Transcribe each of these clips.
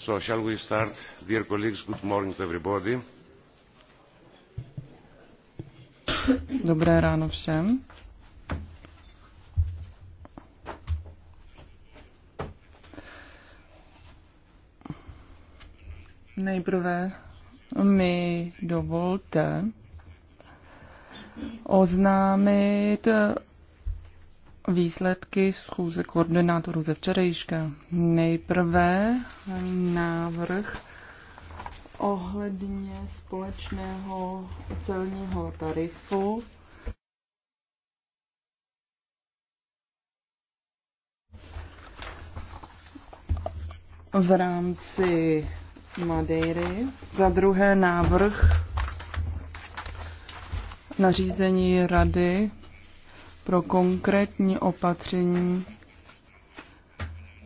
So shall we start? Dear colleagues, good morning to everybody. Dobré ráno všem. Nejprve mi dovolte oznámit výsledky schůze koordinátorů ze včerejška. Nejprve návrh ohledně společného celního tarifu. v rámci Madeiry. Za druhé návrh nařízení Rady pro konkrétní opatření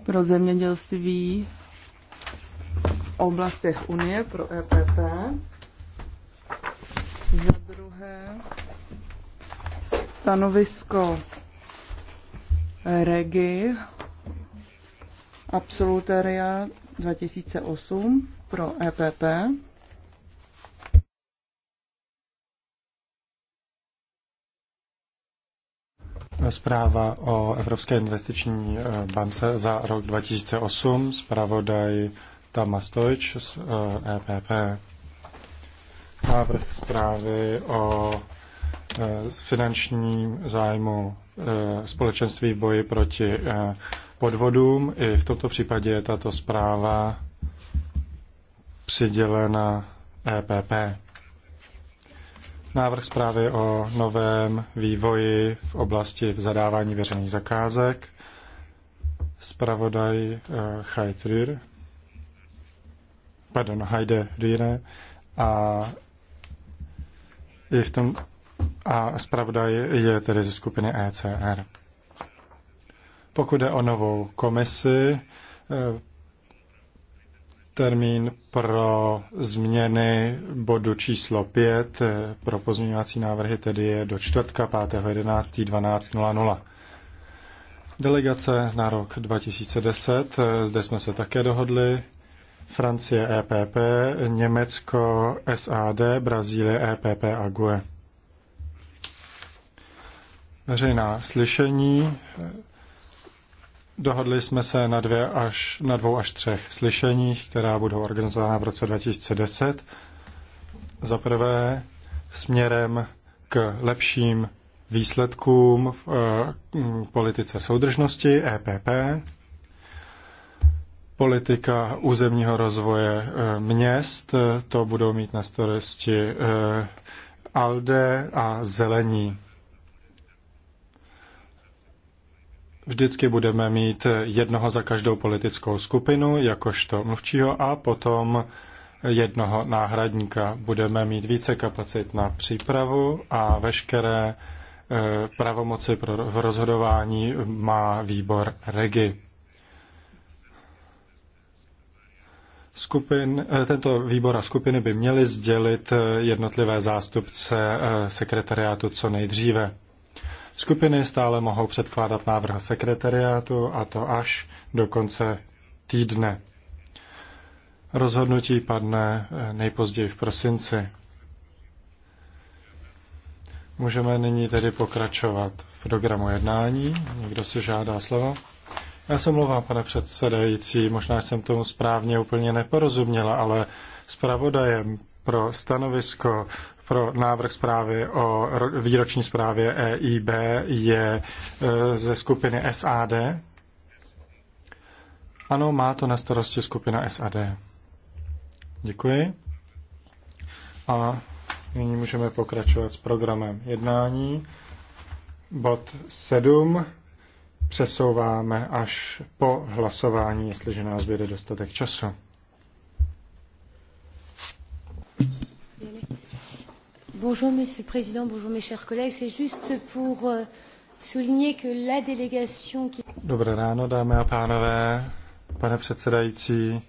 pro zemědělství v oblastech Unie pro EPP. Za druhé stanovisko Regi Absolutaria 2008 pro EPP. Zpráva o Evropské investiční eh, bance za rok 2008, zpravodaj Tamas Stojč z EPP. Eh, e Návrh zprávy o eh, finančním zájmu společenství v boji proti podvodům. I v tomto případě je tato zpráva přidělena EPP návrh zprávy o novém vývoji v oblasti v zadávání veřejných zakázek. Spravodaj uh, eh, Heidrir, pardon, Heide Rire a je v tom a zpravodaj je tedy ze skupiny ECR. Pokud je o novou komisi, eh, termín pro změny bodu číslo 5 eh, pro pozměňovací návrhy tedy je do čtvrtka 5.11.12.00. Delegace na rok 2010, eh, zde jsme se také dohodli, Francie EPP, Německo SAD, Brazílie EPP a GUE. Veřejná slyšení eh, Dohodli jsme se na, dvě až, na dvou až třech slyšeních, která budou organizována v roce 2010. Za prvé směrem k lepším výsledkům v eh, politice soudržnosti EPP, politika územního rozvoje eh, měst, eh, to budou mít na starosti ALDE a zelení. Vždycky budeme mít jednoho za každou politickou skupinu, jakožto mluvčího, a potom jednoho náhradníka. Budeme mít více kapacit na přípravu a veškeré eh, pravomoci pro v rozhodování má výbor REGI. Skupin, eh, tento výbor a skupiny by měly sdělit eh, jednotlivé zástupce sekretariátu co nejdříve. Skupiny stále mohou předkládat návrh sekretariátu a to až do konce týdne. Rozhodnutí padne eh, nejpozději v prosinci. Můžeme nyní tedy pokračovat v programu jednání. Někdo si žádá slovo? Já se mluvám, pane předsedající, možná jsem tomu správně úplně neporozuměla, ale zpravodajem pro stanovisko pro návrh zprávy o výroční zprávě EIB je e, ze skupiny SAD. Ano, má to na starosti skupina SAD. Děkuji. A nyní můžeme pokračovat s programem jednání. Bod 7 přesouváme až po hlasování, jestliže nás bude dostatek času. Bonjour Monsieur le Président, bonjour mes chers collègues. C'est juste pour euh, souligner que la délégation qui... Dobré ráno, dámy a pánové, pane předsedající.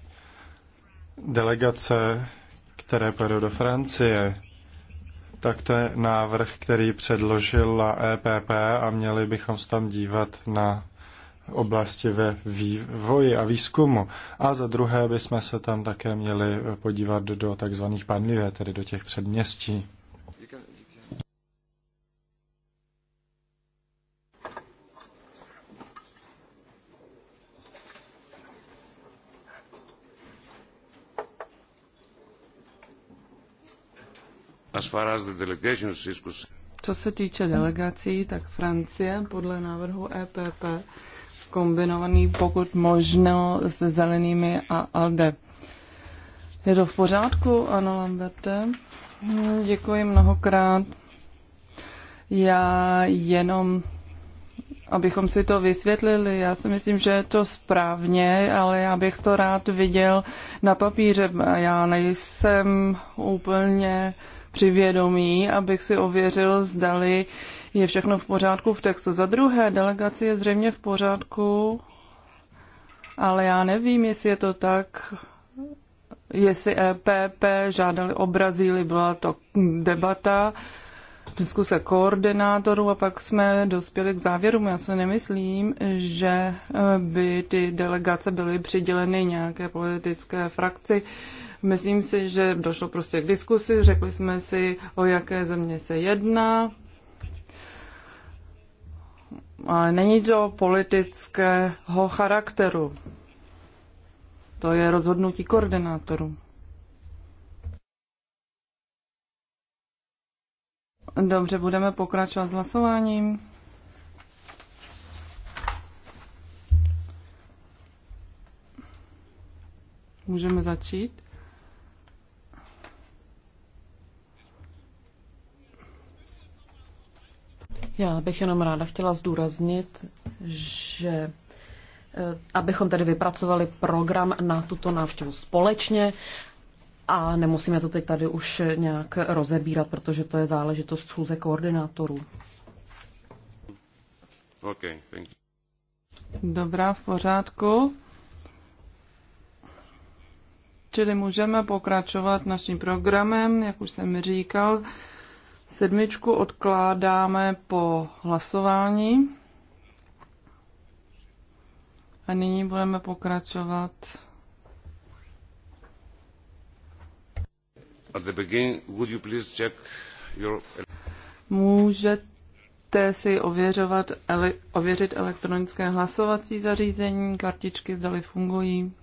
Delegace, které pojedou do Francie, tak to je návrh, který předložila EPP a měli bychom se tam dívat na oblasti ve vývoji a výzkumu. A za druhé bychom se tam také měli podívat do takzvaných panlivé, tedy do těch předměstí. co se týče delegací, tak Francie podle návrhu EPP kombinovaný pokud možno se zelenými a ALDE. Je to v pořádku, ano, Lamberte? Hmm, děkuji mnohokrát. Já jenom, abychom si to vysvětlili, já si myslím, že je to správně, ale já bych to rád viděl na papíře. Já nejsem úplně uh, při vědomí, abych si ověřil, zdali je všechno v pořádku v textu. Za druhé, delegaci je zřejmě v pořádku, ale já nevím, jestli je to tak, jestli EPP žádali o Brazílii, byla to debata, diskuse koordinátorů a pak jsme dospěli k závěru. Já se nemyslím, že eh, by ty delegace byly přiděleny nějaké politické frakci. Uh, Myslím si, že došlo prostě k diskusi, řekli jsme si, o jaké země se jedná. Ale není to politického charakteru. To je rozhodnutí koordinátorů. Dobře, budeme pokračovat s hlasováním. Můžeme začít. Já bych jenom ráda chtěla zdůraznit, že e, abychom tedy vypracovali program na tuto návštěvu společně a nemusíme to teď tady už nějak rozebírat, protože to je záležitost schůze koordinátorů. Okay, thank you. Dobrá, v pořádku. Čili můžeme pokračovat naším programem, jak už jsem říkal. Sedmičku odkládáme po hlasování. A nyní budeme pokračovat. At the beginning, would you please check your... Můžete si ověřovat, ele, ověřit elektronické hlasovací zařízení, kartičky zdali fungují.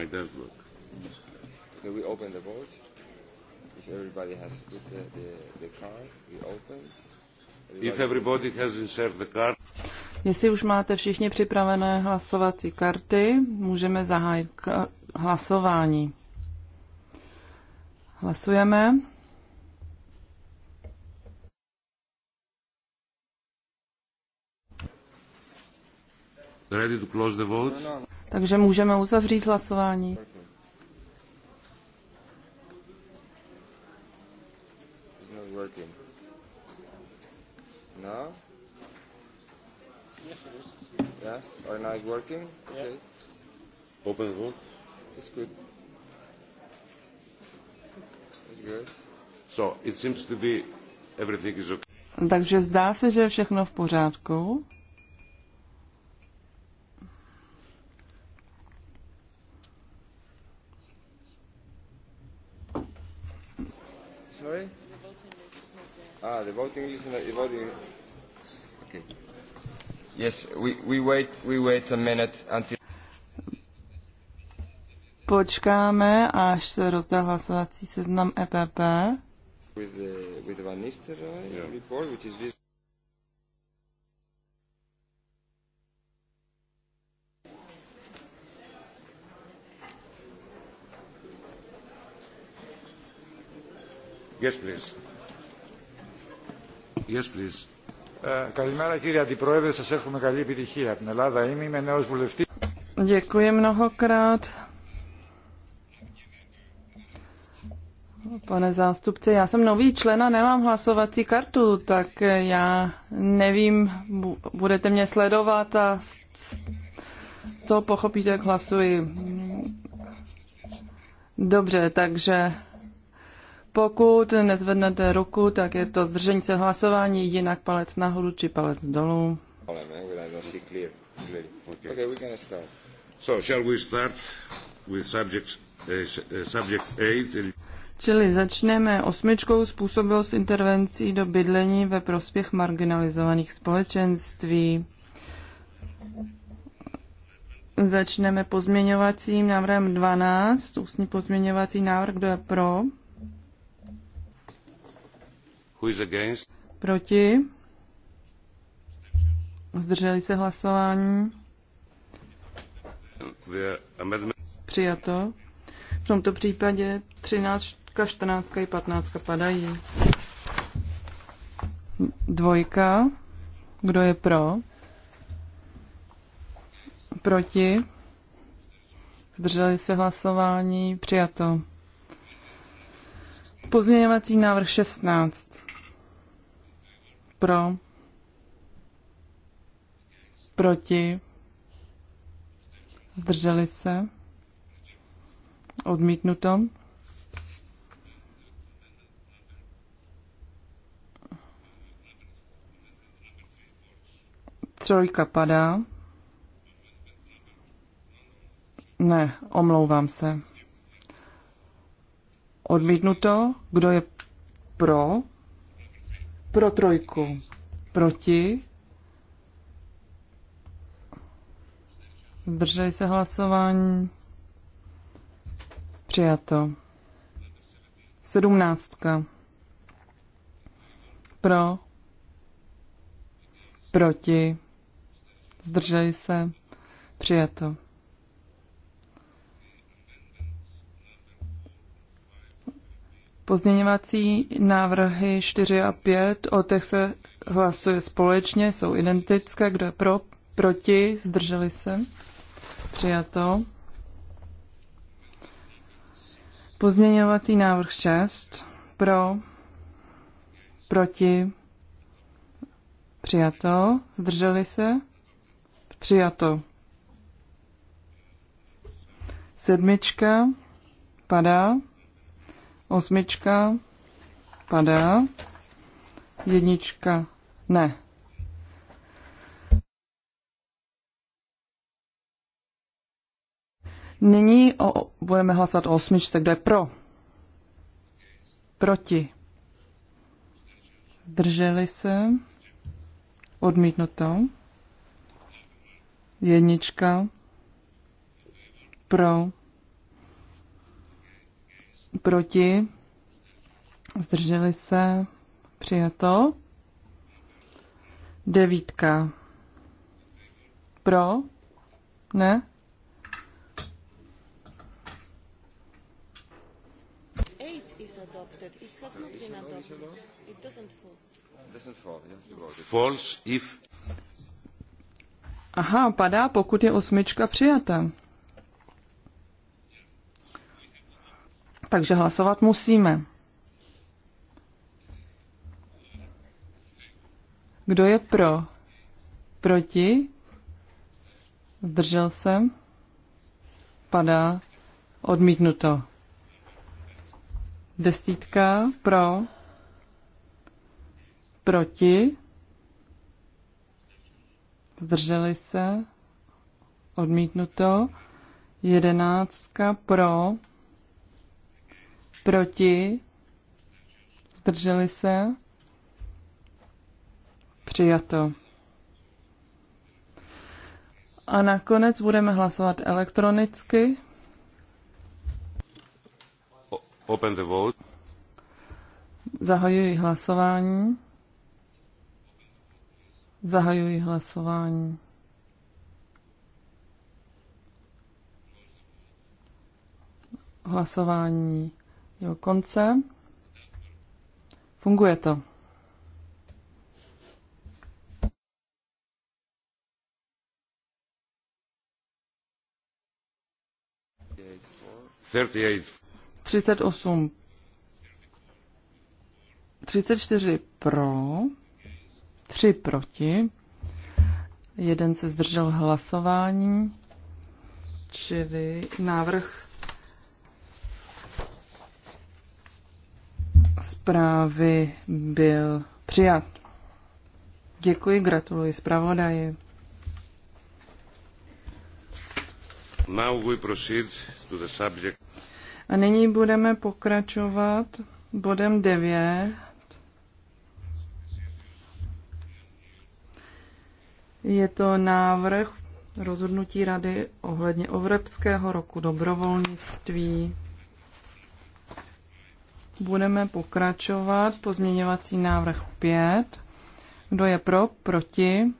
my desk look? Can we open the vote. If everybody has put the, the, the card, we open. Everybody If everybody has inserted the card. Jestli už máte všichni připravené hlasovací karty, můžeme zahájit k eh, hlasování. Hlasujeme. Ready to close the vote? No, no. Takže můžeme uzavřít hlasování. No? Yes, Or working? Yeah. Okay. Open the It's good. It's good. So, it seems to be everything is okay. Takže zdá se, že je všechno v pořádku. Sorry? Ah, the voting list is not... The voting... Okay. Yes, we, we, wait, we wait a minute until... Počkáme, až se rozdá hlasovací seznam EPP. With the, with the Van Nistelrooy yeah. report, which is this... Καλημέρα κύριε Αντιπρόεδρε, σας εύχομαι καλή επιτυχία. Από την Ελλάδα είμαι, είμαι νέος βουλευτής. Děkuji mnohokrát. Pane zástupce, já jsem nový člen a nemám hlasovací kartu, tak já nevím, budete mě sledovat a z toho pochopíte, jak hlasuji. Dobře, takže pokud nezvednete ruku, tak je to zdržení se hlasování, jinak palec nahoru či palec dolů. Uh, uh, Čili začneme osmičkou způsobilost intervencí do bydlení ve prospěch marginalizovaných společenství. Začneme pozměňovacím návrhem 12, ústní pozměňovací návrh, kdo je pro? Who is against? Proti. Zdrželi se hlasování. Přijato. V tomto případě 13, 14 i 15 padají. Dvojka. Kdo je pro? Proti? Zdrželi se hlasování? Přijato. Pozměňovací návrh 16. Pro. Proti. Zdrželi se. Odmítnuto. Trojka padá. Ne, omlouvám se. Odmítnuto. Kdo je pro? Pro trojku. Proti. Zdrželi se hlasování. Přijato. Sedmnáctka. Pro. Proti. Zdrželi se. Přijato. Pozměňovací návrhy 4 a 5, o těch se hlasuje společně, jsou identické. Kdo je pro, proti, zdrželi se? Přijato. Pozměňovací návrh 6, pro, proti, přijato, zdrželi se? Přijato. Sedmička padá. Osmička padá. Jednička ne. Nyní o, budeme hlasovat o osmičce. Kdo je pro? Proti? Zdrželi se? Odmítnuto? Jednička? Pro? Proti? Zdrželi se? Přijato. Devítka. Pro? Ne? False if... Aha, padá, pokud je osmička přijata. takže hlasovat musíme. Kdo je pro? Proti? Zdržel jsem? Padá. Odmítnuto. Desítka pro. Proti. Zdrželi se. Odmítnuto. Jedenáctka pro proti, zdrželi se, přijato. A nakonec budeme hlasovat elektronicky. Open the vote. Zahajuji hlasování. Zahajuji hlasování. Hlasování jeho konce. Funguje to. Třicet osm. Třicet čtyři pro, tři proti, jeden se zdržel hlasování, čili návrh zprávy byl přijat. Děkuji, gratuluji zpravodaji. A nyní budeme pokračovat bodem 9. Je to návrh rozhodnutí Rady ohledně Evropského roku dobrovolnictví. Budeme pokračovat. Pozměňovací návrh 5. Kdo je pro? Proti?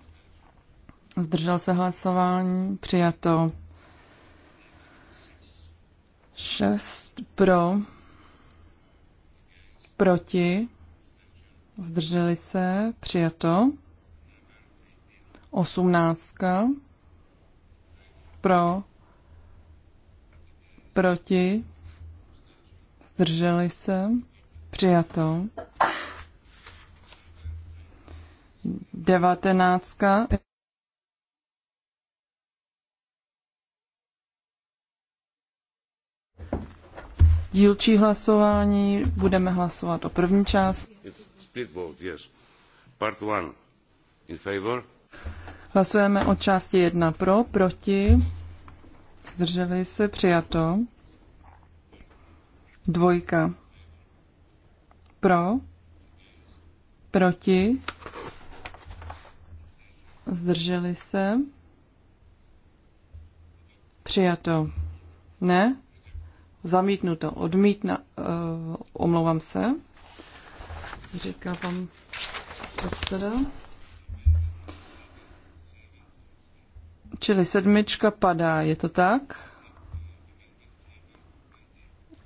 Zdržel se hlasování? Přijato. 6 pro. Proti? Zdrželi se? Přijato. 18 pro. Proti? Zdrželi se? Přijato. Devatenáctka. Dílčí hlasování. Budeme hlasovat o první část. Hlasujeme o části 1 pro, proti, zdrželi se, přijato. Dvojka. Pro. Proti. Zdrželi se. Přijato. Ne. Zamítnuto. Odmítna. Uh, omlouvám se. Říká pan předseda. Čili sedmička padá, je to tak?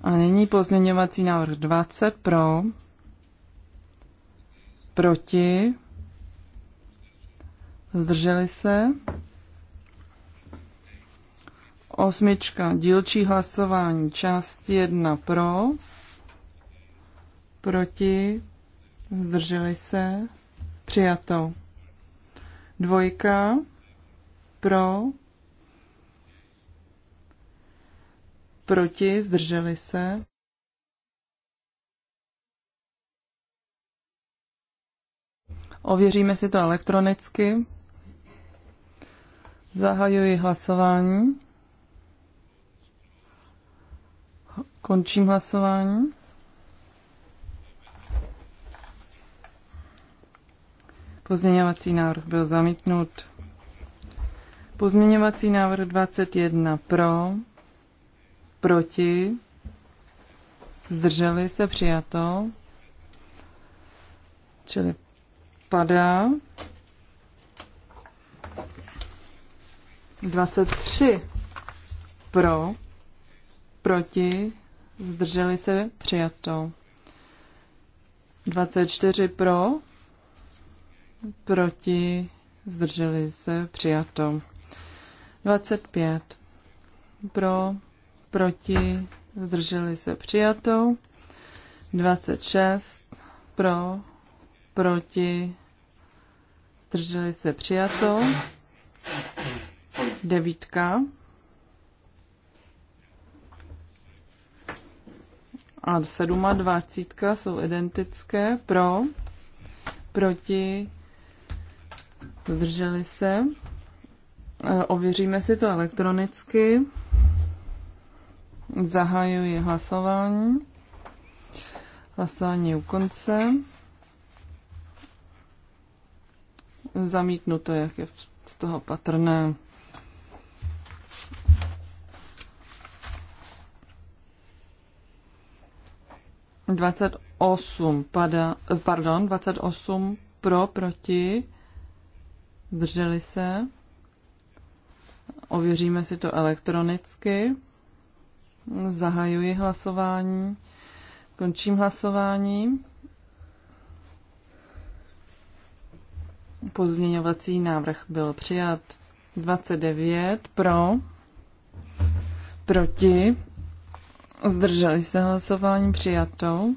A nyní pozměňovací návrh 20 pro, proti, zdrželi se. Osmička, dílčí hlasování, část 1 pro, proti, zdrželi se, přijato. Dvojka, pro, proti, zdrželi se. Ověříme si to elektronicky. Zahajuji hlasování. Končím hlasování. Pozměňovací návrh byl zamítnut. Pozměňovací návrh 21 pro, proti, zdrželi se přijato, čili padá 23 pro, proti, zdrželi se přijato. 24 pro, proti, zdrželi se přijato. 25 pro, proti, zdrželi se přijato. 26 pro, proti, zdrželi se přijato. Devítka. A 7 a dvacítka, jsou identické pro, proti, zdrželi se. E, ověříme si to elektronicky. Zahajuji hlasování. Hlasování u konce. Zamítnuto, jak je z toho patrné. Dvacet osm pada, pardon, osm pro, proti, zdrželi se. Ověříme si to elektronicky. Zahajuji hlasování. Končím hlasování. Pozměňovací návrh byl přijat 29 pro, proti, zdrželi se hlasování přijatou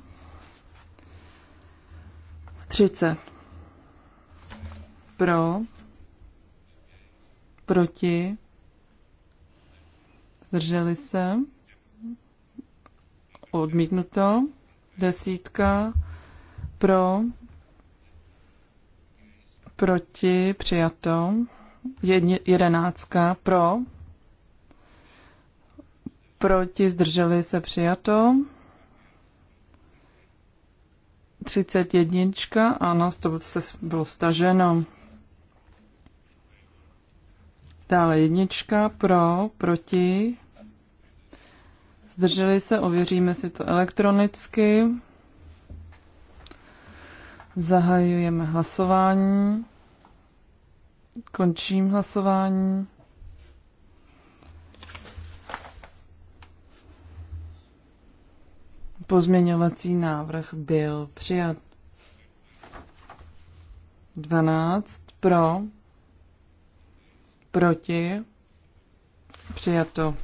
30 pro, proti, zdrželi se. Odmítnuto. Desítka pro, proti, přijato. Jedni, jedenáctka pro, proti, zdrželi se, přijato. třicet jednička, ano, to se bylo staženo. Dále jednička pro, proti, zdrželi se, ověříme si to elektronicky. Zahajujeme hlasování. Končím hlasování. Pozměňovací návrh byl přijat. 12 pro, proti, přijato.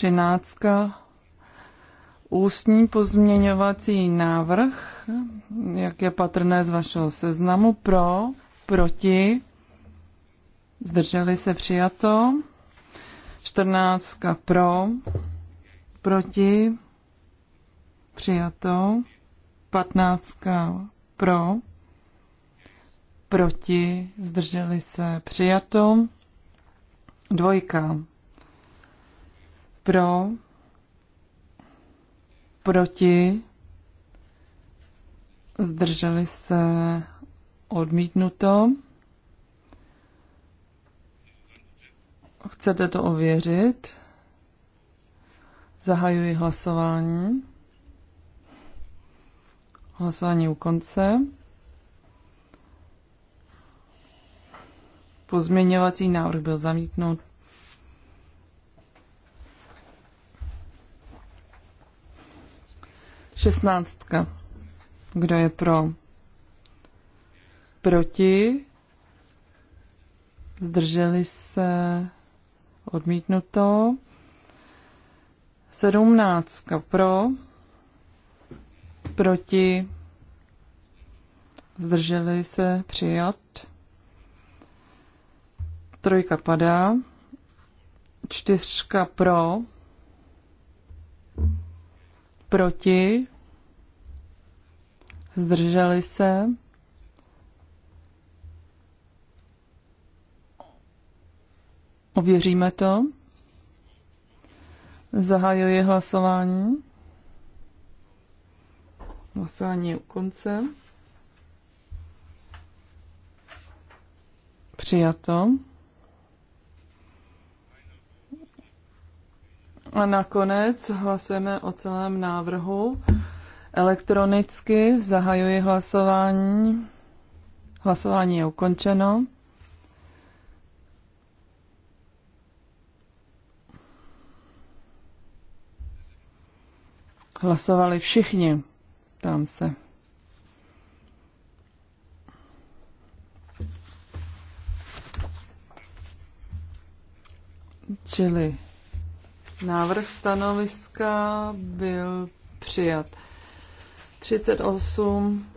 13. Ústní pozměňovací návrh, jak je patrné z vašeho seznamu, pro, proti, zdrželi se přijato. 14. pro, proti, přijato. 15. pro, proti, zdrželi se přijato. Dvojka pro, proti, zdrželi se odmítnuto. Chcete to ověřit? Zahajuji hlasování. Hlasování u konce. Pozměňovací návrh byl zamítnut. Šestnáctka. Kdo je pro? Proti? Zdrželi se? Odmítnuto. Sedmnáctka pro? Proti? Zdrželi se? Přijat. Trojka padá. Čtyřka pro? Proti? Zdrželi se? Ověříme to. Zahajuji hlasování. Hlasování je u konce. Přijato. A nakonec hlasujeme o celém návrhu. Elektronicky zahajuji hlasování. Hlasování je ukončeno. Hlasovali všichni. Tam se. Čili Návrh stanoviska byl přijat. 38,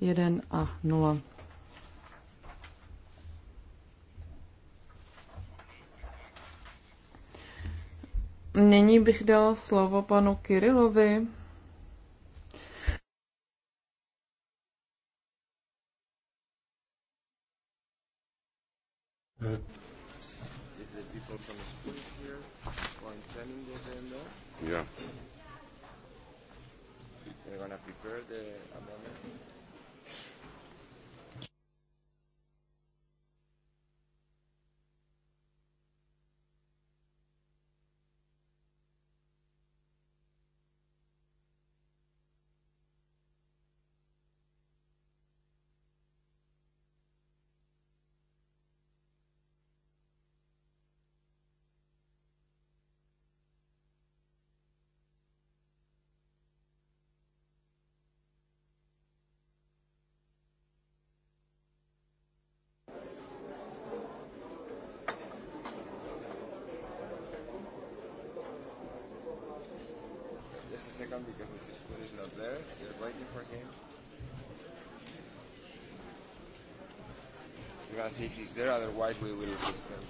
1 a 0. Nyní bych dal slovo panu Kirilovi. Uh. Yeah. come because Mrs. Quinn is not there. They're waiting for him. We're going to see if he's there, otherwise we will suspend.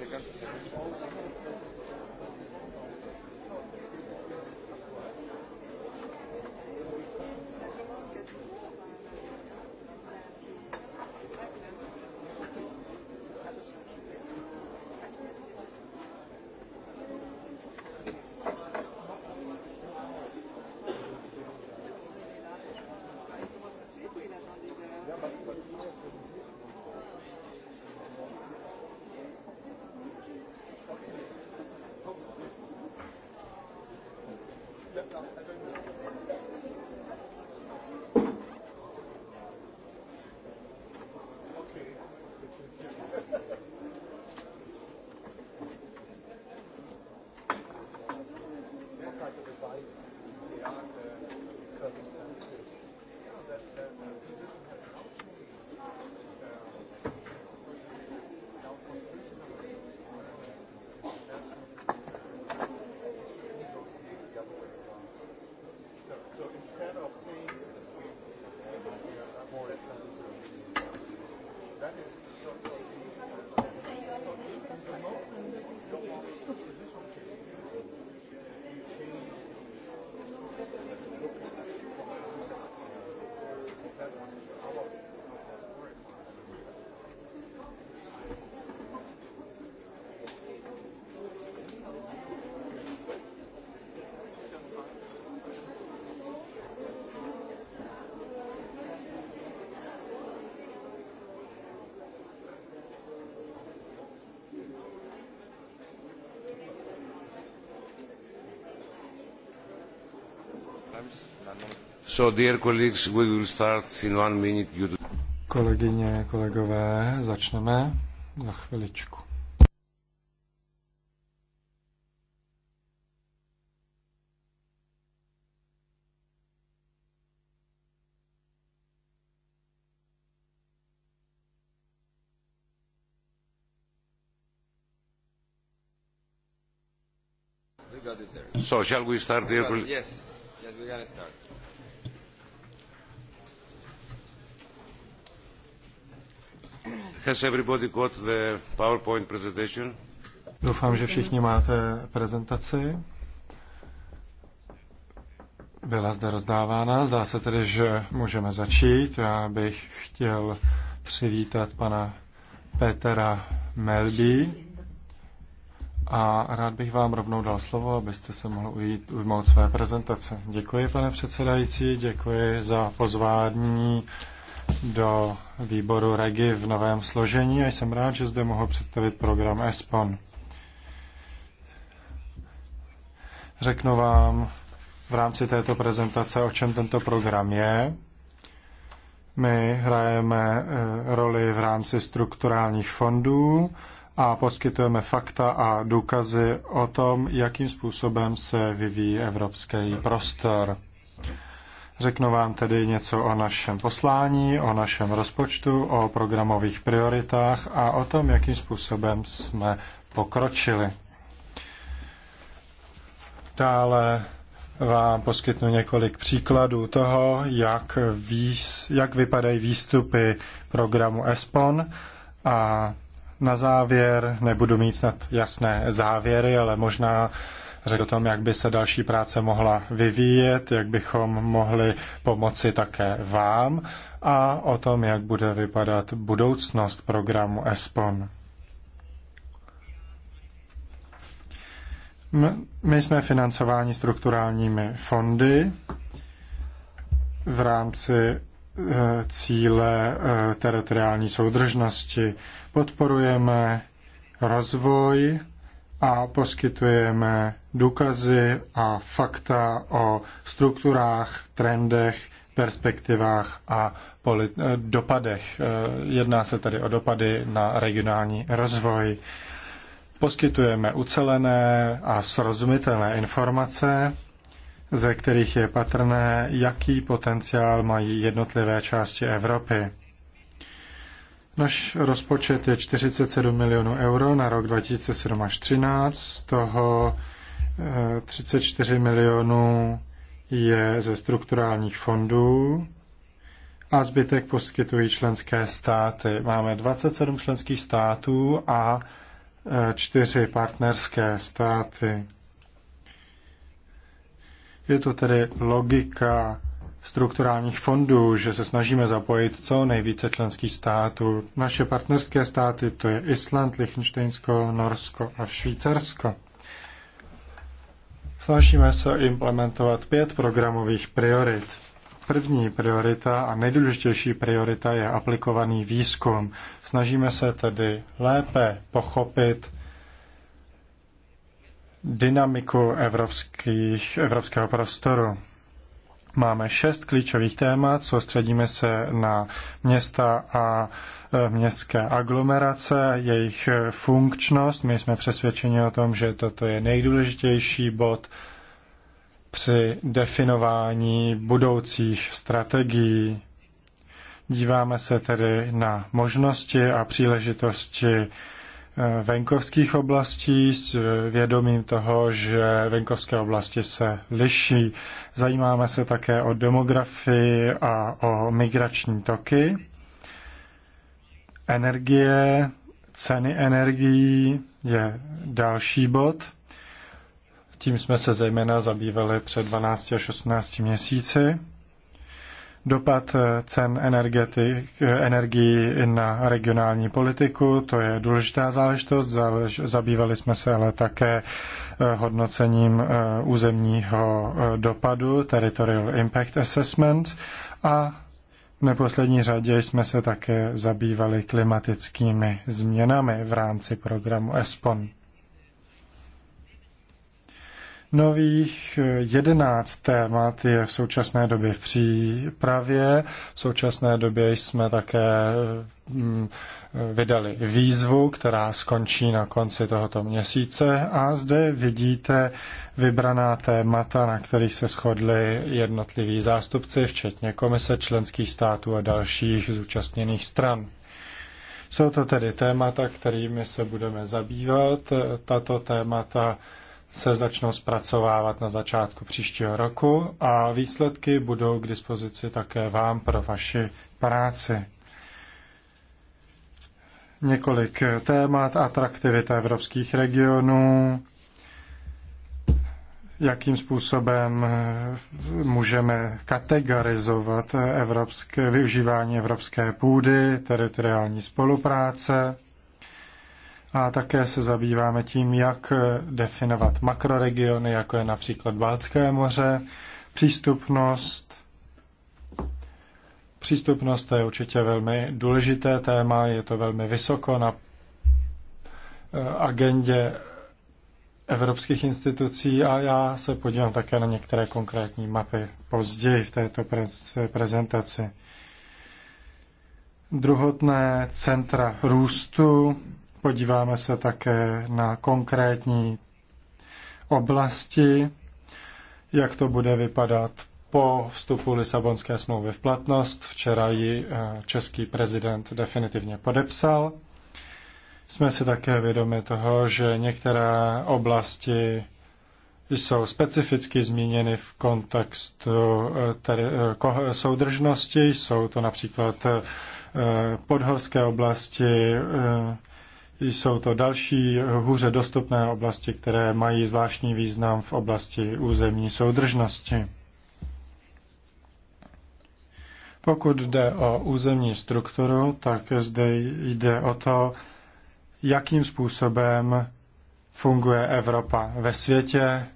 second, second. Kolegyně, kolegové, začneme za chviličku. So shall we start, dear colleagues? Yes, yes, we gotta start. Doufám, že všichni máte prezentaci. Byla zde rozdávána. Zdá se tedy, že můžeme začít. Já bych chtěl přivítat pana Petra Melby, a rád bych vám rovnou dal slovo, abyste se mohli ujít, ujmout své prezentace. Děkuji, pane předsedající, děkuji za pozvání do výboru REGI v novém složení a jsem rád, že zde mohu představit program ESPON. Řeknu vám v rámci této prezentace, o čem tento program je. My hrajeme eh, roli v rámci strukturálních fondů, a poskytujeme fakta a důkazy o tom, jakým způsobem se vyvíjí evropský prostor. Řeknu vám tedy něco o našem poslání, o našem rozpočtu, o programových prioritách a o tom, jakým způsobem jsme pokročili. Dále vám poskytnu několik příkladů toho, jak, výs, jak vypadají výstupy programu ESPON a na závěr, nebudu mít snad jasné závěry, ale možná řekl o tom, jak by se další práce mohla vyvíjet, jak bychom mohli pomoci také vám a o tom, jak bude vypadat budoucnost programu ESPON. My jsme financováni strukturálními fondy v rámci eh, cíle eh, teritoriální soudržnosti podporujeme rozvoj a poskytujeme důkazy a fakta o strukturách, trendech, perspektivách a eh, dopadech. Eh, jedná se tedy o dopady na regionální rozvoj. Poskytujeme ucelené a srozumitelné informace, ze kterých je patrné, jaký potenciál mají jednotlivé části Evropy. Náš rozpočet je 47 milionů euro na rok 2007 až 2013, z toho 34 eh, milionů je ze strukturálních fondů a zbytek poskytují členské státy. Máme 27 členských států a 4 eh, partnerské státy. Je to tedy logika strukturálních fondů, že se snažíme zapojit co nejvíce členských států. Naše partnerské státy, to je Island, Liechtensteinsko, Norsko a Švýcarsko. Snažíme se implementovat pět programových priorit. První priorita a nejdůležitější priorita je aplikovaný výzkum. Snažíme se tedy lépe pochopit dynamiku evropských, evropského prostoru. Máme šest klíčových témat, soustředíme se na města a e, městské aglomerace, jejich e, funkčnost. My jsme přesvědčeni o tom, že toto je nejdůležitější bod při definování budoucích strategií. Díváme se tedy na možnosti a příležitosti Eh, venkovských oblastí s vědomím toho, že venkovské oblasti se liší. Zajímáme se také o demografii a o migrační toky, energie, ceny energií je další bod. Tím jsme se zejména zabývali před 12 až 18 měsíci dopad eh, cen energetik, energií na regionální politiku, to je důležitá záležitost. Zabývali jsme se ale také eh, hodnocením eh, územního dopadu, Territorial Impact Assessment a v neposlední řadě jsme se také zabývali klimatickými změnami v rámci programu ESPON. Nových eh, jedenáct témat je v současné době v přípravě. V současné době jsme také eh, mm, eh, vydali výzvu, která skončí na konci tohoto měsíce a zde vidíte vybraná témata, na kterých se shodli jednotliví zástupci, včetně komise členských států a dalších zúčastněných stran. Jsou to tedy témata, kterými se budeme zabývat. Tato témata se začnou zpracovávat na začátku příštího roku a výsledky budou k dispozici také vám pro vaši práci. Několik témat, atraktivita evropských regionů, jakým způsobem můžeme kategorizovat evropské, využívání evropské půdy, teritoriální spolupráce, a také se zabýváme tím, jak definovat makroregiony, jako je například Baltské moře, přístupnost. Přístupnost to je určitě velmi důležité téma, je to velmi vysoko na eh, agendě evropských institucí a já se podívám také na některé konkrétní mapy později v této prezentaci. Druhotné centra růstu, Podíváme se také na konkrétní oblasti, jak to bude vypadat po vstupu Lisabonské smlouvy v platnost. Včera ji eh, český prezident definitivně podepsal. Jsme si také vědomi toho, že některé oblasti jsou specificky zmíněny v kontextu eh, tedy, eh, soudržnosti. Jsou to například podhorské oblasti, jsou to další hůře dostupné oblasti, které mají zvláštní význam v oblasti územní soudržnosti. Pokud jde o územní strukturu, tak zde jde o to, jakým způsobem funguje Evropa ve světě.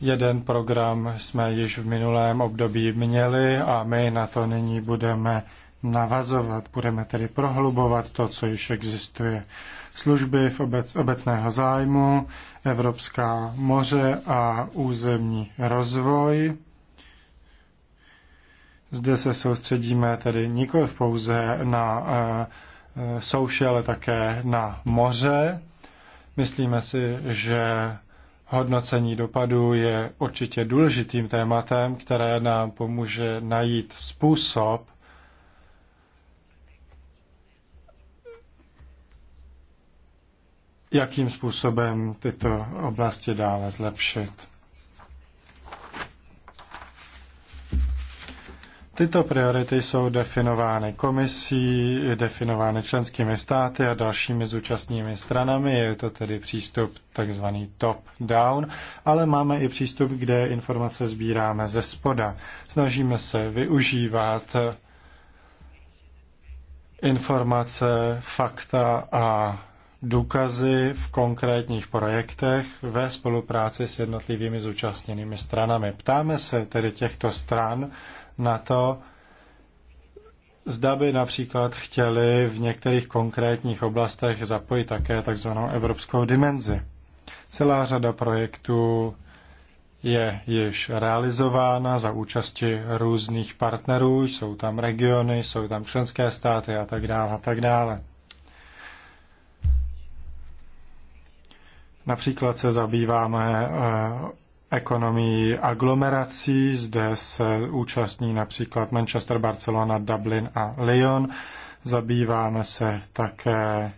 Jeden program jsme již v minulém období měli a my na to nyní budeme navazovat. Budeme tedy prohlubovat to, co již existuje. Služby v obec, obecného zájmu, Evropská moře a územní rozvoj. Zde se soustředíme tedy nikoli pouze na e, eh, souše, ale také na moře. Myslíme si, že hodnocení dopadu je určitě důležitým tématem, které nám pomůže najít způsob, jakým způsobem tyto oblasti dále zlepšit. Tyto priority jsou definovány komisí, definovány členskými státy a dalšími zúčastními stranami. Je to tedy přístup takzvaný top-down, ale máme i přístup, kde informace sbíráme ze spoda. Snažíme se využívat informace, fakta a důkazy v konkrétních projektech ve spolupráci s jednotlivými zúčastněnými stranami. Ptáme se tedy těchto stran na to, zda by například chtěli v některých konkrétních oblastech zapojit také takzvanou evropskou dimenzi. Celá řada projektů je již realizována za účasti různých partnerů, jsou tam regiony, jsou tam členské státy a tak dále a tak dále. Například se zabýváme eh, ekonomii aglomerací, zde se účastní například Manchester, Barcelona, Dublin a Lyon. Zabýváme se také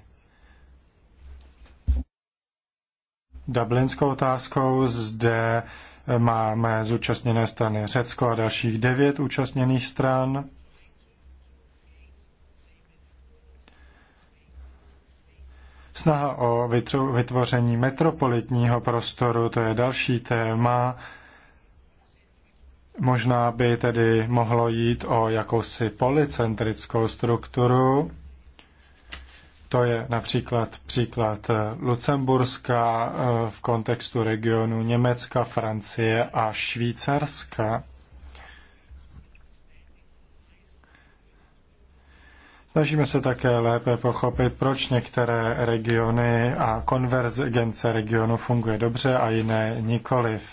dublinskou otázkou. Zde eh, máme zúčastněné strany Řecko a dalších devět účastněných stran. Snaha o vytvoření metropolitního prostoru, to je další téma. Možná by tedy mohlo jít o jakousi policentrickou strukturu. To je například příklad eh, Lucemburska eh, v kontextu regionu Německa, Francie a Švýcarska. Snažíme se také lépe pochopit, proč některé regiony a konvergence regionu funguje dobře a jiné nikoliv.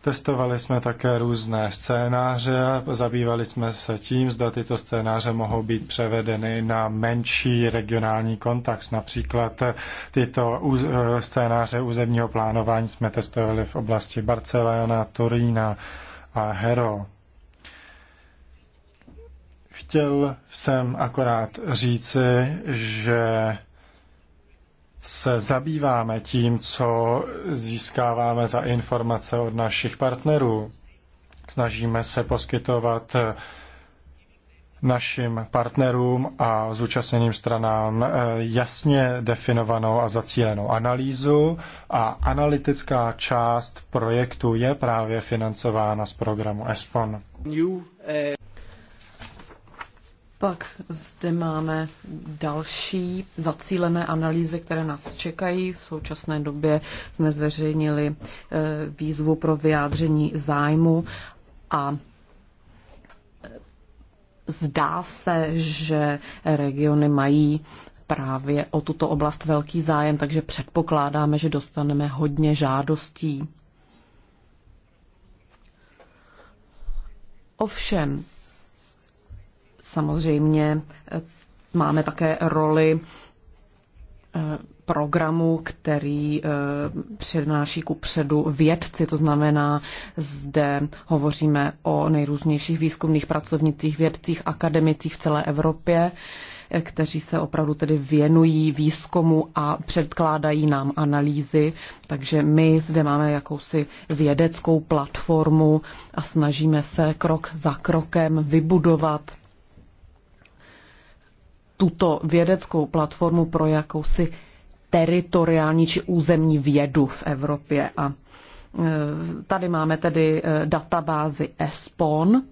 Testovali jsme také různé scénáře, zabývali jsme se tím, zda tyto scénáře mohou být převedeny na menší regionální kontext. Například tyto scénáře územního plánování jsme testovali v oblasti Barcelona, Turína a Hero. Chtěl jsem akorát říci, že se zabýváme tím, co získáváme za informace od našich partnerů. Snažíme se poskytovat našim partnerům a zúčastněným stranám eh, jasně definovanou a zacílenou analýzu a analytická část projektu je právě financována z programu ESPON. Eh, pak zde máme další zacílené analýzy, které nás čekají. V současné době jsme zveřejnili eh, výzvu pro vyjádření zájmu a eh, zdá se, že regiony mají právě o tuto oblast velký zájem, takže předpokládáme, že dostaneme hodně žádostí. Ovšem, Samozřejmě eh, máme také roli eh, programu, který eh, přednáší ku předu vědci, to znamená, zde hovoříme o nejrůznějších výzkumných pracovnicích, vědcích, akademicích v celé Evropě, kteří se opravdu tedy věnují výzkumu a předkládají nám analýzy. Takže my zde máme jakousi vědeckou platformu a snažíme se krok za krokem vybudovat tuto vědeckou platformu pro jakousi teritoriální či územní vědu v Evropě. A e, tady máme tedy e, databázi ESPON.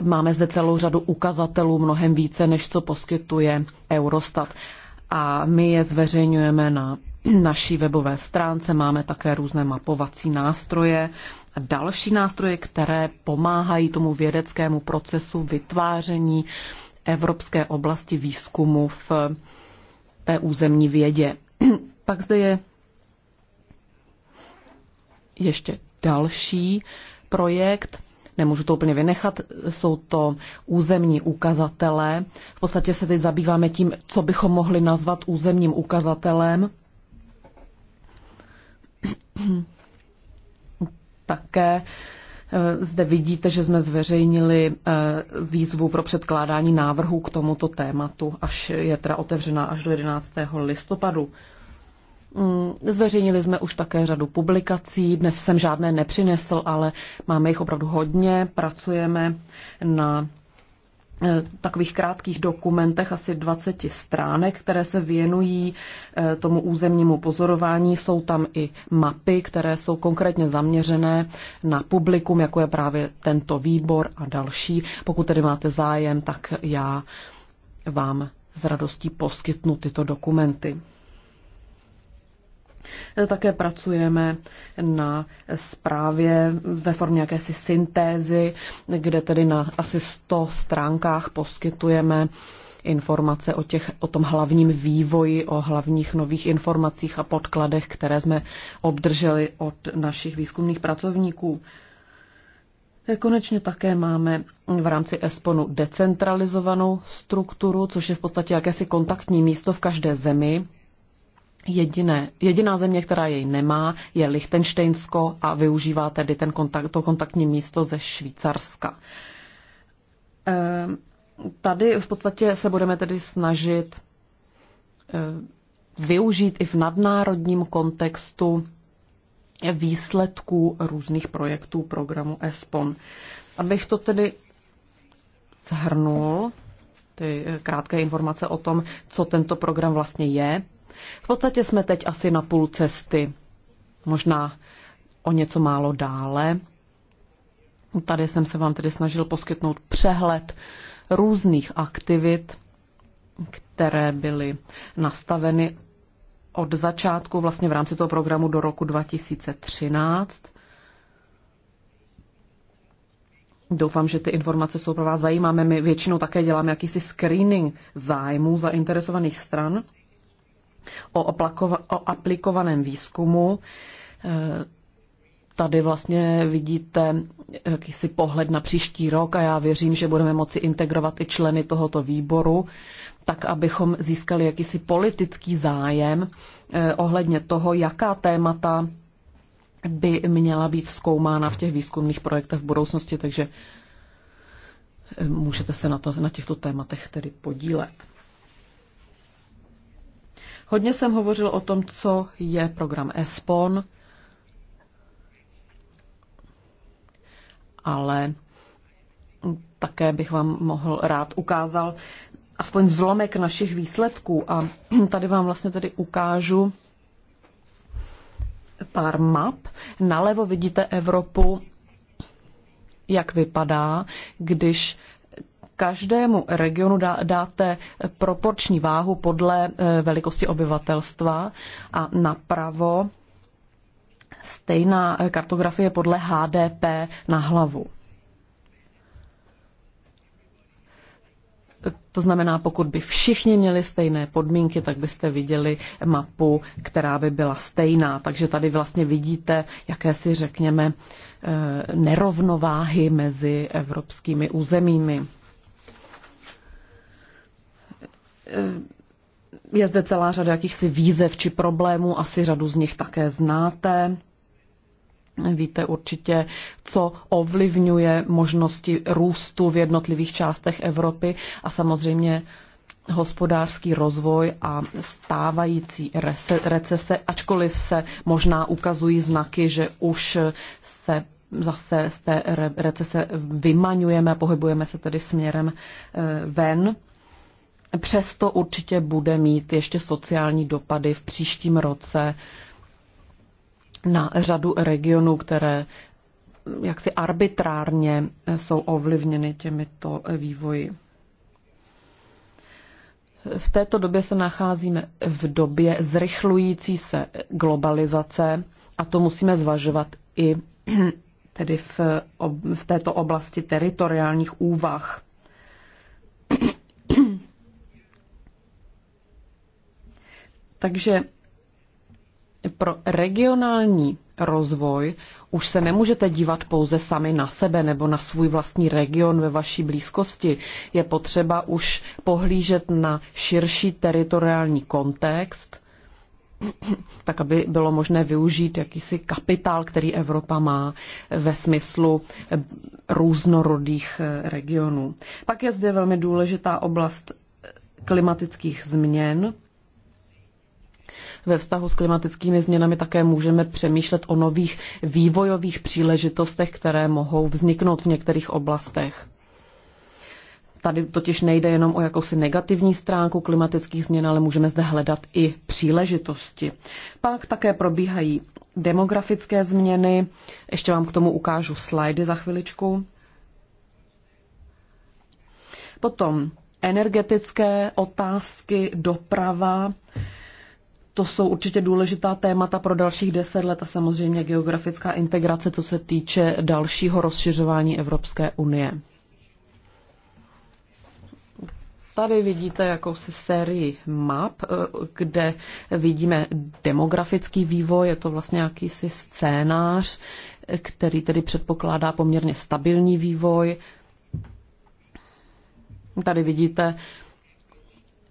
Máme zde celou řadu ukazatelů, mnohem více, než co poskytuje Eurostat. A my je zveřejňujeme na naší webové stránce, máme také různé mapovací nástroje, další nástroje, které pomáhají tomu vědeckému procesu vytváření evropské oblasti výzkumu v té územní vědě. Pak zde je ještě další projekt, nemůžu to úplně vynechat, jsou to územní ukazatele. V podstatě se teď zabýváme tím, co bychom mohli nazvat územním ukazatelem. Také eh, zde vidíte, že jsme zveřejnili eh, výzvu pro předkládání návrhů k tomuto tématu, až je teda otevřená až do 11. listopadu. Mm, zveřejnili jsme už také řadu publikací, dnes jsem žádné nepřinesl, ale máme jich opravdu hodně, pracujeme na Eh, takových krátkých dokumentech, asi 20 stránek, které se věnují eh, tomu územnímu pozorování. Jsou tam i mapy, které jsou konkrétně zaměřené na publikum, jako je právě tento výbor a další. Pokud tedy máte zájem, tak já vám s radostí poskytnu tyto dokumenty. Také pracujeme na zprávě ve formě jakési syntézy, kde tedy na asi 100 stránkách poskytujeme informace o, těch, o tom hlavním vývoji, o hlavních nových informacích a podkladech, které jsme obdrželi od našich výzkumných pracovníků. Konečně také máme v rámci ESPONu decentralizovanou strukturu, což je v podstatě jakési kontaktní místo v každé zemi, Jediné, jediná země, která jej nemá, je Lichtensteinsko a využívá tedy ten kontakt, to kontaktní místo ze Švýcarska. Ehm, tady v podstatě se budeme tedy snažit ehm, využít i v nadnárodním kontextu výsledků různých projektů programu ESPON. Abych to tedy shrnul, ty eh, krátké informace o tom, co tento program vlastně je, v podstatě jsme teď asi na půl cesty, možná o něco málo dále. Tady jsem se vám tedy snažil poskytnout přehled různých aktivit, které byly nastaveny od začátku vlastně v rámci toho programu do roku 2013. Doufám, že ty informace jsou pro vás zajímavé. My většinou také děláme jakýsi screening zájmů zainteresovaných stran o, o aplikovaném výzkumu. E, tady vlastně vidíte jakýsi pohled na příští rok a já věřím, že budeme moci integrovat i členy tohoto výboru, tak abychom získali jakýsi politický zájem e, ohledně toho, jaká témata by měla být zkoumána v těch výzkumných projektech v budoucnosti, takže e, můžete se na, to, na těchto tématech tedy podílet. Hodně jsem hovořil o tom, co je program ESPON, ale také bych vám mohl rád ukázal aspoň zlomek našich výsledků. A tady vám vlastně tady ukážu pár map. Nalevo vidíte Evropu, jak vypadá, když každému regionu dá, dáte proporční váhu podle eh, velikosti obyvatelstva a napravo stejná kartografie podle HDP na hlavu. To znamená, pokud by všichni měli stejné podmínky, tak byste viděli mapu, která by byla stejná. Takže tady vlastně vidíte jakési, řekněme, eh, nerovnováhy mezi evropskými územími. Eh, je zde celá řada jakýchsi výzev či problémů, asi řadu z nich také znáte. Víte určitě, co ovlivňuje možnosti růstu v jednotlivých částech Evropy a samozřejmě hospodářský rozvoj a stávající recese, ačkoliv se možná ukazují znaky, že už se zase z té recese vymaňujeme, pohybujeme se tedy směrem eh, ven. Přesto určitě bude mít ještě sociální dopady v příštím roce na řadu regionů, které jaksi arbitrárně jsou ovlivněny těmito vývoji. V této době se nacházíme v době zrychlující se globalizace a to musíme zvažovat i tedy v, v této oblasti teritoriálních úvah. Takže pro regionální rozvoj už se nemůžete dívat pouze sami na sebe nebo na svůj vlastní region ve vaší blízkosti. Je potřeba už pohlížet na širší teritoriální kontext, tak aby bylo možné využít jakýsi kapitál, který Evropa má ve smyslu různorodých eh, regionů. Pak je zde velmi důležitá oblast klimatických změn, ve vztahu s klimatickými změnami také můžeme přemýšlet o nových vývojových příležitostech, které mohou vzniknout v některých oblastech. Tady totiž nejde jenom o jakousi negativní stránku klimatických změn, ale můžeme zde hledat i příležitosti. Pak také probíhají demografické změny. Ještě vám k tomu ukážu slajdy za chviličku. Potom energetické otázky, doprava, to jsou určitě důležitá témata pro dalších deset let a samozřejmě geografická integrace, co se týče dalšího rozšiřování Evropské unie. Tady vidíte jakousi sérii map, eh, kde vidíme demografický vývoj, je to vlastně jakýsi scénář, který tedy předpokládá poměrně stabilní vývoj. Tady vidíte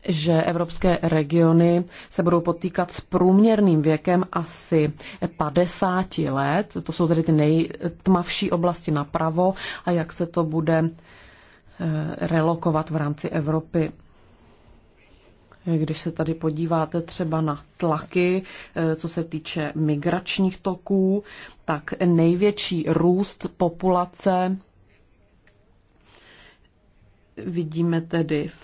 že evropské regiony se budou potýkat s průměrným věkem asi 50 let. To jsou tedy ty nejtmavší oblasti napravo a jak se to bude eh, relokovat v rámci Evropy. Když se tady podíváte třeba na tlaky, eh, co se týče migračních toků, tak největší růst populace vidíme tedy v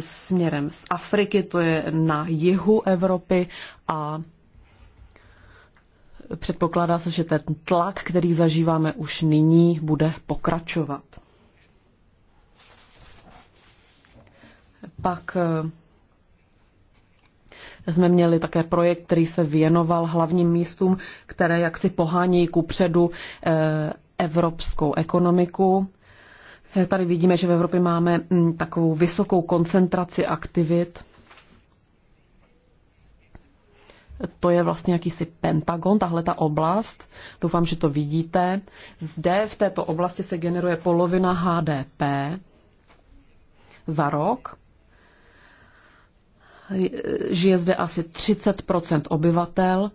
směrem z Afriky, to je na jihu Evropy a předpokládá se, že ten tlak, který zažíváme už nyní, bude pokračovat. Pak eh, jsme měli také projekt, který se věnoval hlavním místům, které jaksi pohánějí ku předu eh, evropskou ekonomiku. Tady vidíme, že v Evropě máme mm, takovou vysokou koncentraci aktivit. To je vlastně jakýsi pentagon, tahle ta oblast. Doufám, že to vidíte. Zde v této oblasti se generuje polovina HDP za rok. Žije zde asi 30 obyvatel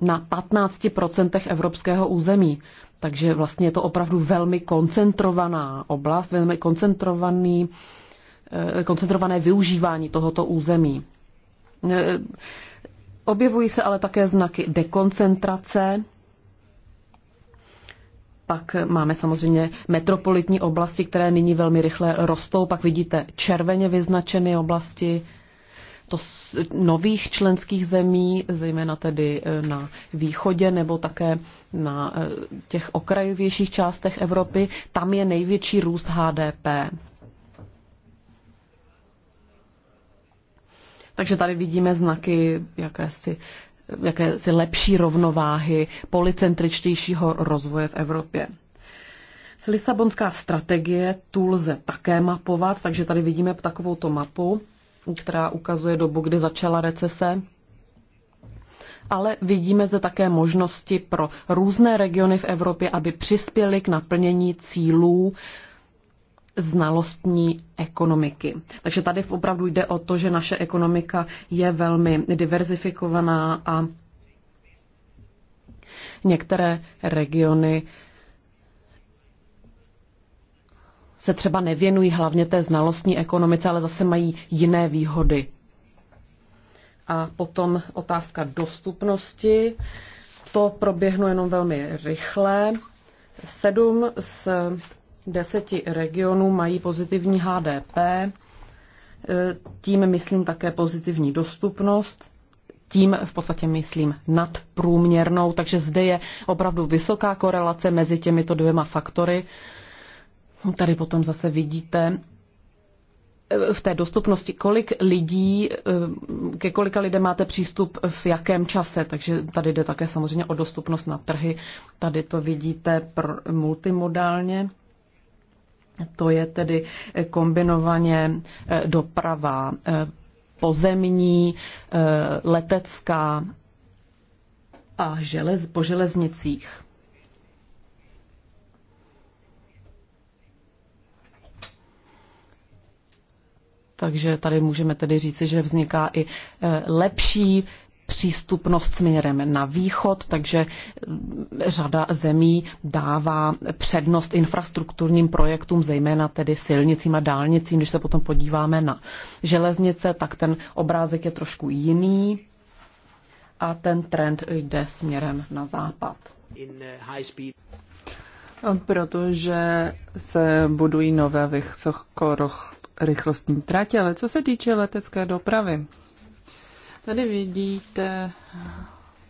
na 15 evropského území. Takže vlastně je to opravdu velmi koncentrovaná oblast, velmi koncentrovaný, eh, koncentrované využívání tohoto území. Eh, objevují se ale také znaky dekoncentrace. Pak máme samozřejmě metropolitní oblasti, které nyní velmi rychle rostou. Pak vidíte červeně vyznačené oblasti to z nových členských zemí, zejména tedy e, na východě nebo také na e, těch okrajovějších částech Evropy, tam je největší růst HDP. Takže tady vidíme znaky jakési, jakési lepší rovnováhy, policentričtějšího rozvoje v Evropě. Lisabonská strategie tu lze také mapovat, takže tady vidíme takovou mapu která ukazuje dobu, kdy začala recese. Ale vidíme zde také možnosti pro různé regiony v Evropě, aby přispěly k naplnění cílů znalostní ekonomiky. Takže tady opravdu jde o to, že naše ekonomika je velmi diverzifikovaná a některé regiony se třeba nevěnují hlavně té znalostní ekonomice, ale zase mají jiné výhody. A potom otázka dostupnosti. To proběhnu jenom velmi rychle. Sedm z deseti regionů mají pozitivní HDP, tím myslím také pozitivní dostupnost, tím v podstatě myslím nadprůměrnou, takže zde je opravdu vysoká korelace mezi těmito dvěma faktory Tady potom zase vidíte eh, v té dostupnosti, kolik lidí, eh, ke kolika lidem máte přístup v jakém čase. Takže tady jde také samozřejmě o dostupnost na trhy. Tady to vidíte multimodálně. To je tedy eh, kombinovaně doprava pozemní, letecká a želez, po železnicích. Takže tady můžeme tedy říci, že vzniká i e, lepší přístupnost směrem na východ, takže řada zemí dává přednost infrastrukturním projektům, zejména tedy silnicím a dálnicím. Když se potom podíváme na železnice, tak ten obrázek je trošku jiný a ten trend jde směrem na západ. Uh, Protože se budují nové vysokorochlé rychlostní tratě, ale co se týče letecké dopravy, tady vidíte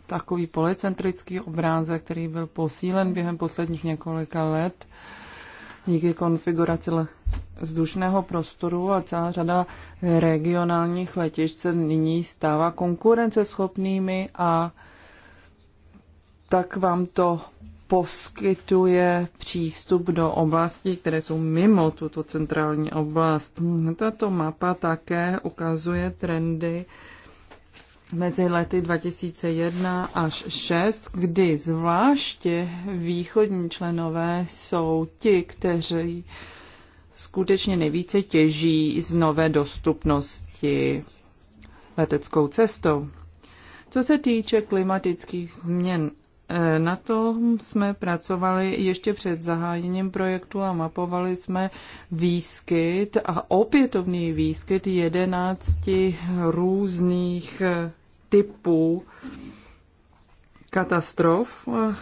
takový policentrický obrázek, který byl posílen během posledních několika let díky konfiguraci vzdušného prostoru a celá řada regionálních letišť se nyní stává konkurenceschopnými a tak vám to poskytuje přístup do oblastí, které jsou mimo tuto centrální oblast. Tato mapa také ukazuje trendy mezi lety 2001 až 6, kdy zvláště východní členové jsou ti, kteří skutečně nejvíce těží z nové dostupnosti leteckou cestou. Co se týče klimatických změn Eh, na tom jsme pracovali ještě před zahájením projektu a mapovali jsme výskyt a opětovný výskyt jedenácti různých eh, typů katastrof. Eh,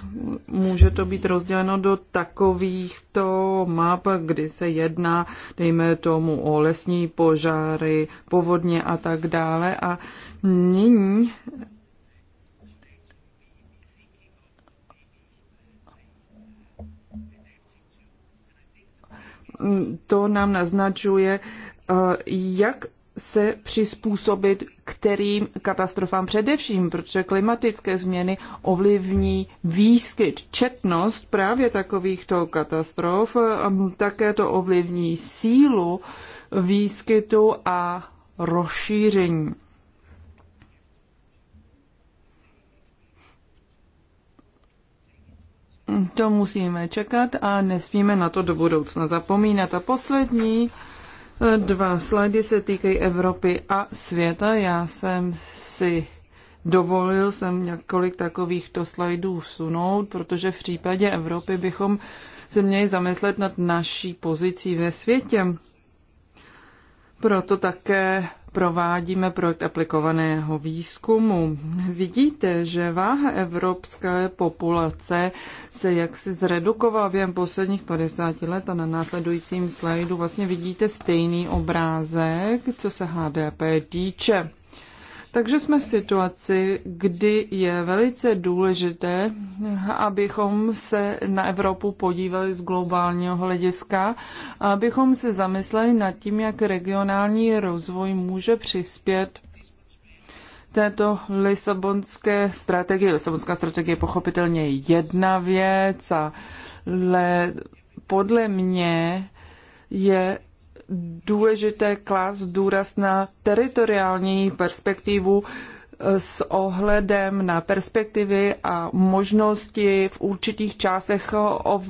může to být rozděleno do takovýchto map, kdy se jedná, dejme tomu, o lesní požáry, povodně a tak dále. A nyní to nám naznačuje, eh, jak se přizpůsobit kterým katastrofám především, protože klimatické změny ovlivní výskyt, četnost právě takovýchto katastrof, eh, také to ovlivní sílu výskytu a rozšíření. To musíme čekat a nesmíme na to do budoucna zapomínat. A poslední eh, dva slajdy se týkají Evropy a světa. Já jsem si dovolil jsem několik takovýchto slajdů vsunout, protože v případě Evropy bychom se měli zamyslet nad naší pozicí ve světě. Proto také provádíme projekt aplikovaného výzkumu. Vidíte, že váha evropské populace se jaksi zredukovala během posledních 50 let a na následujícím slajdu vlastně vidíte stejný obrázek, co se HDP týče. Takže jsme v situaci, kdy je velice důležité, abychom se na Evropu podívali z globálního hlediska, abychom se zamysleli nad tím, jak regionální rozvoj může přispět této lisabonské strategie. Lisabonská strategie je pochopitelně jedna věc, ale podle mě je důležité klást důraz na teritoriální perspektivu eh, s ohledem na perspektivy a možnosti v určitých částech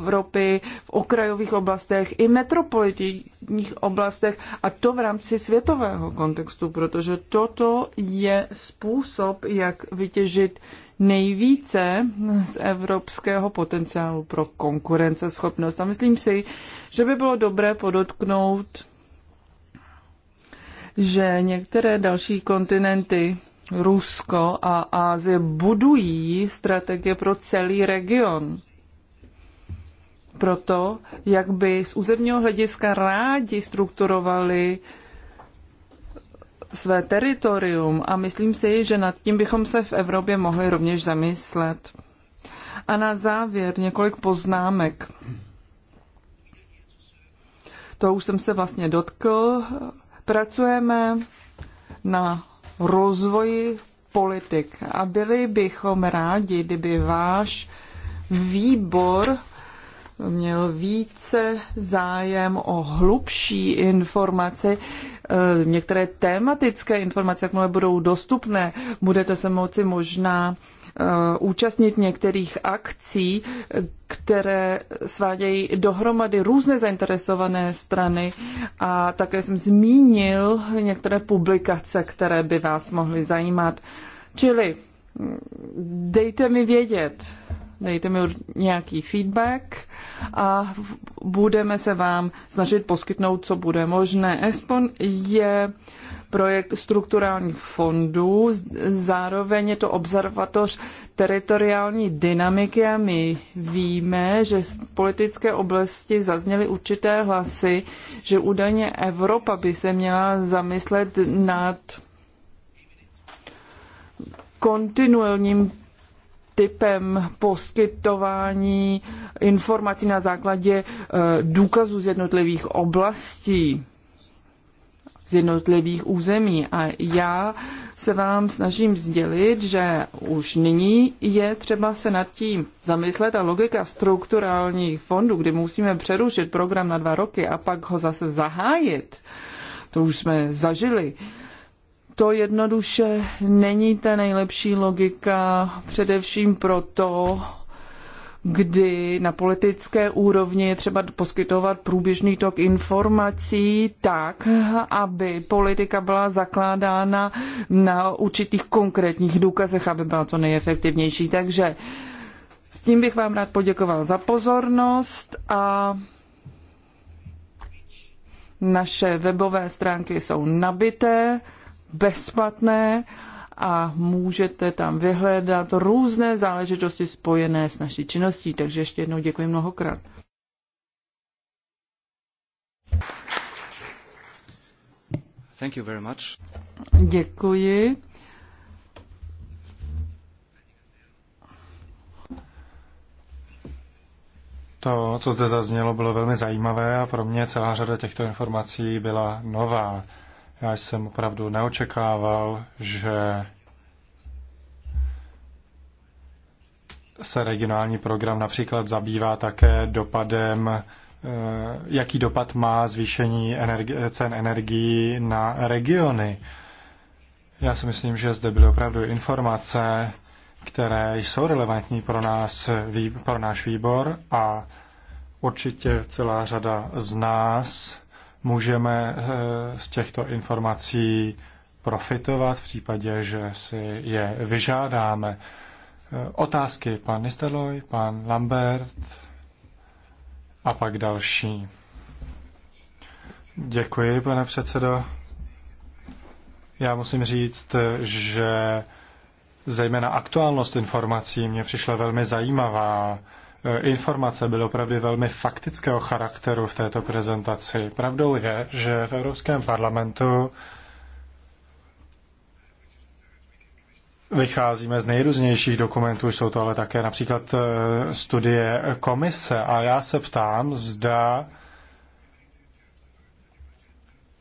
Evropy, v okrajových oblastech i metropolitních oblastech a to v rámci světového kontextu, protože toto je způsob, jak vytěžit nejvíce z evropského potenciálu pro konkurenceschopnost. A myslím si, že by bylo dobré podotknout, že některé další kontinenty Rusko a Ázie budují strategie pro celý region. Proto, jak by z územního hlediska rádi strukturovali své teritorium a myslím si, že nad tím bychom se v Evropě mohli rovněž zamyslet. A na závěr několik poznámek. To už jsem se vlastně dotkl. Pracujeme na rozvoji politik a byli bychom rádi, kdyby váš výbor měl více zájem o hlubší informaci, Eh, některé tématické informace, jakmile budou dostupné, budete se moci možná eh, účastnit některých akcí, které svádějí dohromady různé zainteresované strany a také jsem zmínil některé publikace, které by vás mohly zajímat. Čili hm, dejte mi vědět, dejte mi nějaký feedback a budeme se vám snažit poskytnout, co bude možné. Espon je projekt strukturálních fondů, zároveň je to observatoř teritoriální dynamiky a my víme, že z politické oblasti zazněly určité hlasy, že údajně Evropa by se měla zamyslet nad kontinuálním typem poskytování informací na základě eh, důkazů z jednotlivých oblastí, z jednotlivých území. A já se vám snažím sdělit, že už nyní je třeba se nad tím zamyslet a logika strukturálních fondů, kdy musíme přerušit program na dva roky a pak ho zase zahájit, to už jsme zažili, uh, to jednoduše není ta nejlepší logika, především proto, kdy na politické úrovni je třeba poskytovat průběžný tok informací tak, aby politika byla zakládána na určitých konkrétních důkazech, aby byla co nejefektivnější. Takže s tím bych vám rád poděkoval za pozornost a naše webové stránky jsou nabité bezplatné a můžete tam vyhledat různé záležitosti spojené s naší činností. Takže ještě jednou děkuji mnohokrát. Thank you very much. Děkuji. To, co zde zaznělo, bylo velmi zajímavé a pro mě celá řada těchto informací byla nová. Já jsem opravdu neočekával, že se regionální program například zabývá také dopadem, eh, jaký dopad má zvýšení energi- cen energií na regiony. Já si myslím, že zde byly opravdu informace, které jsou relevantní pro, nás, pro náš výbor a určitě celá řada z nás můžeme eh, z těchto informací profitovat v případě, že si je vyžádáme. Eh, otázky pan Nisteloj, pan Lambert a pak další. Děkuji, pane předsedo. Já musím říct, že zejména aktuálnost informací mě přišla velmi zajímavá. Eh, informace byly opravdu velmi faktického charakteru v této prezentaci. Pravdou je, že v Evropském parlamentu vycházíme z nejrůznějších dokumentů, jsou to ale také například eh, studie komise. A já se ptám, zda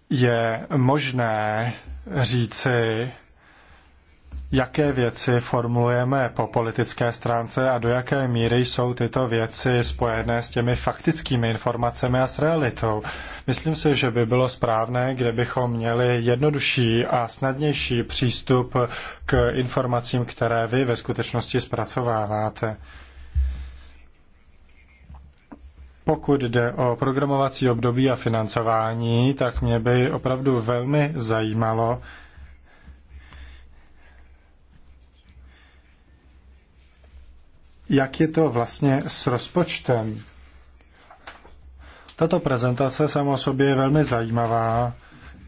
je možné říci, jaké věci formulujeme po politické stránce a do jaké míry jsou tyto věci spojené s těmi faktickými informacemi a s realitou. Myslím si, že by bylo správné, kdybychom měli jednodušší a snadnější přístup k informacím, které vy ve skutečnosti zpracováváte. Pokud jde o programovací období a financování, tak mě by opravdu velmi zajímalo, jak je to vlastně s rozpočtem. Tato prezentace sama o sobě je velmi zajímavá,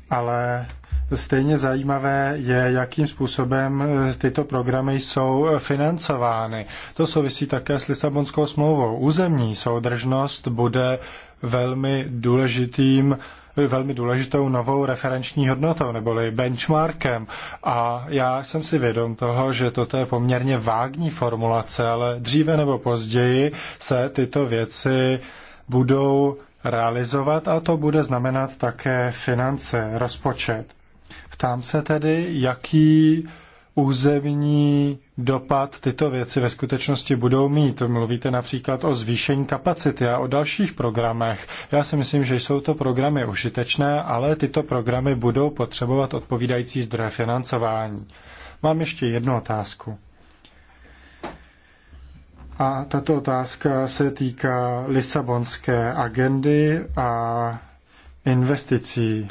ale stejně zajímavé je, jakým způsobem eh, tyto programy jsou eh, financovány. To souvisí také s Lisabonskou smlouvou. Územní soudržnost bude velmi důležitým velmi důležitou novou referenční hodnotou neboli benchmarkem. A já jsem si vědom toho, že toto je poměrně vágní formulace, ale dříve nebo později se tyto věci budou realizovat a to bude znamenat také finance, rozpočet. Ptám se tedy, jaký územní dopad tyto věci ve skutečnosti budou mít. Mluvíte například o zvýšení kapacity a o dalších programech. Já si myslím, že jsou to programy užitečné, ale tyto programy budou potřebovat odpovídající zdroje financování. Mám ještě jednu otázku. A tato otázka se týká Lisabonské agendy a investicí,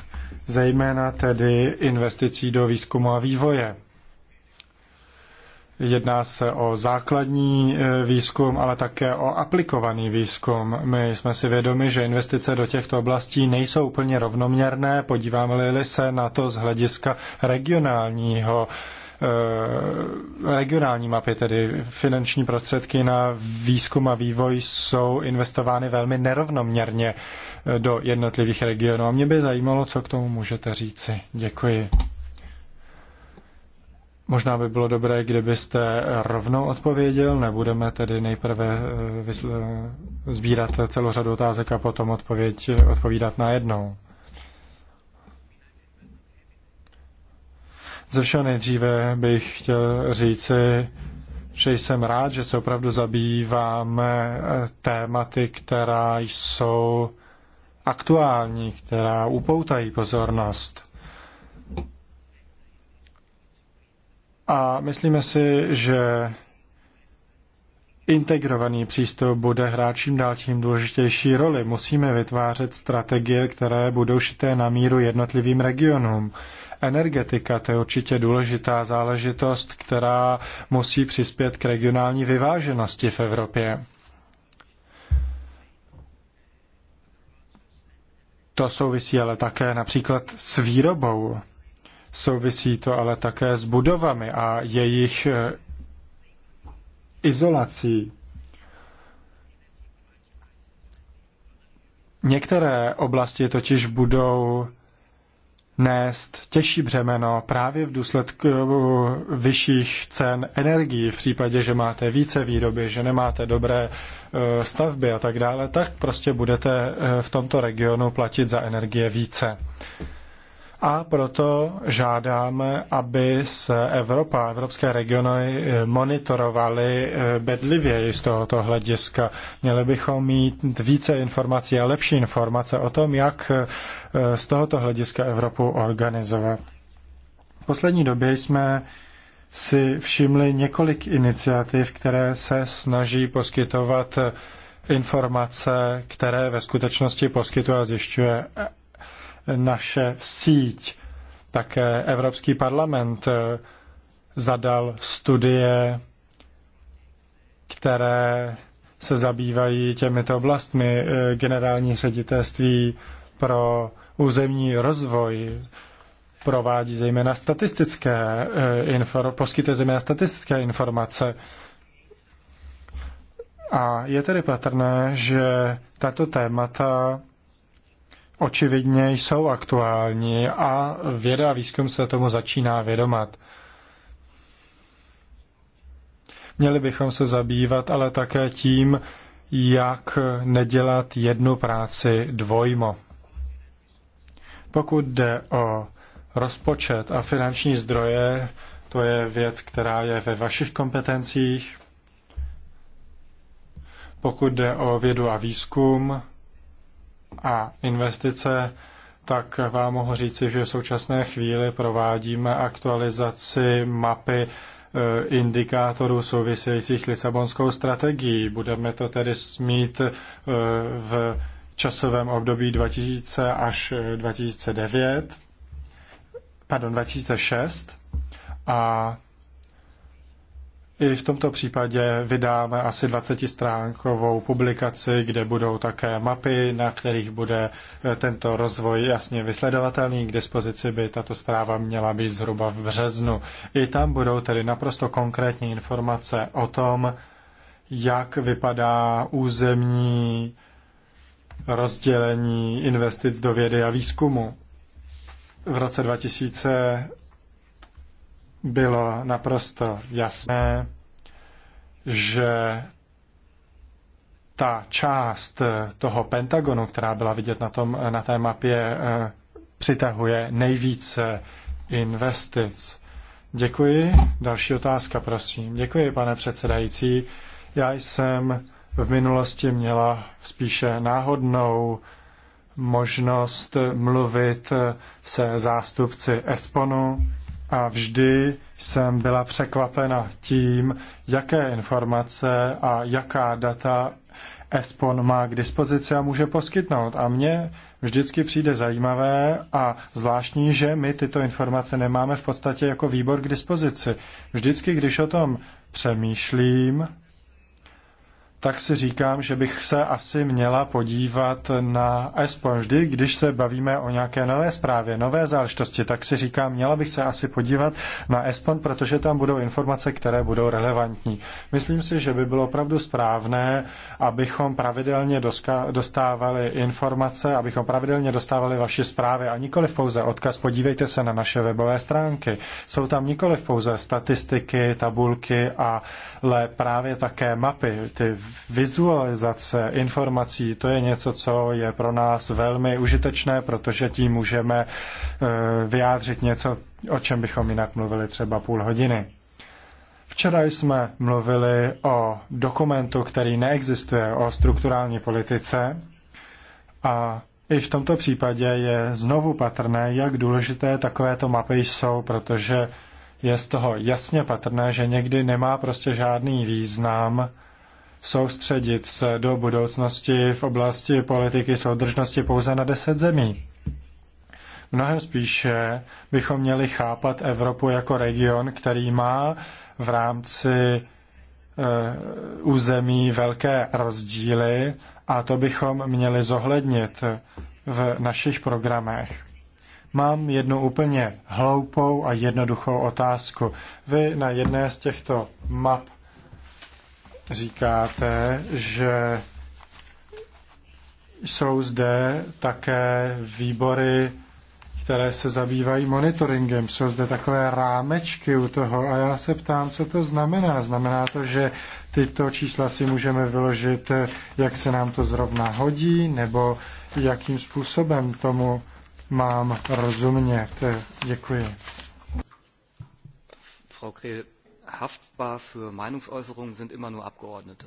zejména tedy investicí do výzkumu a vývoje. Jedná se o základní e, výzkum, ale také o aplikovaný výzkum. My jsme si vědomi, že investice do těchto oblastí nejsou úplně rovnoměrné. Podíváme-li se na to z hlediska regionálního e, regionální mapy, tedy finanční prostředky na výzkum a vývoj jsou investovány velmi nerovnoměrně do jednotlivých regionů. A mě by zajímalo, co k tomu můžete říci. Děkuji. Možná by bylo dobré, kdybyste rovnou odpověděl, nebudeme tedy nejprve eh, sbírat celou řadu otázek a potom odpověď, odpovídat na jednou. Ze všeho nejdříve bych chtěl říci, že jsem rád, že se opravdu zabýváme eh, tématy, která jsou aktuální, která upoutají pozornost. A myslíme si, že integrovaný přístup bude hrát čím dál tím důležitější roli. Musíme vytvářet strategie, které budou šité na míru jednotlivým regionům. Energetika to je určitě důležitá záležitost, která musí přispět k regionální vyváženosti v Evropě. To souvisí ale také například s výrobou Souvisí to ale také s budovami a jejich eh, izolací. Některé oblasti totiž budou nést těžší břemeno právě v důsledku vyšších cen energií v případě, že máte více výroby, že nemáte dobré eh, stavby a tak dále, tak prostě budete eh, v tomto regionu platit za energie více a proto žádáme, aby se Evropa, evropské regiony eh, monitorovaly eh, bedlivěji z tohoto hlediska. Měli bychom mít více informací a lepší informace o tom, jak eh, z tohoto hlediska Evropu organizovat. V poslední době jsme si všimli několik iniciativ, které se snaží poskytovat informace, které ve skutečnosti poskytuje a zjišťuje naše síť. Také Evropský parlament eh, zadal studie, které se zabývají těmito oblastmi. Eh, Generální ředitelství pro územní rozvoj provádí zejména statistické eh, infor, poskytuje zejména statistické informace. A je tedy patrné, že tato témata očividně jsou aktuální a věda a výzkum se tomu začíná vědomat. Měli bychom se zabývat ale také tím, jak nedělat jednu práci dvojmo. Pokud jde o rozpočet a finanční zdroje, to je věc, která je ve vašich kompetencích. Pokud jde o vědu a výzkum, a investice, tak vám mohu říci, že v současné chvíli provádíme aktualizaci mapy eh, indikátorů souvisejících s Lisabonskou strategií. Budeme to tedy mít eh, v časovém období 2000 až 2009, eh, pardon, 2006 a i v tomto případě vydáme asi 20-stránkovou publikaci, kde budou také mapy, na kterých bude eh, tento rozvoj jasně vysledovatelný. K dispozici by tato zpráva měla být zhruba v březnu. I tam budou tedy naprosto konkrétní informace o tom, jak vypadá územní rozdělení investic do vědy a výzkumu. V roce 2000 bylo naprosto jasné, že ta část toho Pentagonu, která byla vidět na, tom, na té mapě, eh, přitahuje nejvíce investic. Děkuji. Další otázka, prosím. Děkuji, pane předsedající. Já jsem v minulosti měla spíše náhodnou možnost mluvit se zástupci Esponu a vždy jsem byla překvapena tím, jaké informace a jaká data ESPON má k dispozici a může poskytnout. A mně vždycky přijde zajímavé a zvláštní, že my tyto informace nemáme v podstatě jako výbor k dispozici. Vždycky, když o tom přemýšlím, tak si říkám, že bych se asi měla podívat na, aspoň vždy, když se bavíme o nějaké nové zprávě, nové záležitosti, tak si říkám, měla bych se asi podívat na aspoň, protože tam budou informace, které budou relevantní. Myslím si, že by bylo opravdu správné, abychom pravidelně dostávali informace, abychom pravidelně dostávali vaše zprávy a nikoliv pouze odkaz, podívejte se na naše webové stránky. Jsou tam nikoliv pouze statistiky, tabulky, ale právě také mapy, ty Vizualizace informací, to je něco, co je pro nás velmi užitečné, protože tím můžeme eh, vyjádřit něco, o čem bychom jinak mluvili třeba půl hodiny. Včera jsme mluvili o dokumentu, který neexistuje, o strukturální politice a i v tomto případě je znovu patrné, jak důležité takovéto mapy jsou, protože je z toho jasně patrné, že někdy nemá prostě žádný význam soustředit se do budoucnosti v oblasti politiky soudržnosti pouze na deset zemí. Mnohem spíše bychom měli chápat Evropu jako region, který má v rámci eh, území velké rozdíly a to bychom měli zohlednit v našich programech. Mám jednu úplně hloupou a jednoduchou otázku. Vy na jedné z těchto map říkáte, že jsou zde také výbory, které se zabývají monitoringem. Jsou zde takové rámečky u toho a já se ptám, co to znamená. Znamená to, že tyto čísla si můžeme vyložit, jak se nám to zrovna hodí, nebo jakým způsobem tomu mám rozumět. Děkuji. Frau haftbar für Meinungsäußerungen sind immer nur Abgeordnete.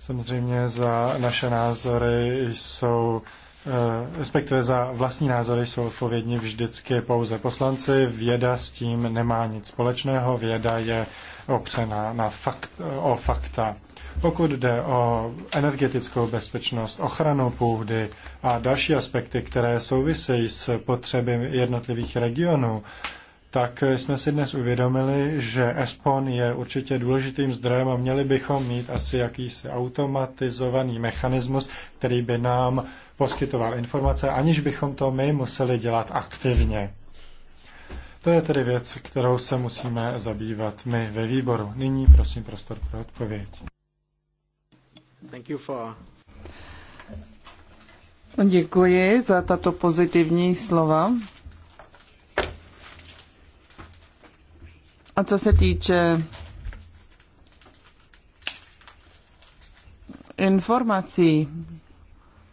Samozřejmě za naše názory jsou, eh, respektive za vlastní názory jsou odpovědní vždycky pouze poslanci. Věda s tím nemá nic společného, věda je opřená na fakt, o fakta. Pokud jde o energetickou bezpečnost, ochranu půdy a další aspekty, které souvisejí s potřeby jednotlivých regionů, tak jsme si dnes uvědomili, že ESPON je určitě důležitým zdrojem a měli bychom mít asi jakýsi automatizovaný mechanismus, který by nám poskytoval informace, aniž bychom to my museli dělat aktivně. To je tedy věc, kterou se musíme zabývat my ve výboru. Nyní prosím prostor pro odpověď. Thank you for... Děkuji za tato pozitivní slova. A co se týče informací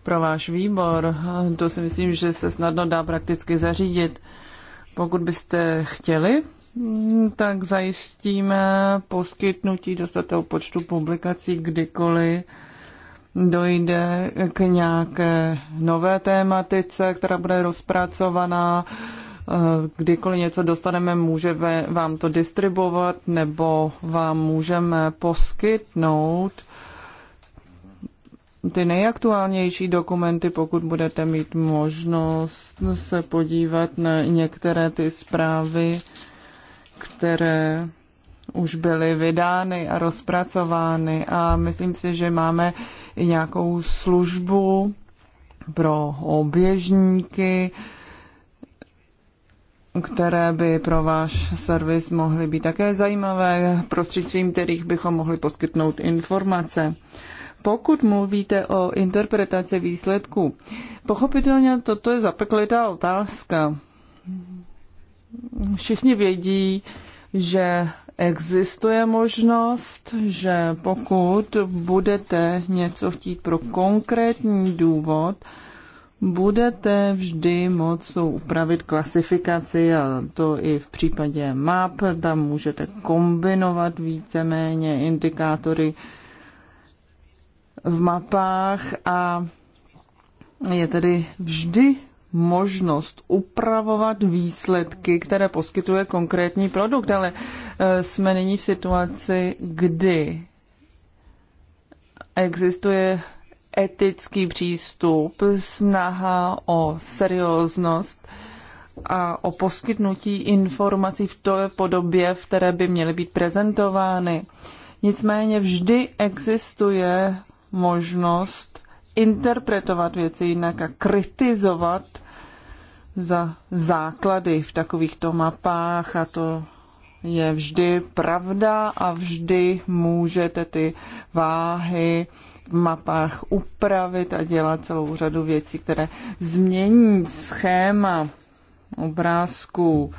pro váš výbor, to si myslím, že se snadno dá prakticky zařídit. Pokud byste chtěli, tak zajistíme poskytnutí dostatého počtu publikací kdykoliv dojde k nějaké nové tématice, která bude rozpracovaná Eh, kdykoliv něco dostaneme, můžeme vám to distribuovat nebo vám můžeme poskytnout ty nejaktuálnější dokumenty, pokud budete mít možnost se podívat na některé ty zprávy, které už byly vydány a rozpracovány a myslím si, že máme i nějakou službu pro oběžníky, které by pro váš servis mohly být také zajímavé, prostřednictvím kterých bychom mohli poskytnout informace. Pokud mluvíte o interpretaci výsledků, pochopitelně toto je zapeklitá otázka. Všichni vědí, že existuje možnost, že pokud budete něco chtít pro konkrétní důvod, budete vždy moci upravit klasifikaci a to i v případě map, tam můžete kombinovat víceméně indikátory v mapách a je tedy vždy možnost upravovat výsledky, které poskytuje konkrétní produkt, ale e, jsme nyní v situaci, kdy existuje etický přístup, snaha o serióznost a o poskytnutí informací v té podobě, v které by měly být prezentovány. Nicméně vždy existuje možnost interpretovat věci jinak a kritizovat za základy v takovýchto mapách a to je vždy pravda a vždy můžete ty váhy mapách upravit a dělat celou řadu věcí, které změní schéma obrázků.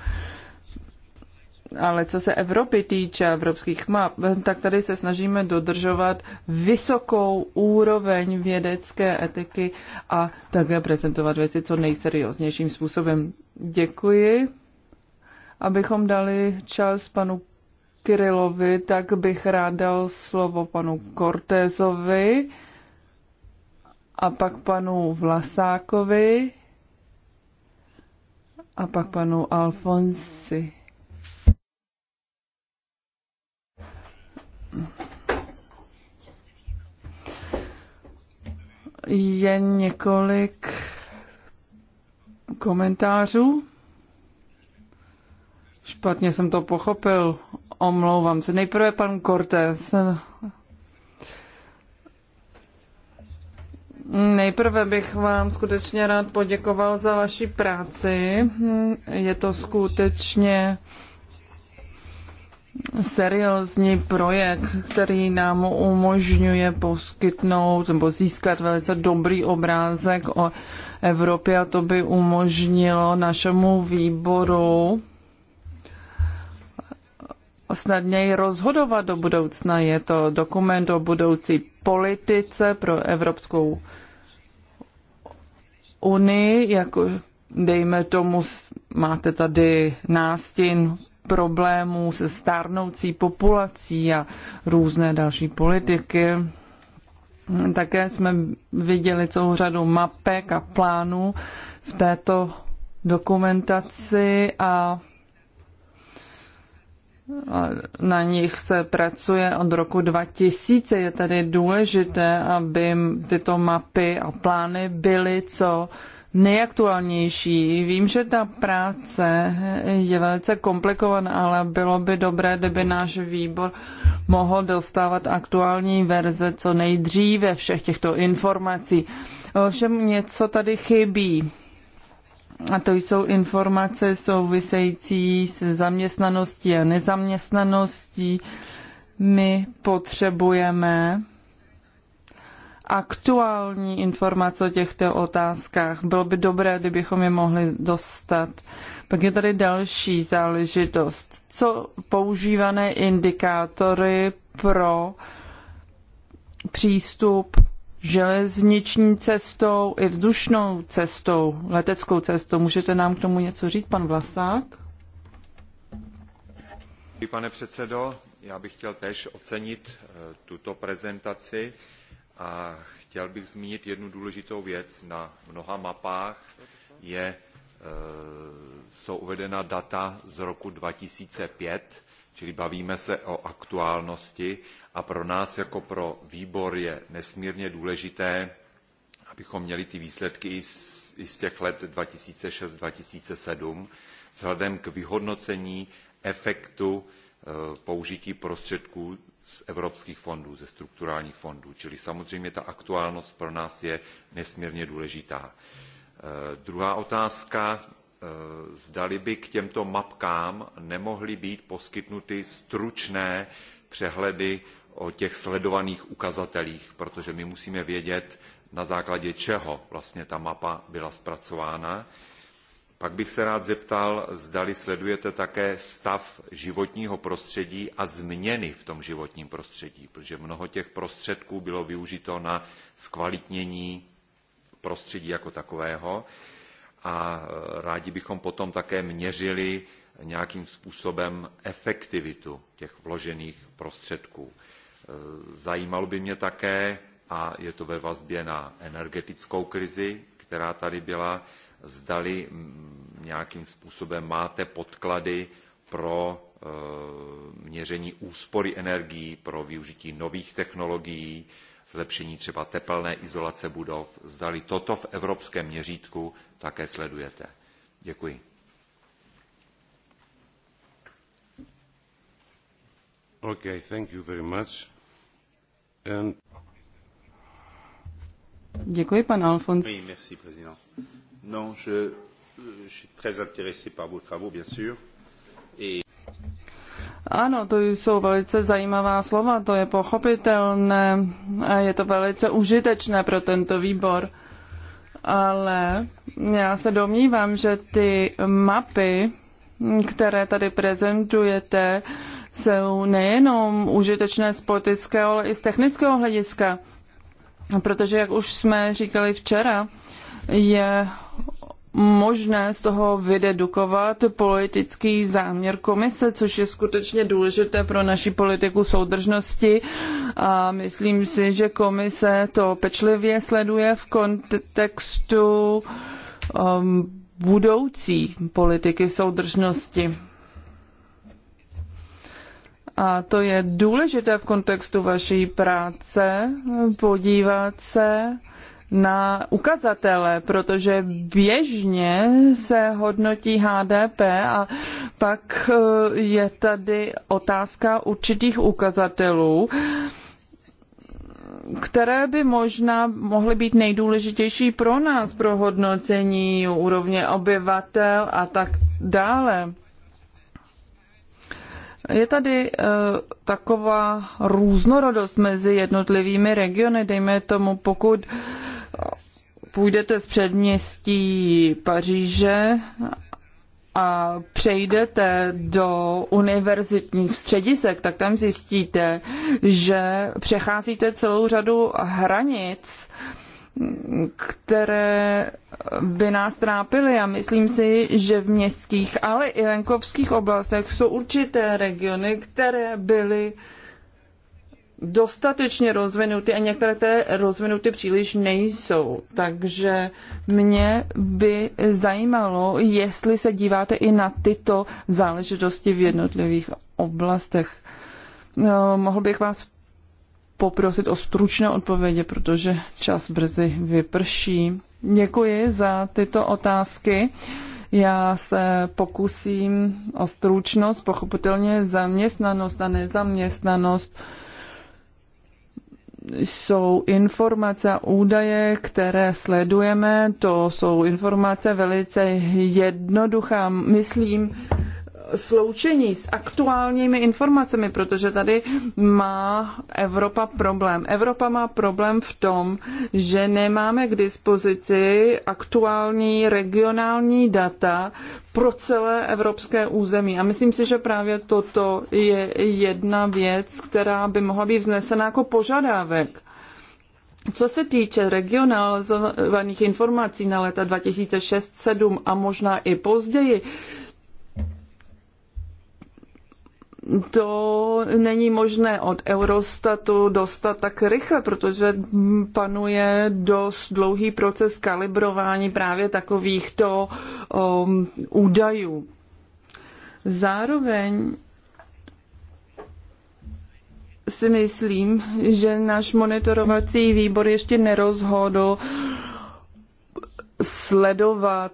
Ale co se Evropy týče, evropských map, tak tady se snažíme dodržovat vysokou úroveň vědecké etiky a také prezentovat věci co nejserióznějším způsobem. Děkuji, abychom dali čas panu Kirilovi, tak bych rád dal slovo panu Kortézovi a pak panu Vlasákovi a pak panu Alfonsi. Jen několik komentářů. Špatně jsem to pochopil. Omlouvám se. Nejprve pan Cortés. Nejprve bych vám skutečně rád poděkoval za vaši práci. Je to skutečně seriózní projekt, který nám umožňuje poskytnout nebo získat velice dobrý obrázek o Evropě a to by umožnilo našemu výboru snadněji rozhodovat do budoucna. Je to dokument o budoucí politice pro Evropskou unii, jako dejme tomu, máte tady nástin problémů se stárnoucí populací a různé další politiky. Také jsme viděli celou řadu mapek a plánů v této dokumentaci a na nich se pracuje od roku 2000. Je tady důležité, aby tyto mapy a plány byly co nejaktuálnější. Vím, že ta práce je velice komplikovaná, ale bylo by dobré, kdyby náš výbor mohl dostávat aktuální verze co nejdříve všech těchto informací. Ovšem něco tady chybí. A to jsou informace související se zaměstnaností a nezaměstnaností. My potřebujeme aktuální informace o těchto otázkách. Bylo by dobré, kdybychom je mohli dostat. Pak je tady další záležitost. Co používané indikátory pro přístup železniční cestou i vzdušnou cestou, leteckou cestou. Můžete nám k tomu něco říct, pan Vlasák? Pane předsedo, já bych chtěl též ocenit eh, tuto prezentaci a chtěl bych zmínit jednu důležitou věc. Na mnoha mapách je, eh, jsou uvedena data z roku 2005, čili bavíme se o aktuálnosti a pro nás jako pro výbor je nesmírně důležité, abychom měli ty výsledky i z, těch let 2006-2007 vzhledem k vyhodnocení efektu eh, použití prostředků z evropských fondů, ze strukturálních fondů. Čili samozřejmě ta aktuálnost pro nás je nesmírně důležitá. Eh, druhá otázka, eh, zdali by k těmto mapkám nemohly být poskytnuty stručné přehledy o těch sledovaných ukazatelích, protože my musíme vědět, na základě čeho vlastně ta mapa byla zpracována. Pak bych se rád zeptal, zdali sledujete také stav životního prostředí a změny v tom životním prostředí, protože mnoho těch prostředků bylo využito na zkvalitnění prostředí jako takového a e, rádi bychom potom také měřili nějakým způsobem efektivitu těch vložených prostředků. Eh, zajímalo by mě také, a je to ve vazbě na energetickou krizi, která tady byla, zdali mm, nějakým způsobem máte podklady pro eh, měření úspory energií, pro využití nových technologií, zlepšení třeba tepelné izolace budov. Zdali toto v evropském měřítku také sledujete. Děkuji. Okay, thank you very much. Děkuji, pan Alfons. Oui, merci, président. Non, je, je suis très intéressé par vos travaux, bien sûr. Et... Ano, to jsou velice zajímavá slova, to je pochopitelné a je to velice užitečné pro tento výbor. Ale já se domnívám, že ty mapy, které tady prezentujete, jsou nejenom užitečné z politického, ale i z technického hlediska. Protože, jak už jsme říkali včera, je možné z toho vydedukovat politický záměr komise, což je skutečně důležité pro naši politiku soudržnosti. A myslím si, že komise to pečlivě sleduje v kontextu um, budoucí politiky soudržnosti. A to je důležité v kontextu vaší práce podívat se na ukazatele, protože běžně se hodnotí HDP a pak e, je tady otázka určitých ukazatelů, které by možná mohly být nejdůležitější pro nás, pro hodnocení úrovně obyvatel a tak dále. Je tady eh, taková různorodost mezi jednotlivými regiony, dejme tomu, pokud půjdete z předměstí Paříže a přejdete do univerzitních středisek, tak tam zjistíte, že přecházíte celou řadu hranic, uh, které by nás trápily. A myslím si, že v městských, ale i venkovských oblastech jsou určité regiony, které byly dostatečně rozvinuty a některé které rozvinuty příliš nejsou. Takže mě by zajímalo, jestli se díváte i na tyto záležitosti v jednotlivých oblastech. No, mohl bych vás poprosit o stručné odpovědi, protože čas brzy vyprší. Děkuji za tyto otázky. Já se pokusím o stručnost, pochopitelně zaměstnanost a nezaměstnanost jsou informace a údaje, které sledujeme. To jsou informace velice jednoduchá. Myslím, sloučení s aktuálními informacemi, protože tady má Evropa problém. Evropa má problém v tom, že nemáme k dispozici aktuální regionální data pro celé evropské území. A myslím si, že právě toto je jedna věc, která by mohla být vznesena jako požadavek. Co se týče regionalizovaných informací na leta 2006-2007 a možná i později, to není možné od Eurostatu dostat tak rychle, protože panuje dost dlouhý proces kalibrování právě takovýchto um, údajů. Zároveň si myslím, že náš monitorovací výbor ještě nerozhodl sledovat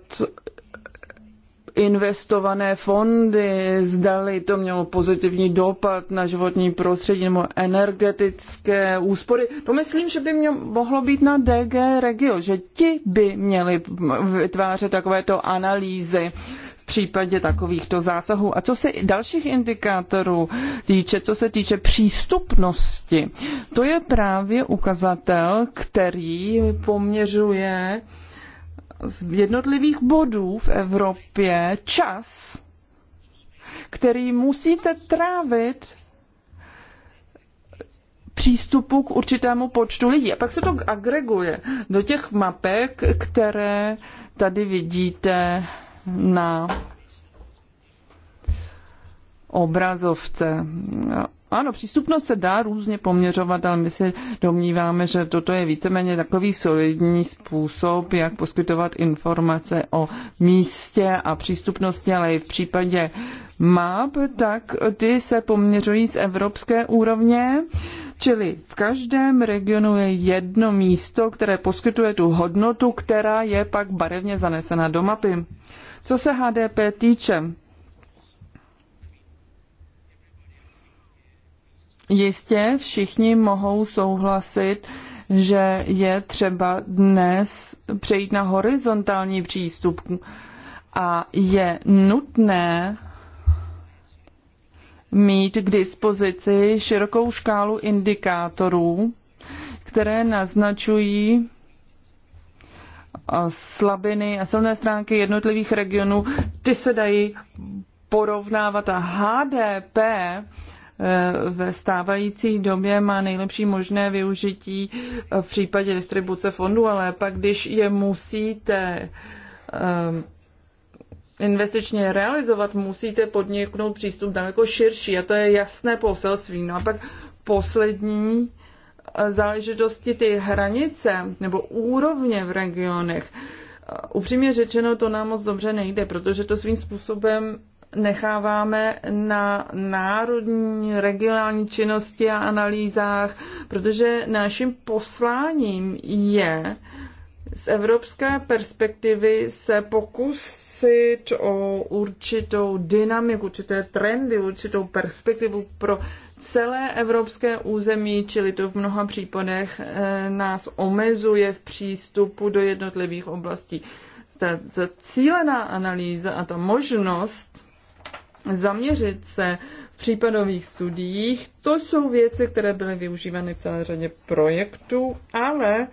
investované fondy, zdali to mělo pozitivní dopad na životní prostředí nebo energetické úspory. To myslím, že by mě mohlo být na DG Regio, že ti by měli vytvářet takovéto analýzy v případě takovýchto zásahů. A co se dalších indikátorů týče, co se týče přístupnosti, to je právě ukazatel, který poměřuje z jednotlivých bodů v Evropě čas, který musíte trávit přístupu k určitému počtu lidí. A pak se to agreguje do těch mapek, které tady vidíte na obrazovce. Ano, přístupnost se dá různě poměřovat, ale my se domníváme, že toto je víceméně takový solidní způsob, jak poskytovat informace o místě a přístupnosti, ale i v případě map, tak ty se poměřují z evropské úrovně. Čili v každém regionu je jedno místo, které poskytuje tu hodnotu, která je pak barevně zanesena do mapy. Co se HDP týče, Jistě všichni mohou souhlasit, že je třeba dnes přejít na horizontální přístup a je nutné mít k dispozici širokou škálu indikátorů, které naznačují slabiny a silné stránky jednotlivých regionů. Ty se dají porovnávat a HDP Eh, ve stávající době má nejlepší možné využití eh, v případě distribuce fondu, ale pak, když je musíte eh, investičně realizovat, musíte podniknout přístup daleko širší a to je jasné poselství. No a pak poslední záležitosti ty hranice nebo úrovně v regionech. Upřímně řečeno, to nám moc dobře nejde, protože to svým způsobem necháváme na národní, regionální činnosti a analýzách, protože naším posláním je z evropské perspektivy se pokusit o určitou dynamiku, určité trendy, určitou perspektivu pro celé evropské území, čili to v mnoha případech eh, nás omezuje v přístupu do jednotlivých oblastí. Ta, ta cílená analýza a ta možnost zaměřit se v případových studiích. To jsou věci, které byly využívány v celé řadě projektů, ale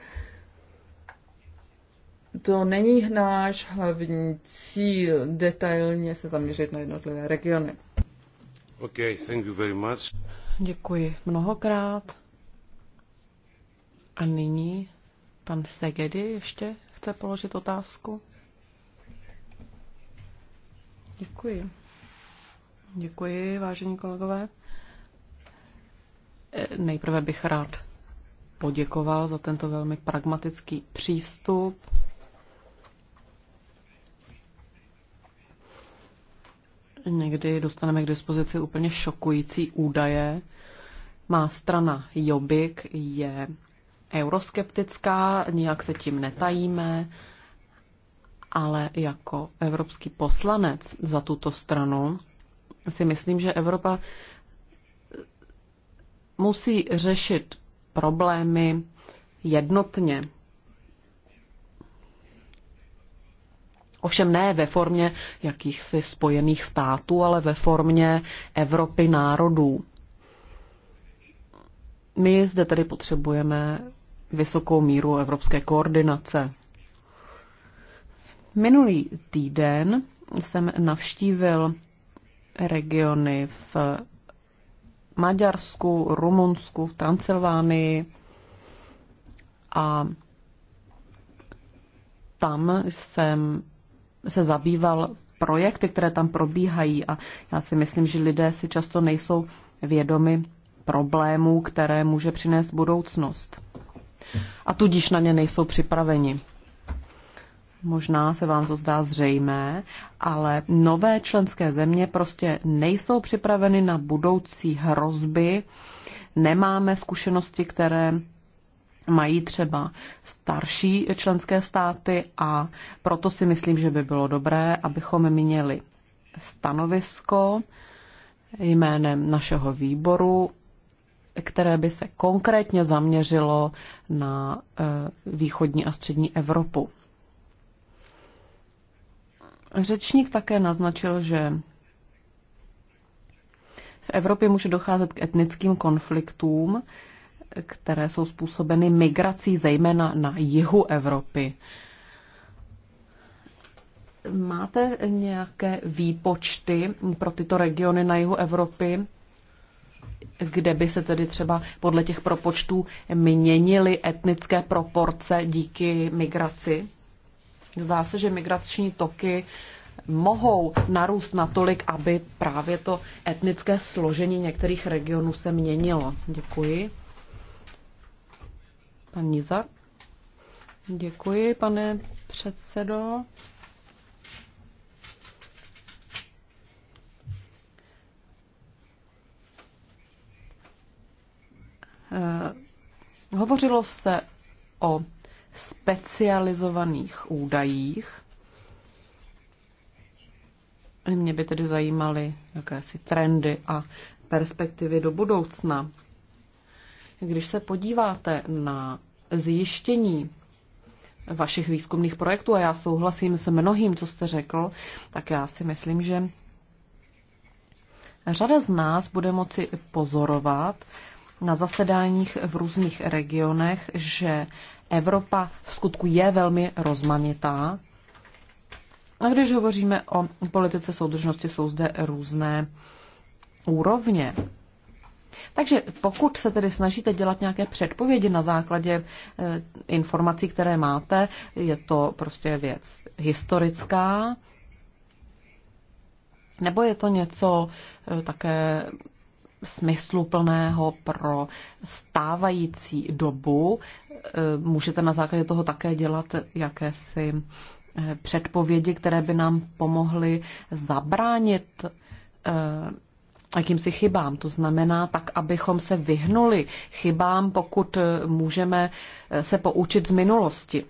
to není náš hlavní cíl detailně se zaměřit na jednotlivé regiony. Okay, thank you very much. Děkuji mnohokrát. A nyní pan Segedy ještě chce položit otázku. Děkuji. Děkuji, vážení kolegové. Eh, nejprve bych rád poděkoval za tento velmi pragmatický přístup. Někdy dostaneme k dispozici úplně šokující údaje. Má strana Jobik je euroskeptická, nijak se tím netajíme, ale jako evropský poslanec za tuto stranu si myslím, že Evropa musí řešit problémy jednotně. Ovšem ne ve formě jakýchsi spojených států, ale ve formě Evropy národů. My zde tedy potřebujeme vysokou míru evropské koordinace. Minulý týden jsem navštívil regiony v Maďarsku, Rumunsku, v Transylvánii a tam jsem se zabýval projekty, které tam probíhají a já si myslím, že lidé si často nejsou vědomi problémů, které může přinést budoucnost. A tudíž na ně nejsou připraveni. Možná se vám to zdá zřejmé, ale nové členské země prostě nejsou připraveny na budoucí hrozby. Nemáme zkušenosti, které mají třeba starší členské státy a proto si myslím, že by bylo dobré, abychom měli stanovisko jménem našeho výboru, které by se konkrétně zaměřilo na eh, východní a střední Evropu. Řečník také naznačil, že v Evropě může docházet k etnickým konfliktům, které jsou způsobeny migrací, zejména na jihu Evropy. Máte nějaké výpočty pro tyto regiony na jihu Evropy, kde by se tedy třeba podle těch propočtů měnily etnické proporce díky migraci? Zdá se, že migrační toky mohou narůst natolik, aby právě to etnické složení některých regionů se měnilo. Děkuji. Pan Nizar. Děkuji, pane předsedo. Eh, hovořilo se o specializovaných údajích. Mě by tedy zajímaly jakési trendy a perspektivy do budoucna. Když se podíváte na zjištění vašich výzkumných projektů, a já souhlasím s mnohým, co jste řekl, tak já si myslím, že řada z nás bude moci pozorovat na zasedáních v různých regionech, že Evropa v skutku je velmi rozmanitá. A když hovoříme o politice soudržnosti, jsou zde různé úrovně. Takže pokud se tedy snažíte dělat nějaké předpovědi na základě eh, informací, které máte, je to prostě věc historická, nebo je to něco eh, také smysluplného pro stávající dobu. E, můžete na základě toho také dělat jakési e, předpovědi, které by nám pomohly zabránit e, jakýmsi chybám. To znamená tak, abychom se vyhnuli chybám, pokud můžeme se poučit z minulosti.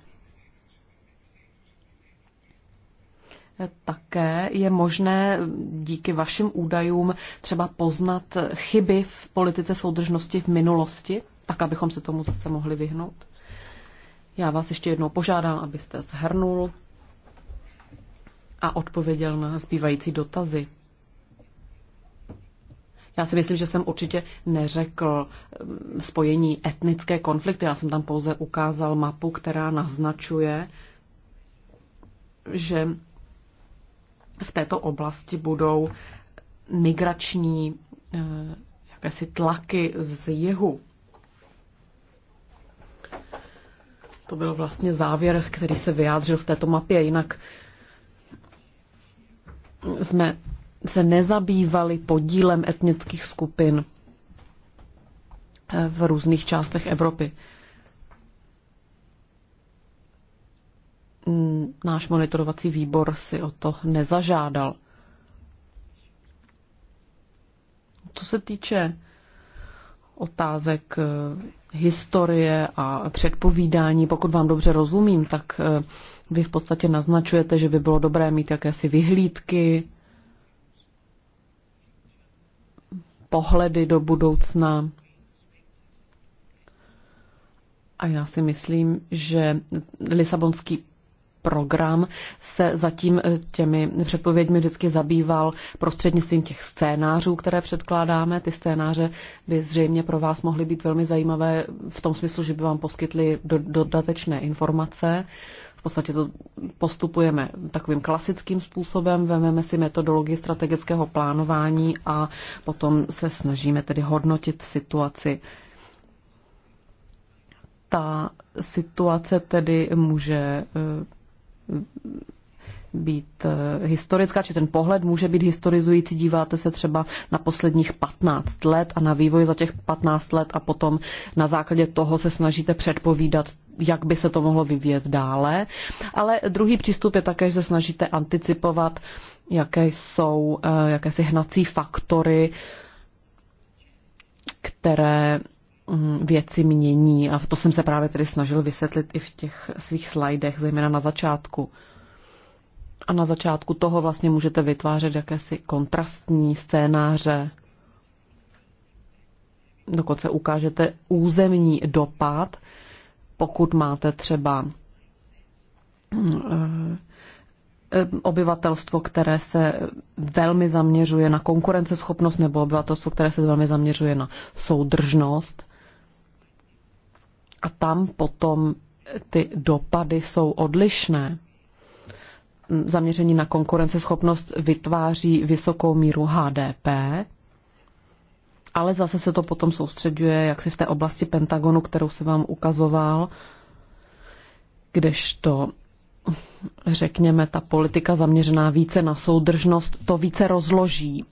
Také je možné díky vašim údajům třeba poznat chyby v politice soudržnosti v minulosti, tak abychom se tomu zase mohli vyhnout. Já vás ještě jednou požádám, abyste zhrnul a odpověděl na zbývající dotazy. Já si myslím, že jsem určitě neřekl mm, spojení etnické konflikty. Já jsem tam pouze ukázal mapu, která naznačuje, že v této oblasti budou migrační eh, jakési tlaky z jihu. To byl vlastně závěr, který se vyjádřil v této mapě, jinak jsme se nezabývali podílem etnických skupin eh, v různých částech Evropy. Mm, náš monitorovací výbor si o to nezažádal. Co se týče otázek eh, historie a předpovídání, pokud vám dobře rozumím, tak eh, vy v podstatě naznačujete, že by bylo dobré mít jakési vyhlídky, pohledy do budoucna. A já si myslím, že Lisabonský program se zatím eh, těmi předpověďmi vždycky zabýval prostřednictvím těch scénářů, které předkládáme. Ty scénáře by zřejmě pro vás mohly být velmi zajímavé v tom smyslu, že by vám poskytly dodatečné informace. V podstatě to postupujeme takovým klasickým způsobem, vememe si metodologii strategického plánování a potom se snažíme tedy hodnotit situaci. Ta situace tedy může eh, být eh, historická, či ten pohled může být historizující. Díváte se třeba na posledních 15 let a na vývoj za těch 15 let a potom na základě toho se snažíte předpovídat, jak by se to mohlo vyvíjet dále. Ale druhý přístup je také, že se snažíte anticipovat, jaké jsou eh, jakési hnací faktory, které Mm, věci mění a to jsem se právě tedy snažil vysvětlit i v těch svých slajdech, zejména na začátku. A na začátku toho vlastně můžete vytvářet jakési kontrastní scénáře. Dokonce ukážete územní dopad, pokud máte třeba mm, eh, eh, obyvatelstvo, které se velmi zaměřuje na konkurenceschopnost nebo obyvatelstvo, které se velmi zaměřuje na soudržnost. A tam potom ty dopady jsou odlišné. Zaměření na konkurenceschopnost vytváří vysokou míru HDP, ale zase se to potom soustředuje jak si v té oblasti Pentagonu, kterou se vám ukazoval, kdežto řekněme, ta politika zaměřená více na soudržnost, to více rozloží.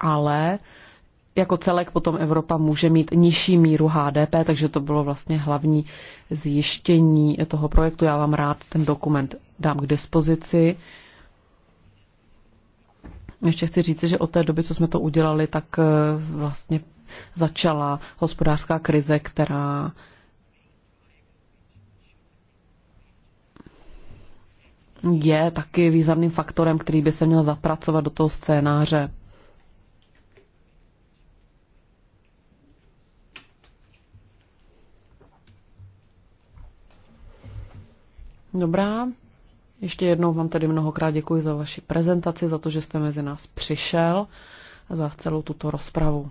Ale jako celek potom Evropa může mít nižší míru HDP, takže to bylo vlastně hlavní zjištění toho projektu. Já vám rád ten dokument dám k dispozici. Ještě chci říct, že od té doby, co jsme to udělali, tak eh, vlastně začala hospodářská krize, která je taky významným faktorem, který by se měl zapracovat do toho scénáře. Dobrá. Ještě jednou vám tady mnohokrát děkuji za vaši prezentaci, za to, že jste mezi nás přišel a za celou tuto rozpravu.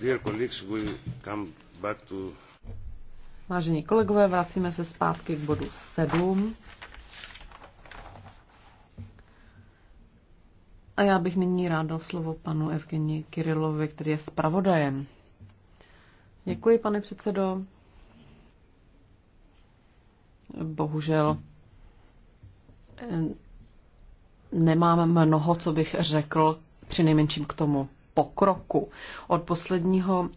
Dear colleagues, we come back to Vážení kolegové, vracíme se zpátky k bodu 7. A já bych nyní rád dal slovo panu Evgeni Kirilovi, který je zpravodajem. Děkuji, pane předsedo. Bohužel eh, nemám mnoho, co bych řekl při nejmenším k tomu pokroku. Od posledního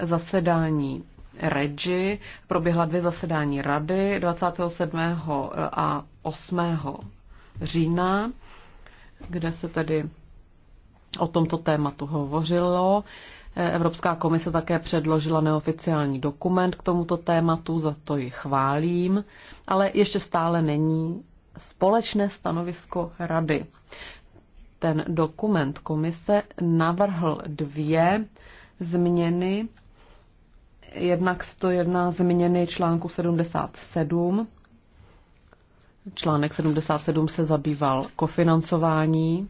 zasedání REGI proběhla dvě zasedání rady 27. a 8. října, kde se tedy o tomto tématu hovořilo. Evropská komise také předložila neoficiální dokument k tomuto tématu, za to ji chválím, ale ještě stále není společné stanovisko rady. Ten dokument komise navrhl dvě změny Jednak jedná změny článku 77. Článek 77 se zabýval kofinancování.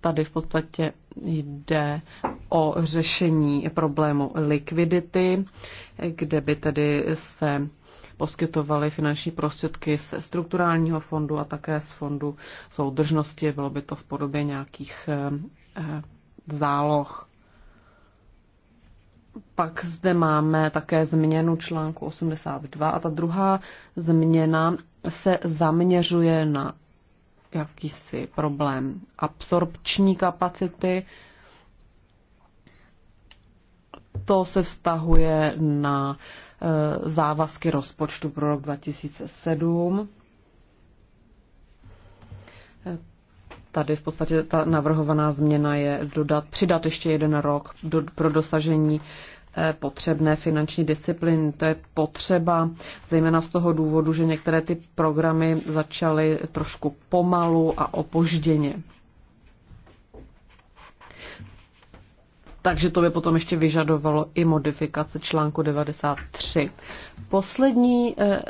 Tady v podstatě jde o řešení problému likvidity, kde by tedy se poskytovaly finanční prostředky ze strukturálního fondu a také z fondu soudržnosti. Bylo by to v podobě nějakých eh, záloh. Pak zde máme také změnu článku 82 a ta druhá změna se zaměřuje na jakýsi problém absorpční kapacity. To se vztahuje na eh, závazky rozpočtu pro rok 2007. Tady v podstatě ta navrhovaná změna je dodat, přidat ještě jeden rok do, pro dosažení eh, potřebné finanční disciplín. To je potřeba, zejména z toho důvodu, že některé ty programy začaly trošku pomalu a opožděně. Takže to by potom ještě vyžadovalo i modifikace článku 93. Poslední eh,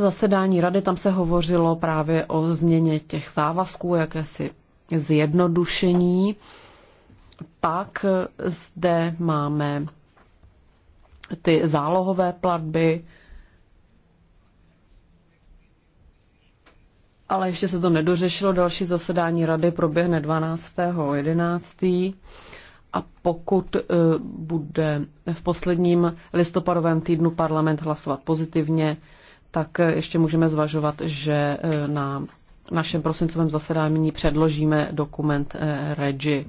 zasedání rady, tam se hovořilo právě o změně těch závazků, jakési zjednodušení. Pak zde máme ty zálohové platby, ale ještě se to nedořešilo. Další zasedání rady proběhne 12.11. A pokud eh, bude v posledním listopadovém týdnu parlament hlasovat pozitivně, tak eh, ještě můžeme zvažovat, že eh, na našem prosincovém zasedání předložíme dokument eh, REGI.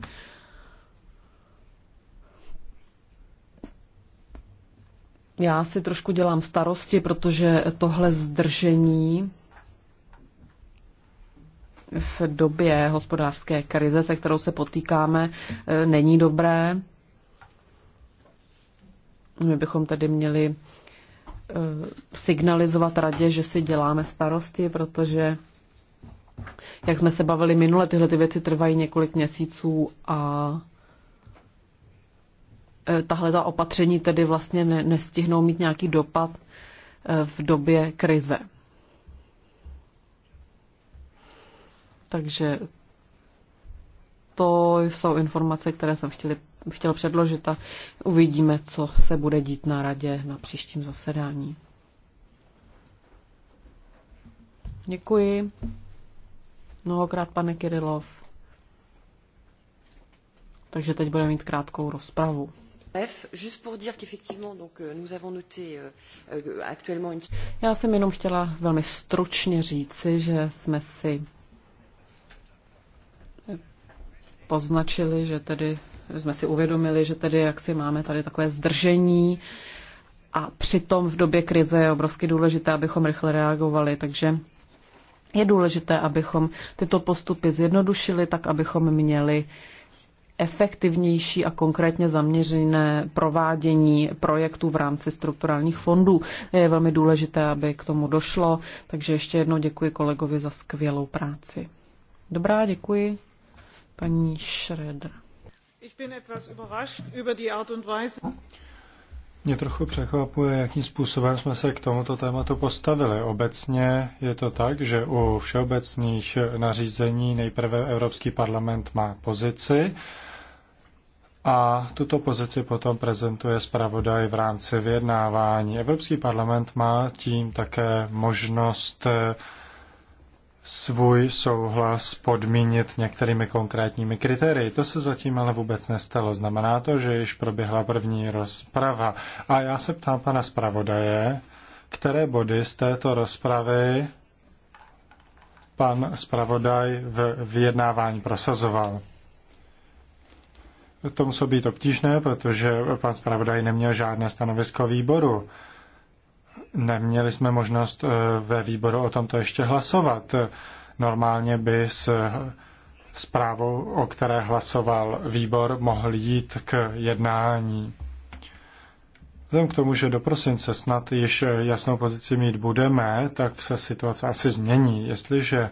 Já si trošku dělám starosti, protože tohle zdržení v době hospodářské krize, se kterou se potýkáme, není dobré. My bychom tedy měli Eh, signalizovat radě, že si děláme starosti, protože jak jsme se bavili minule, tyhle ty věci trvají několik měsíců a eh, tahle ta opatření tedy vlastně ne, nestihnou mít nějaký dopad eh, v době krize. Takže to jsou informace, které jsem chtěla chtěl předložit a uvidíme, co se bude dít na radě na příštím zasedání. Děkuji. Mnohokrát, pane Kirilov. Takže teď budeme mít krátkou rozpravu. Euh, euh, euh, Já jsem jenom chtěla velmi stručně říci, že jsme si poznačili, že tedy jsme si uvědomili, že tedy jak si máme tady takové zdržení a přitom v době krize je obrovsky důležité, abychom rychle reagovali, takže je důležité, abychom tyto postupy zjednodušili, tak abychom měli efektivnější a konkrétně zaměřené provádění projektů v rámci strukturálních fondů. Je velmi důležité, aby k tomu došlo, takže ještě jednou děkuji kolegovi za skvělou práci. Dobrá, děkuji. Paní Šredra. Mě trochu překvapuje, jakým způsobem jsme se k tomuto tématu postavili. Obecně je to tak, že u všeobecných nařízení nejprve Evropský parlament má pozici a tuto pozici potom prezentuje zpravodaj v rámci vyjednávání. Evropský parlament má tím také možnost svůj souhlas podmínit některými konkrétními kritérii. To se zatím ale vůbec nestalo. Znamená to, že již proběhla první rozprava. A já se ptám pana zpravodaje, které body z této rozpravy pan zpravodaj v vyjednávání prosazoval. To muselo být obtížné, protože pan zpravodaj neměl žádné stanovisko výboru. Neměli jsme možnost eh, ve výboru o tomto ještě hlasovat. Normálně by s eh, zprávou, o které hlasoval výbor, mohl jít k jednání. Vzhledem k tomu, že do prosince snad již eh, jasnou pozici mít budeme, tak se situace asi změní. Jestliže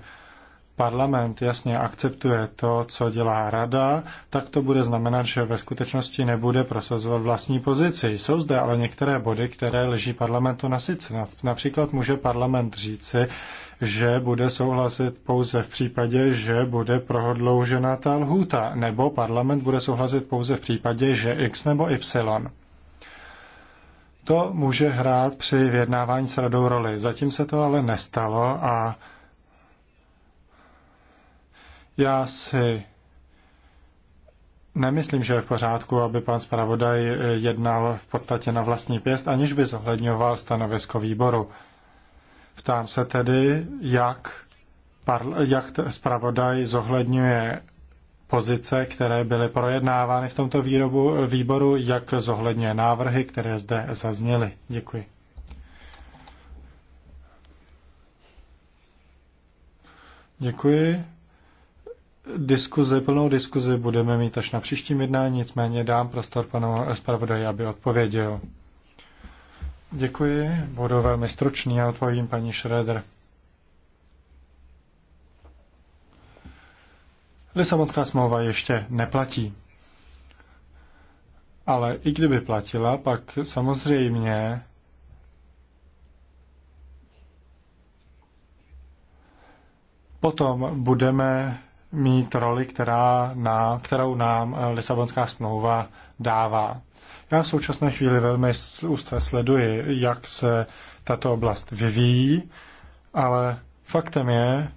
parlament jasně akceptuje to, co dělá rada, tak to bude znamenat, že ve skutečnosti nebude prosazovat vlastní pozici. Jsou zde ale některé body, které leží parlamentu na sice. Například může parlament říci, že bude souhlasit pouze v případě, že bude prohodloužena ta lhůta, nebo parlament bude souhlasit pouze v případě, že X nebo Y. To může hrát při vyjednávání s radou roli. Zatím se to ale nestalo a já si nemyslím, že je v pořádku, aby pan zpravodaj jednal v podstatě na vlastní pěst, aniž by zohledňoval stanovisko výboru. Ptám se tedy, jak, parl- jak zpravodaj zohledňuje pozice, které byly projednávány v tomto výrobu, výboru, jak zohledňuje návrhy, které zde zazněly. Děkuji. Děkuji diskuzi, plnou diskuzi budeme mít až na příštím jednání, nicméně dám prostor panu zpravodaji, aby odpověděl. Děkuji, budu velmi stručný a odpovím paní Schroeder. Lisabonská smlouva ještě neplatí. Ale i kdyby platila, pak samozřejmě potom budeme mít roli, která na, kterou nám eh, Lisabonská smlouva dává. Já v současné chvíli velmi úzce sleduji, jak se tato oblast vyvíjí, ale faktem je,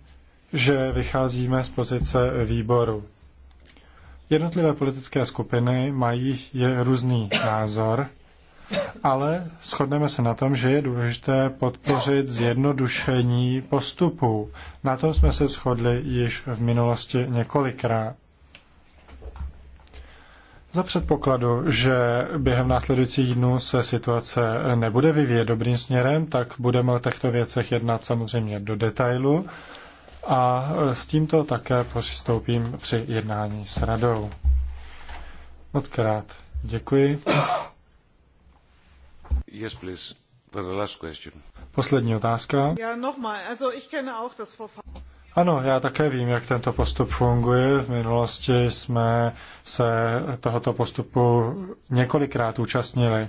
že vycházíme z pozice výboru. Jednotlivé politické skupiny mají je různý názor ale shodneme se na tom, že je důležité podpořit zjednodušení postupů. Na tom jsme se shodli již v minulosti několikrát. Za předpokladu, že během následujících dnů se situace nebude vyvíjet dobrým směrem, tak budeme o těchto věcech jednat samozřejmě do detailu a s tímto také přistoupím při jednání s radou. Moc krát děkuji. Yes, please. For the last question. Poslední otázka. Ja, nochmal. Also ich kenne auch das Ano, já také vím, jak tento postup funguje. V minulosti jsme se tohoto postupu několikrát účastnili.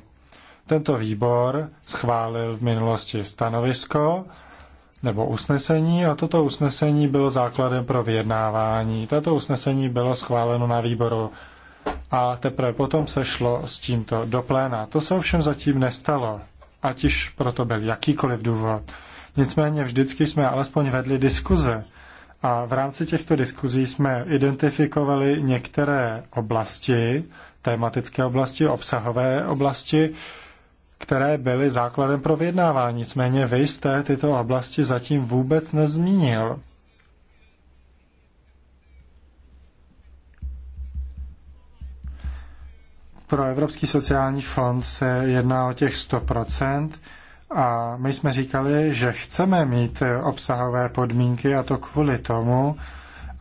Tento výbor schválil v minulosti stanovisko nebo usnesení a toto usnesení bylo základem pro vyjednávání. Tato usnesení bylo schváleno na výboru a teprve potom se šlo s tímto do pléna. To se ovšem zatím nestalo, ať již proto byl jakýkoliv důvod. Nicméně vždycky jsme alespoň vedli diskuze a v rámci těchto diskuzí jsme identifikovali některé oblasti, tematické oblasti, obsahové oblasti, které byly základem pro vyjednávání. Nicméně vy jste tyto oblasti zatím vůbec nezmínil. Pro Evropský sociální fond se jedná o těch 100%. A my jsme říkali, že chceme mít obsahové podmínky a to kvůli tomu,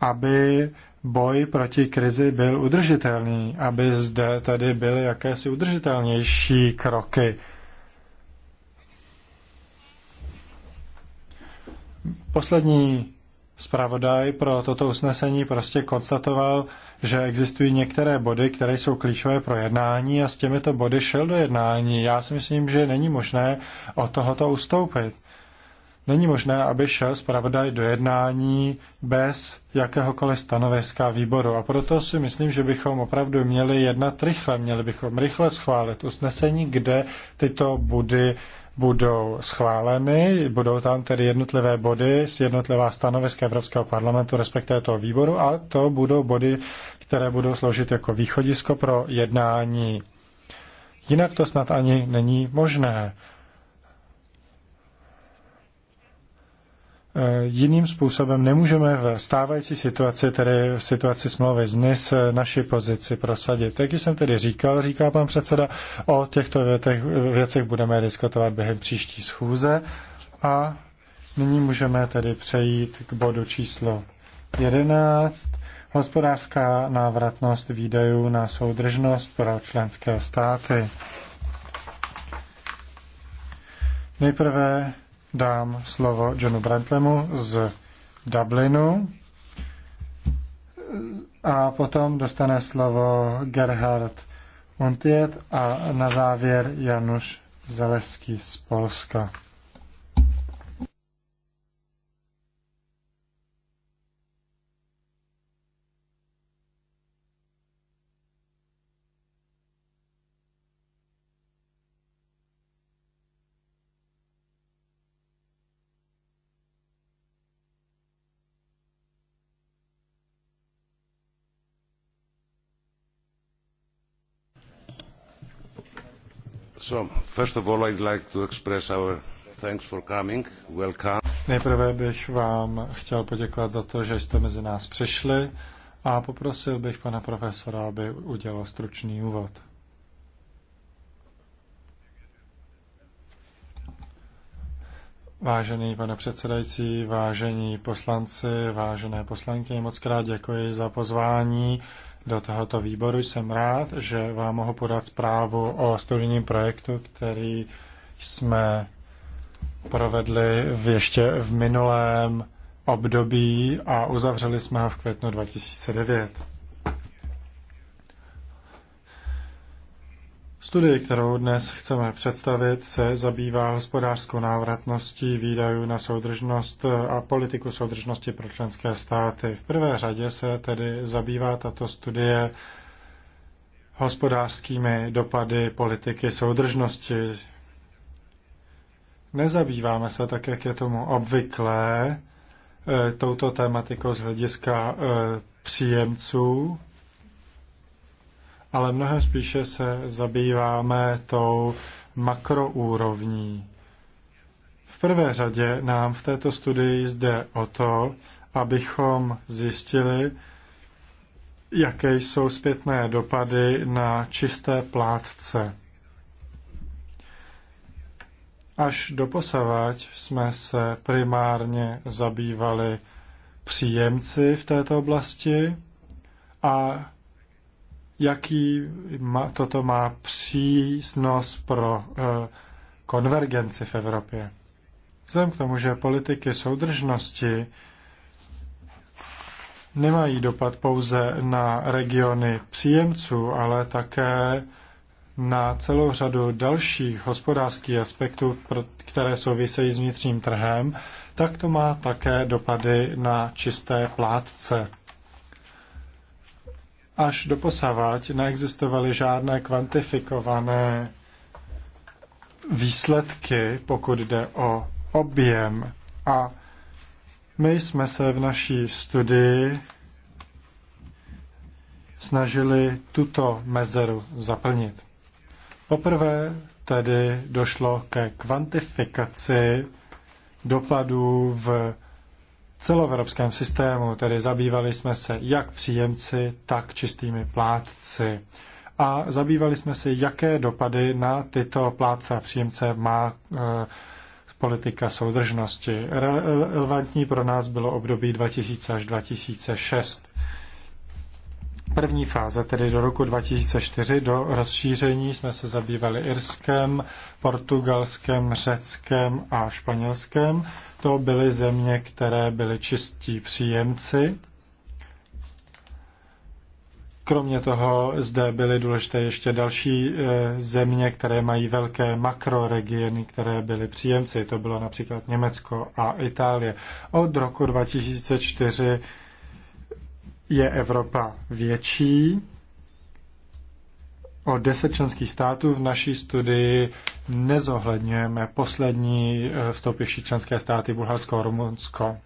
aby boj proti krizi byl udržitelný, aby zde tedy byly jakési udržitelnější kroky. Poslední zpravodaj pro toto usnesení prostě konstatoval, že existují některé body, které jsou klíčové pro jednání a s těmito body šel do jednání. Já si myslím, že není možné od tohoto ustoupit. Není možné, aby šel zpravodaj do jednání bez jakéhokoliv stanoviska výboru. A proto si myslím, že bychom opravdu měli jednat rychle. Měli bychom rychle schválit usnesení, kde tyto body budou schváleny, budou tam tedy jednotlivé body, jednotlivá stanoviska Evropského parlamentu, respektive toho výboru, a to budou body které budou sloužit jako východisko pro jednání. Jinak to snad ani není možné. Eh, jiným způsobem nemůžeme v stávající situaci, tedy v situaci smlouvy z NIS, eh, naši pozici prosadit. Jak jsem tedy říkal, říká pan předseda, o těchto věcech budeme diskutovat během příští schůze a nyní můžeme tedy přejít k bodu číslo 11 hospodářská návratnost výdajů na soudržnost pro členské státy. Nejprve dám slovo Johnu Brentlemu z Dublinu a potom dostane slovo Gerhard Untiet a na závěr Januš Zaleský z Polska. Nejprve bych vám chtěl poděkovat za to, že jste mezi nás přišli a poprosil bych pana profesora, aby udělal stručný úvod. Vážený pane předsedající, vážení poslanci, vážené poslankyně, moc krát děkuji za pozvání do tohoto výboru. Jsem rád, že vám mohu podat zprávu o studijním projektu, který jsme provedli v ještě v minulém období a uzavřeli jsme ho v květnu 2009. Studie, kterou dnes chceme představit, se zabývá hospodářskou návratností výdajů na soudržnost a politiku soudržnosti pro členské státy. V prvé řadě se tedy zabývá tato studie hospodářskými dopady politiky soudržnosti. Nezabýváme se tak, jak je tomu obvyklé, e, touto tématikou z hlediska e, příjemců ale mnohem spíše se zabýváme tou makroúrovní. V prvé řadě nám v této studii jde o to, abychom zjistili, jaké jsou zpětné dopady na čisté plátce. Až do posavať jsme se primárně zabývali příjemci v této oblasti a jaký má, toto má přínos pro eh, konvergenci v Evropě. Vzhledem k tomu, že politiky soudržnosti nemají dopad pouze na regiony příjemců, ale také na celou řadu dalších hospodářských aspektů, které souvisejí s vnitřním trhem, tak to má také dopady na čisté plátce. Až posavať neexistovaly žádné kvantifikované výsledky, pokud jde o objem. A my jsme se v naší studii snažili tuto mezeru zaplnit. Poprvé tedy došlo ke kvantifikaci dopadů v celoevropském systému, tedy zabývali jsme se jak příjemci, tak čistými plátci. A zabývali jsme se, jaké dopady na tyto plátce a příjemce má e, politika soudržnosti. Relevantní pro nás bylo období 2000 až 2006. První fáze, tedy do roku 2004, do rozšíření jsme se zabývali Irskem, Portugalskem, Řeckem a Španělskem to byly země, které byly čistí příjemci. Kromě toho zde byly důležité ještě další e, země, které mají velké makroregiony, které byly příjemci. To bylo například Německo a Itálie. Od roku 2004 je Evropa větší, o deset členských států. V naší studii nezohledňujeme poslední eh, vstoupivší členské státy Bulharsko a Rumunsko.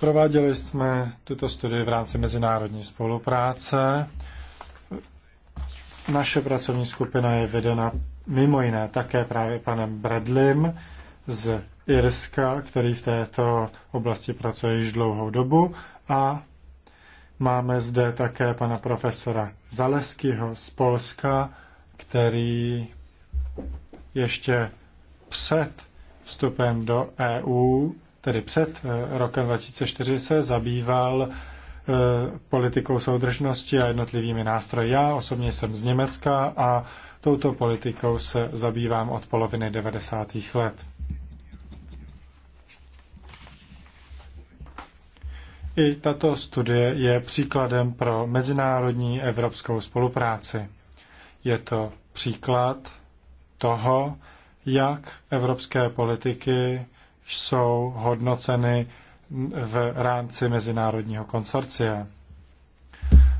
Prováděli jsme tuto studii v rámci mezinárodní spolupráce. Naše pracovní skupina je vedena mimo jiné také právě panem Bradlim z Irska, který v této oblasti pracuje již dlouhou dobu a Máme zde také pana profesora Zaleskyho z Polska, který ještě před vstupem do EU, tedy před eh, rokem 2004, se zabýval eh, politikou soudržnosti a jednotlivými nástroji. Já osobně jsem z Německa a touto politikou se zabývám od poloviny 90. let. I tato studie je příkladem pro mezinárodní evropskou spolupráci. Je to příklad toho, jak evropské politiky jsou hodnoceny v rámci mezinárodního konsorcia.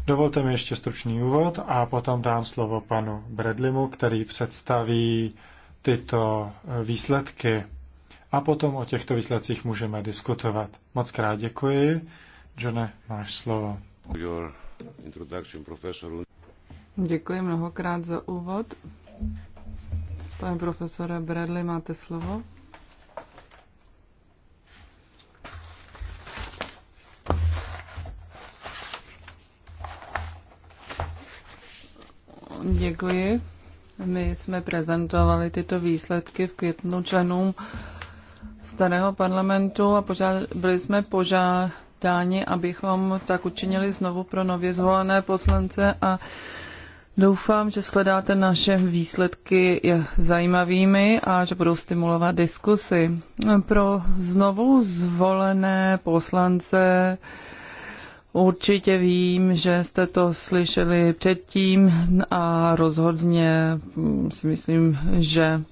Dovolte mi ještě stručný úvod a potom dám slovo panu Bredlimu, který představí tyto výsledky a potom o těchto výsledcích můžeme diskutovat. Moc krát děkuji. Johne, máš slovo. Děkuji mnohokrát za úvod. Pane profesore Bradley, máte slovo. Děkuji. My jsme prezentovali tyto výsledky v květnu členům starého parlamentu a požád, byli jsme požádáni, abychom tak učinili znovu pro nově zvolené poslance a doufám, že shledáte naše výsledky zajímavými a že budou stimulovat diskusy. Pro znovu zvolené poslance Určitě vím, že jste to slyšeli předtím a rozhodně mm, si myslím, že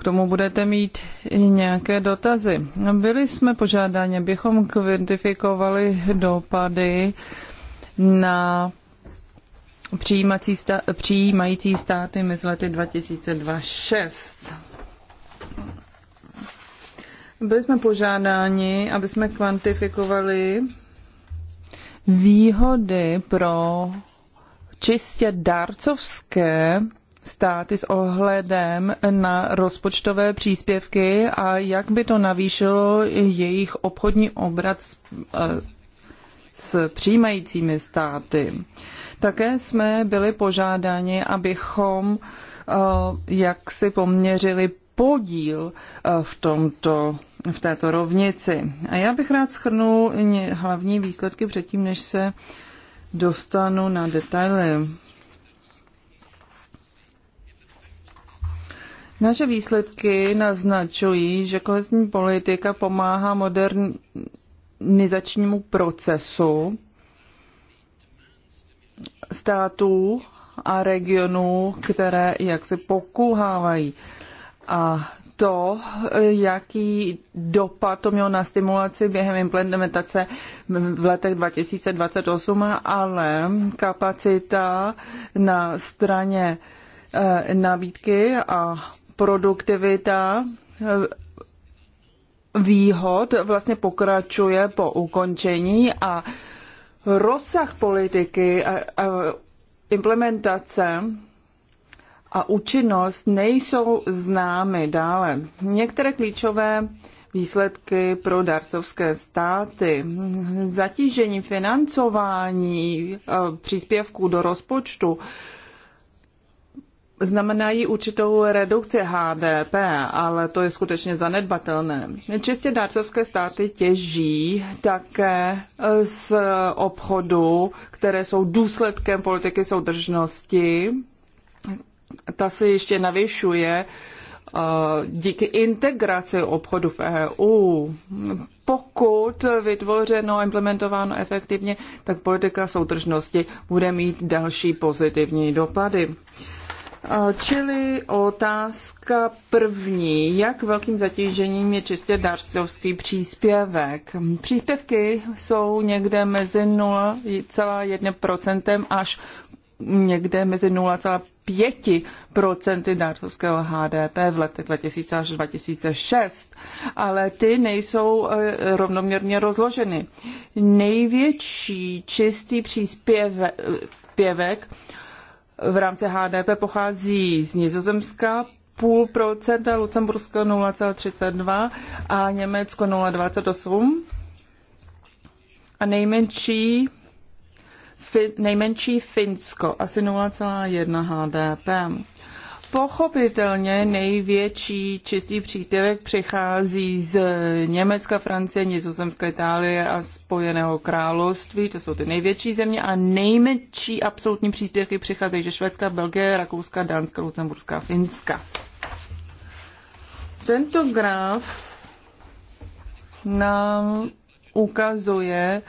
k tomu budete mít nějaké dotazy. Byli jsme požádáni, abychom kvantifikovali dopady na přijímací stá- přijímající státy mezi lety 2026. 2006 Byli jsme požádáni, aby jsme kvantifikovali výhody pro čistě darcovské státy s ohledem na rozpočtové příspěvky a jak by to navýšilo jejich obchodní obrat s, s přijímajícími státy. Také jsme byli požádáni, abychom jak si poměřili podíl v, tomto, v této rovnici. A já bych rád schrnul hlavní výsledky předtím, než se dostanu na detaily. Naše výsledky naznačují, že kohezní politika pomáhá modernizačnímu procesu států a regionů, které jak se pokulhávají. A to, jaký dopad to mělo na stimulaci během implementace v letech 2028, ale kapacita na straně eh, nabídky a produktivita eh, výhod vlastně pokračuje po ukončení a rozsah politiky a, a implementace a účinnost nejsou známy dále. Některé klíčové výsledky pro darcovské státy, zatížení financování eh, příspěvků do rozpočtu, znamenají určitou redukci HDP, ale to je skutečně zanedbatelné. Čistě dárcovské státy těží také z obchodu, které jsou důsledkem politiky soudržnosti. Ta se ještě navyšuje eh, díky integraci obchodu v EU. Pokud vytvořeno a implementováno efektivně, tak politika soudržnosti bude mít další pozitivní dopady. Eh, čili otázka první. Jak velkým zatížením je čistě darcovský příspěvek? Příspěvky jsou někde mezi 0,1% až někde mezi 0,5% dárcovského HDP v letech 2000 až 2006, ale ty nejsou eh, rovnoměrně rozloženy. Největší čistý příspěvek eh, v rámci HDP pochází z Nizozemska, půl procenta, Lucembursko 0,32 a Německo 0,28. A nejmenší, fi, nejmenší Finsko, asi 0,1 HDP. Pochopitelně největší čistý příspěvek přichází z Německa, Francie, Nizozemska, Itálie a Spojeného království. To jsou ty největší země a nejmenší absolutní příspěvky přicházejí ze Švédska, Belgie, Rakouska, Dánska, Lucemburska Finska. Tento graf nám ukazuje,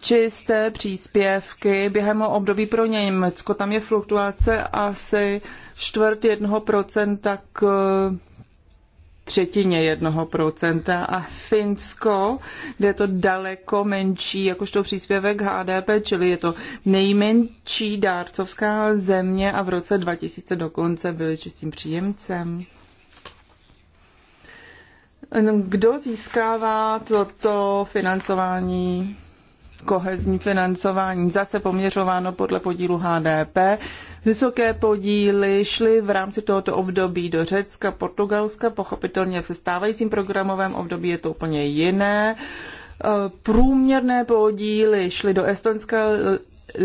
čisté příspěvky během období pro Německo. Tam je fluktuace asi čtvrt jednoho procenta k třetině jednoho procenta a Finsko, kde je to daleko menší, jakožto příspěvek HDP, čili je to nejmenší dárcovská země a v roce 2000 dokonce byli čistým příjemcem. Kdo získává toto financování? kohezní financování zase poměřováno podle podílu HDP. Vysoké podíly šly v rámci tohoto období do Řecka, Portugalska, pochopitelně v stávajícím programovém období je to úplně jiné. E, průměrné podíly šly do Estonska,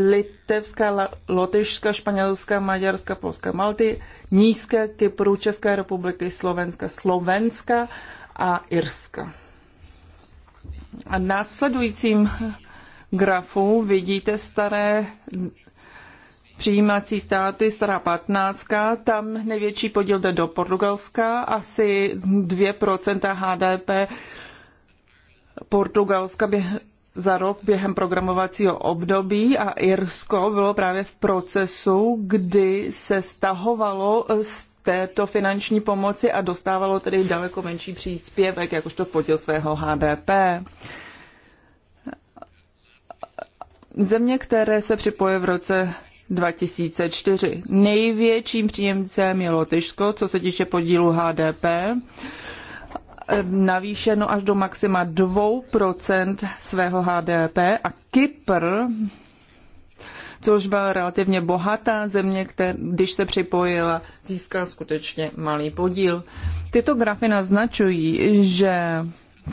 Litevska, Lotyšska, Španělska, Maďarska, Polska, Malty, Nízké, Kypru, České republiky, Slovenska, Slovenska a Irska. A následujícím grafu vidíte staré přijímací státy, stará patnáctka, tam největší podíl jde do Portugalska, asi 2% HDP Portugalska za rok během programovacího období a Irsko bylo právě v procesu, kdy se stahovalo z této finanční pomoci a dostávalo tedy daleko menší příspěvek, jakožto podíl svého HDP. Země, které se připojily v roce 2004. Největším příjemcem je Lotyšsko, co se týče podílu HDP, navýšeno až do maxima 2% svého HDP a Kypr což byla relativně bohatá země, která, když se připojila, získala skutečně malý podíl. Tyto grafy naznačují, že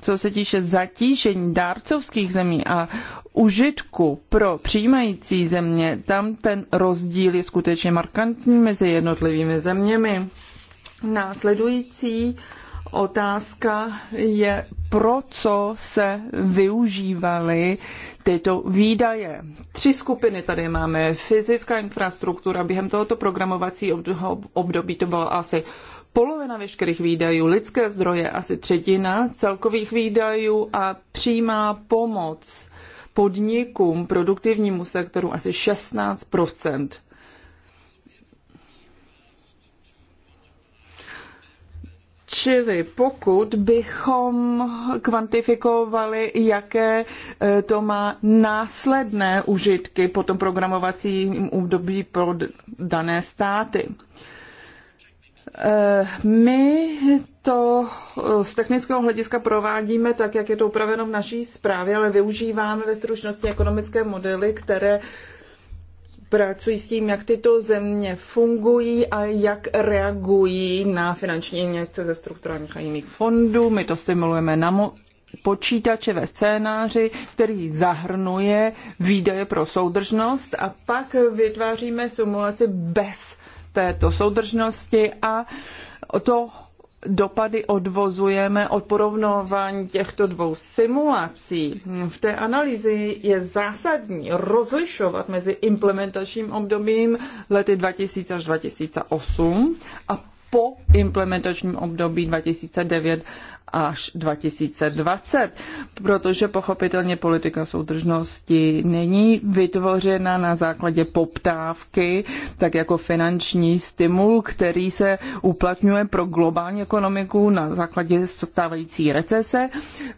co se týče zatížení dárcovských zemí a užitku pro přijímající země, tam ten rozdíl je skutečně markantní mezi jednotlivými zeměmi. Následující otázka je, pro co se využívaly tyto výdaje. Tři skupiny tady máme. Fyzická infrastruktura během tohoto programovací období to bylo asi polovina veškerých výdajů, lidské zdroje asi třetina celkových výdajů a přímá pomoc podnikům, produktivnímu sektoru asi 16 Čili pokud bychom kvantifikovali, jaké eh, to má následné užitky po tom programovacím období pro dané státy. Eh, my to eh, z technického hlediska provádíme tak, jak je to upraveno v naší zprávě, ale využíváme ve stručnosti ekonomické modely, které pracují s tím, jak tyto země fungují a jak reagují na finanční injekce ze strukturálních a jiných fondů. My to stimulujeme na mo- počítače ve scénáři, který zahrnuje výdaje pro soudržnost a pak vytváříme simulaci bez této soudržnosti a to dopady odvozujeme od porovnávání těchto dvou simulací. V té analýzi je zásadní rozlišovat mezi implementačním obdobím lety 2000 až 2008 a po implementačním období 2009 až 2020, protože pochopitelně politika soudržnosti není vytvořena na základě poptávky, tak jako finanční stimul, který se uplatňuje pro globální ekonomiku na základě stávající recese,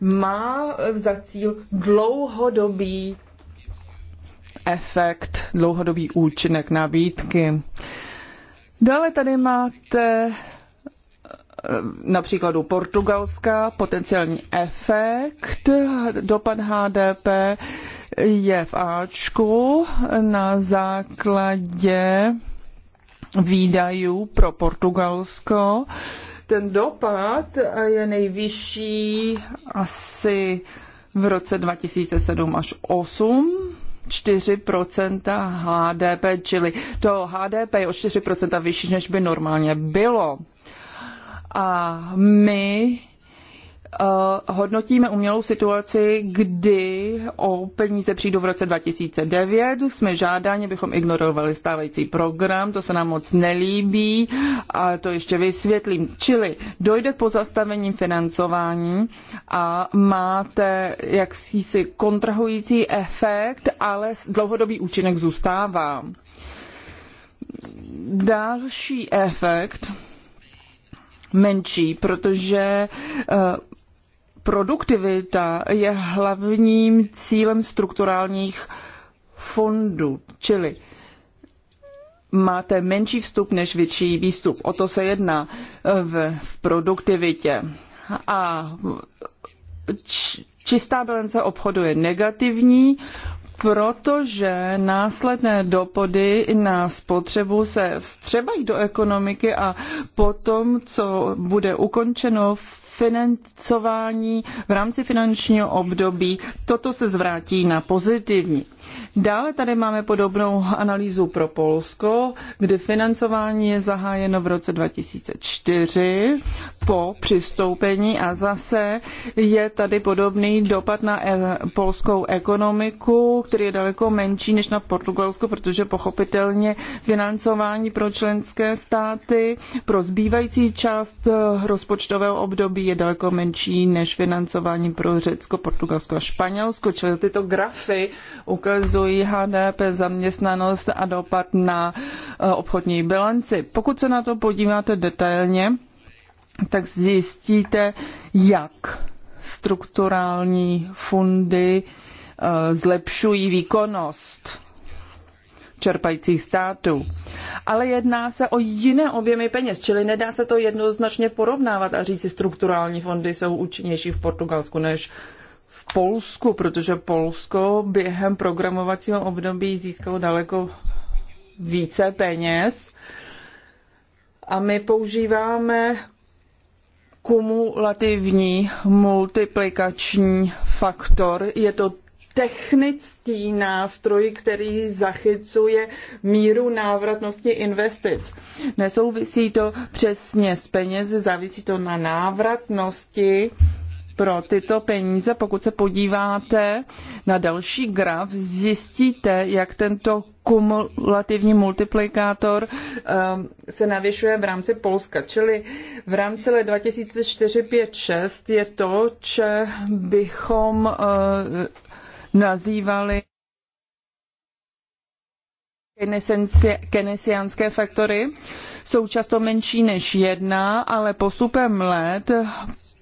má za cíl dlouhodobý efekt, dlouhodobý účinek nabídky. Dále tady máte na příkladu Portugalska, potenciální efekt, dopad HDP je v Ačku na základě výdajů pro Portugalsko. Ten dopad je nejvyšší asi v roce 2007 až 8. 4% HDP, čili to HDP je o 4% vyšší, než by normálně bylo. A my eh, hodnotíme umělou situaci, kdy o peníze přijdu v roce 2009. Jsme žádáni, bychom ignorovali stávající program, to se nám moc nelíbí a to ještě vysvětlím. Čili dojde k pozastavení financování a máte jaksi kontrahující efekt, ale dlouhodobý účinek zůstává. Další efekt menší, protože eh, produktivita je hlavním cílem strukturálních fondů, čili máte menší vstup než větší výstup. O to se jedná eh, v, v produktivitě. A č, čistá bilance obchodu je negativní, protože následné dopady na spotřebu se vstřebají do ekonomiky a potom, co bude ukončeno financování v rámci finančního období, toto se zvrátí na pozitivní. Dále tady máme podobnou analýzu pro Polsko, kde financování je zahájeno v roce 2004 po přistoupení a zase je tady podobný dopad na e polskou ekonomiku, který je daleko menší než na Portugalsko, protože pochopitelně financování pro členské státy pro zbývající část eh, rozpočtového období je daleko menší než financování pro Řecko, Portugalsko a Španělsko. Čili tyto grafy ukazují, sledují HDP, zaměstnanost a dopad na eh, obchodní bilanci. Pokud se na to podíváte detailně, tak zjistíte, jak strukturální fondy eh, zlepšují výkonnost čerpajících států. Ale jedná se o jiné objemy peněz, čili nedá se to jednoznačně porovnávat a říct, že strukturální fondy jsou účinnější v Portugalsku než v Polsku, protože Polsko během programovacího období získalo daleko více peněz a my používáme kumulativní multiplikační faktor. Je to technický nástroj, který zachycuje míru návratnosti investic. Nesouvisí to přesně s penězi, závisí to na návratnosti pro tyto peníze. Pokud se podíváte na další graf, zjistíte, jak tento kumulativní multiplikátor ehm, se navyšuje v rámci Polska. Čili v rámci let 2004-5-6 je to, če bychom eh, nazývali keynesiánské faktory jsou často menší než jedna, ale postupem let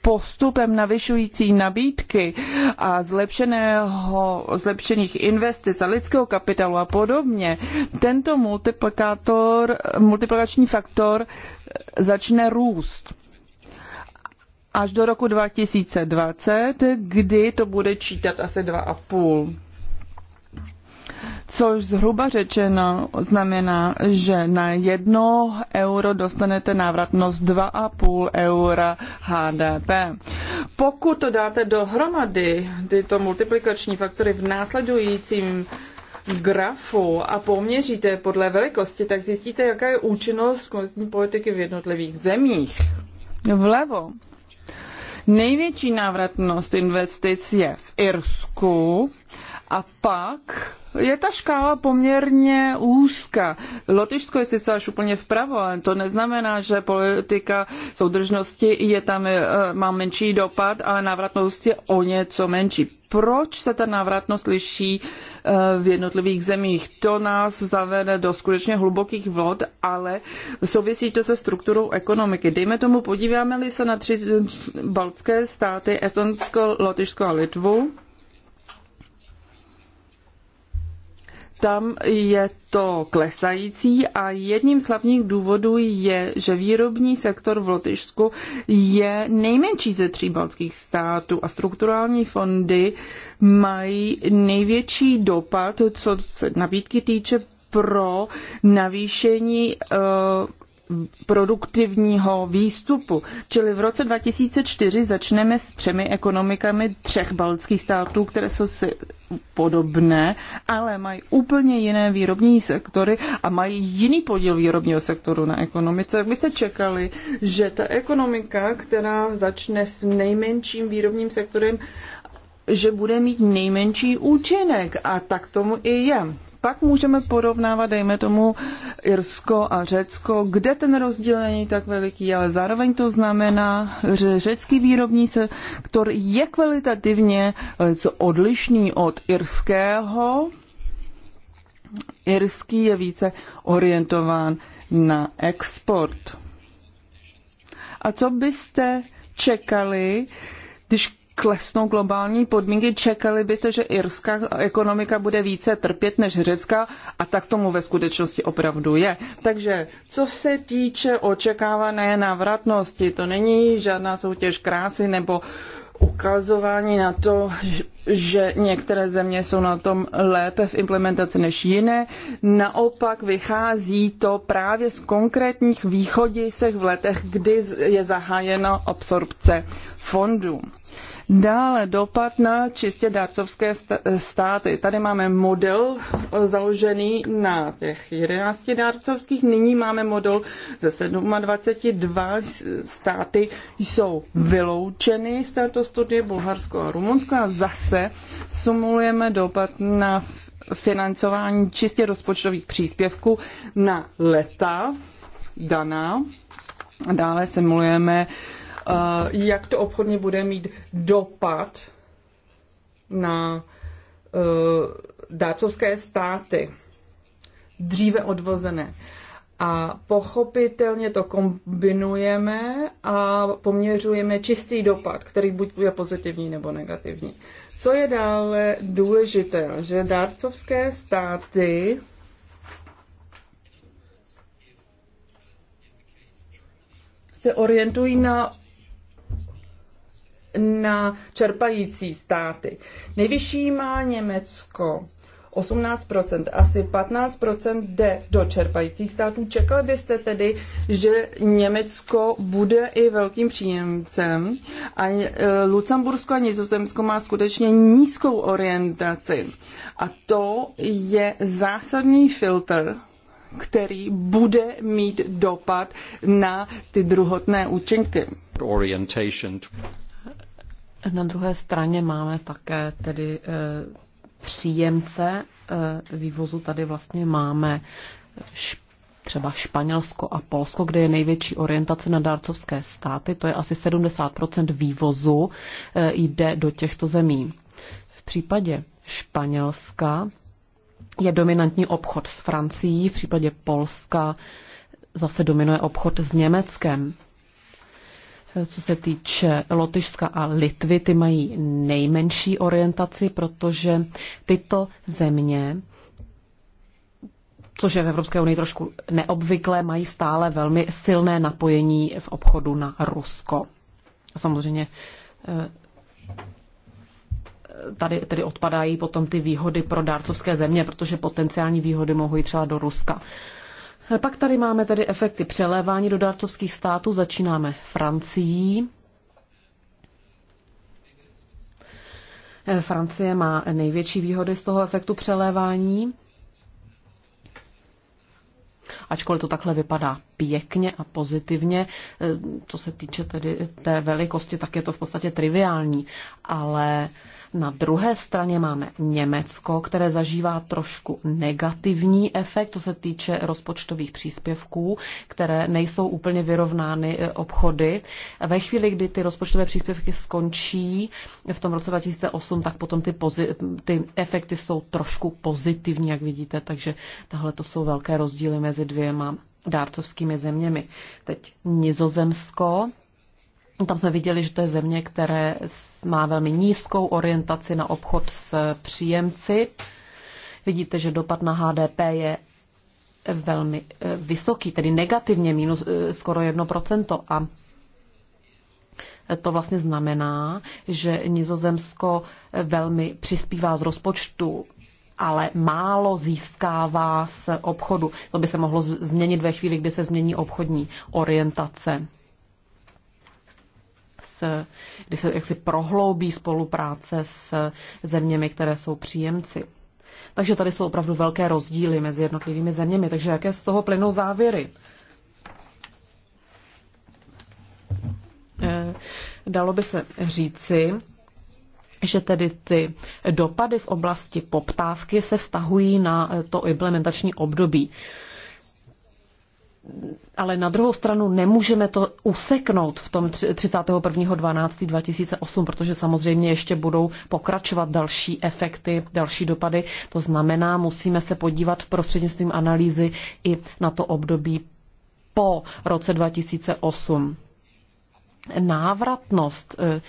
postupem navyšující nabídky a zlepšeného, zlepšených investic a lidského kapitálu a podobně, tento multiplikátor, multiplikační faktor e, začne růst až do roku 2020, kdy to bude čítat asi 2,5 což zhruba řečeno znamená, že na jedno euro dostanete návratnost 2,5 eura HDP. Pokud to dáte dohromady, tyto multiplikační faktory v následujícím grafu a poměříte podle velikosti, tak zjistíte, jaká je účinnost kohezní politiky v jednotlivých zemích. Vlevo Největší návratnost investic je v Irsku a pak je ta škála poměrně úzká. Lotyšsko je sice až úplně vpravo, ale to neznamená, že politika soudržnosti je tam, eh, má menší dopad, ale návratnost je o něco menší. Proč se ta návratnost liší eh, v jednotlivých zemích? To nás zavede do skutečně hlubokých vod, ale souvisí to se strukturou ekonomiky. Dejme tomu, podíváme-li se na tři baltské státy, Estonsko, Lotyšsko a Litvu, tam je to klesající a jedním z hlavních důvodů je, že výrobní sektor v Lotyšsku je nejmenší ze tří baltských států a strukturální fondy mají největší dopad, co se nabídky týče pro navýšení uh, produktivního výstupu. Čili v roce 2004 začneme s třemi ekonomikami třech baltských států, které jsou si podobné, ale mají úplně jiné výrobní sektory a mají jiný podíl výrobního sektoru na ekonomice. My jste čekali, že ta ekonomika, která začne s nejmenším výrobním sektorem, že bude mít nejmenší účinek a tak tomu i je. Pak můžeme porovnávat, dejme tomu, Irsko a Řecko, kde ten rozdíl není tak veliký, ale zároveň to znamená, že řecký výrobní sektor je kvalitativně co odlišný od irského. Irský je více orientován na export. A co byste čekali, když klesnou globální podmínky, čekali byste, že irská ekonomika bude více trpět než řecká a tak tomu ve skutečnosti opravdu je. Takže co se týče očekávané návratnosti, to není žádná soutěž krásy nebo ukazování na to, že některé země jsou na tom lépe v implementaci než jiné. Naopak vychází to právě z konkrétních východisek v letech, kdy je zahájena absorpce fondů. Dále dopad na čistě dárcovské státy. Tady máme model eh, založený na těch 11 dárcovských, nyní máme model ze 27, dva státy jsou vyloučeny z této studie, Bulharsko a Rumunsko a zase sumulujeme dopad na financování čistě rozpočtových příspěvků na leta daná. Dále simulujeme uh, jak to obchodně bude mít dopad na e, dárcovské státy, dříve odvozené. A pochopitelně to kombinujeme a poměřujeme čistý dopad, který buď je pozitivní nebo negativní. Co je dále důležité, že dárcovské státy se orientují na na čerpající státy. Nejvyšší má Německo, 18%, asi 15% jde do čerpajících států. Čekali byste tedy, že Německo bude i velkým příjemcem a e, Lucembursko a Nizozemsko má skutečně nízkou orientaci. A to je zásadní filtr, který bude mít dopad na ty druhotné účinky. Orientation. Na druhé straně máme také tedy eh, příjemce eh, vývozu. Tady vlastně máme třeba Španělsko a Polsko, kde je největší orientace na dárcovské státy. To je asi 70 vývozu eh, jde do těchto zemí. V případě Španělska je dominantní obchod s Francií, v případě Polska zase dominuje obchod s Německem. Co se týče Lotyšska a Litvy, ty mají nejmenší orientaci, protože tyto země, což je v Evropské unii trošku neobvyklé, mají stále velmi silné napojení v obchodu na Rusko. A samozřejmě eh, tady, tedy odpadají potom ty výhody pro dárcovské země, protože potenciální výhody mohou jít třeba do Ruska. Eh, pak tady máme tedy efekty přelévání do dárcovských států. Začínáme Francií. Eh, Francie má největší výhody z toho efektu přelévání. Ačkoliv to takhle vypadá pěkně a pozitivně, eh, co se týče tedy té velikosti, tak je to v podstatě triviální. Ale na druhé straně máme Německo, které zažívá trošku negativní efekt, co se týče rozpočtových příspěvků, které nejsou úplně vyrovnány e, obchody. Ve chvíli, kdy ty rozpočtové příspěvky skončí v tom roce 2008, tak potom ty, ty efekty jsou trošku pozitivní, jak vidíte, takže tahle to jsou velké rozdíly mezi dvěma dárcovskými zeměmi. Teď Nizozemsko, tam jsme viděli, že to je země, které má velmi nízkou orientaci na obchod s příjemci. Vidíte, že dopad na HDP je velmi eh, vysoký, tedy negativně minus eh, skoro 1%. A to vlastně znamená, že Nizozemsko velmi přispívá z rozpočtu ale málo získává z obchodu. To by se mohlo změnit ve chvíli, kdy se změní obchodní orientace kdy se jaksi prohloubí spolupráce s zeměmi, které jsou příjemci. Takže tady jsou opravdu velké rozdíly mezi jednotlivými zeměmi. Takže jaké z toho plynou závěry? Eh, dalo by se říci, že tedy ty dopady v oblasti poptávky se vztahují na to implementační období ale na druhou stranu nemůžeme to useknout v tom 31.12.2008, protože samozřejmě ještě budou pokračovat další efekty, další dopady. To znamená, musíme se podívat v prostřednictvím analýzy i na to období po roce 2008. Návratnost eh,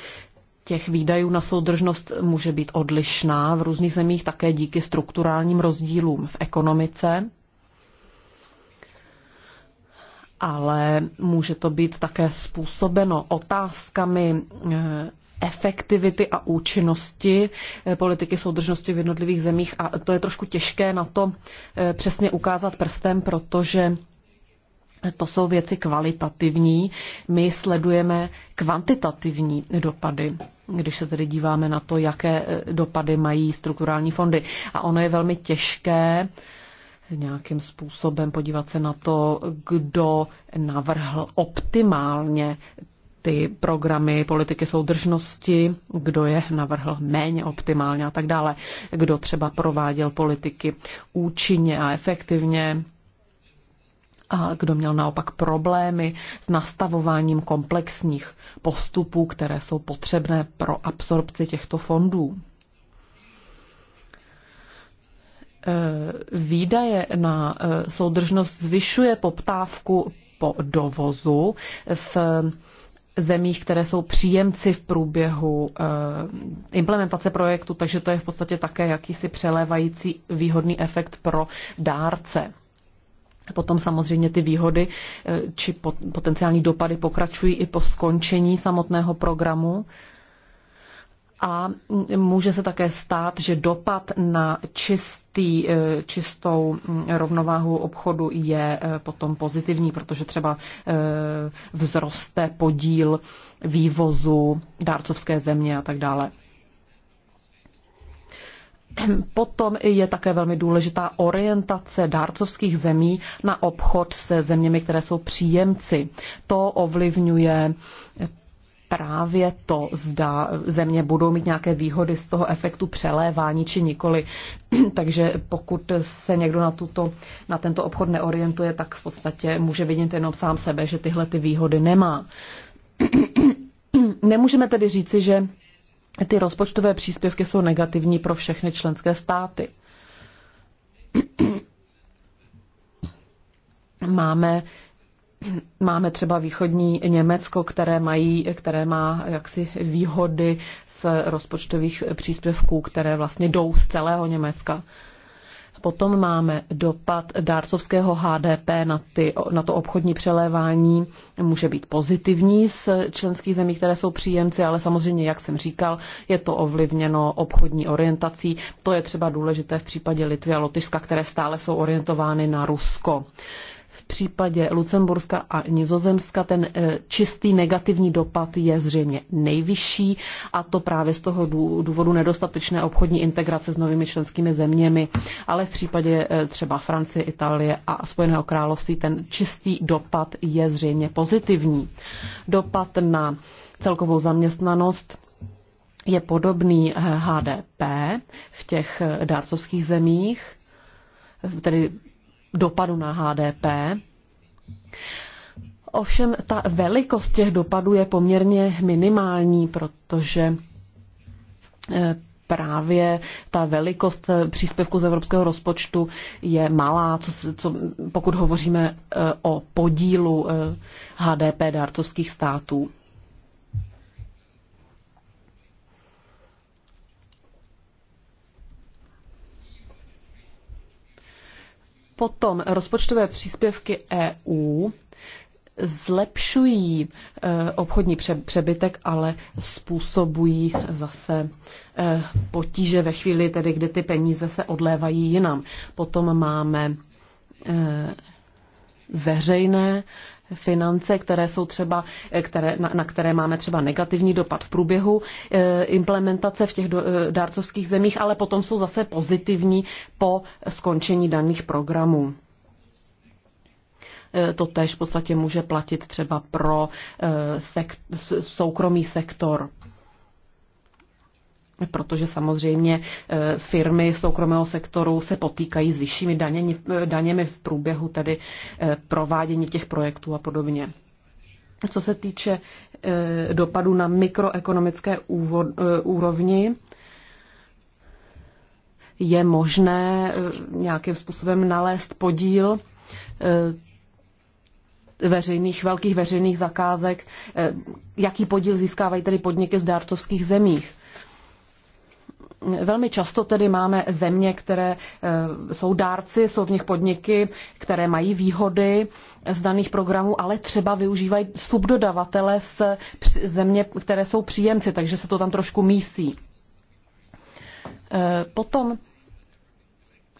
těch výdajů na soudržnost může být odlišná v různých zemích také díky strukturálním rozdílům v ekonomice ale může to být také způsobeno otázkami eh, efektivity a účinnosti eh, politiky soudržnosti v jednotlivých zemích a to je trošku těžké na to eh, přesně ukázat prstem, protože to jsou věci kvalitativní. My sledujeme kvantitativní dopady, když se tedy díváme na to, jaké dopady mají strukturální fondy. A ono je velmi těžké nějakým způsobem podívat se na to, kdo navrhl optimálně ty programy politiky soudržnosti, kdo je navrhl méně optimálně a tak dále, kdo třeba prováděl politiky účinně a efektivně a kdo měl naopak problémy s nastavováním komplexních postupů, které jsou potřebné pro absorpci těchto fondů. Eh, výdaje na eh, soudržnost zvyšuje poptávku po dovozu v eh, zemích, které jsou příjemci v průběhu implementace projektu, takže to je v podstatě také jakýsi přelévající výhodný efekt pro dárce. Potom samozřejmě ty výhody či potenciální dopady pokračují i po skončení samotného programu a může se také stát, že dopad na čistý, eh, čistou mm, rovnováhu obchodu je eh, potom pozitivní, protože třeba eh, vzroste podíl vývozu dárcovské země a tak dále. Potom je také velmi důležitá orientace dárcovských zemí na obchod se zeměmi, které jsou příjemci. To ovlivňuje právě to, zda země budou mít nějaké výhody z toho efektu přelévání či nikoli. Takže pokud se někdo na, tuto, na tento obchod neorientuje, tak v podstatě může vidět jenom sám sebe, že tyhle ty výhody nemá. Nemůžeme tedy říci, že ty rozpočtové příspěvky jsou negativní pro všechny členské státy. Máme Máme třeba východní Německo, které, mají, které má jaksi výhody z rozpočtových příspěvků, které vlastně jdou z celého Německa. Potom máme dopad dárcovského HDP na, ty, na to obchodní přelévání. Může být pozitivní z členských zemí, které jsou příjemci, ale samozřejmě, jak jsem říkal, je to ovlivněno obchodní orientací. To je třeba důležité v případě Litvy a Lotyšska, které stále jsou orientovány na Rusko. V případě Lucemburska a Nizozemska ten e, čistý negativní dopad je zřejmě nejvyšší a to právě z toho důvodu nedostatečné obchodní integrace s novými členskými zeměmi, ale v případě e, třeba Francie, Itálie a Spojeného království ten čistý dopad je zřejmě pozitivní. Dopad na celkovou zaměstnanost je podobný e, HDP v těch dárcovských zemích, tedy dopadu na HDP. Ovšem ta velikost těch dopadů je poměrně minimální, protože eh, právě ta velikost eh, příspěvku z evropského rozpočtu je malá, co, co, pokud hovoříme eh, o podílu HDP dárcovských států. Potom rozpočtové příspěvky EU zlepšují eh, obchodní přebytek, ale způsobují zase eh, potíže ve chvíli, tedy kdy ty peníze se odlévají jinam. Potom máme eh, veřejné finance, které jsou třeba, které, na, na které máme třeba negativní dopad v průběhu eh, implementace v těch do, eh, dárcovských zemích, ale potom jsou zase pozitivní po skončení daných programů. Eh, to tež v podstatě může platit třeba pro sekt, soukromý sektor protože samozřejmě eh, firmy soukromého sektoru se potýkají s vyššími daněmi, eh, daněmi v průběhu tedy eh, provádění těch projektů a podobně. Co se týče dopadu na mikroekonomické úrovni, je možné nějakým způsobem nalézt podíl veřejných, velkých veřejných zakázek, jaký podíl získávají tedy podniky z dárcovských zemích. Velmi často tedy máme země, které eh, jsou dárci, jsou v nich podniky, které mají výhody z daných programů, ale třeba využívají subdodavatele z země, které jsou příjemci, takže se to tam trošku mísí. Eh, potom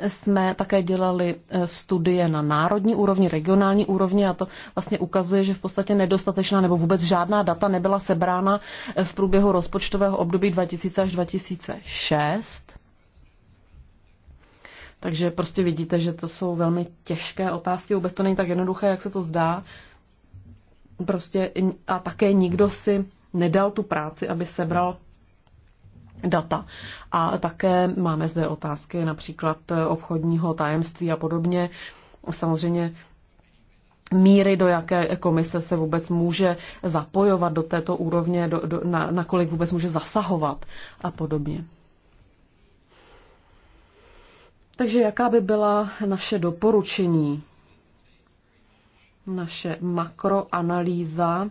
jsme také dělali e, studie na národní úrovni, regionální úrovni a to vlastně ukazuje, že v podstatě nedostatečná nebo vůbec žádná data nebyla sebrána e, v průběhu rozpočtového období 2000 až 2006. Takže prostě vidíte, že to jsou velmi těžké otázky, vůbec to není tak jednoduché, jak se to zdá. Prostě a také nikdo si nedal tu práci, aby sebral data. A také máme zde otázky například eh, obchodního tajemství a podobně. Samozřejmě míry, do jaké komise se vůbec může zapojovat do této úrovně, do, do, na, nakolik vůbec může zasahovat a podobně. Takže jaká by byla naše doporučení, naše makroanalýza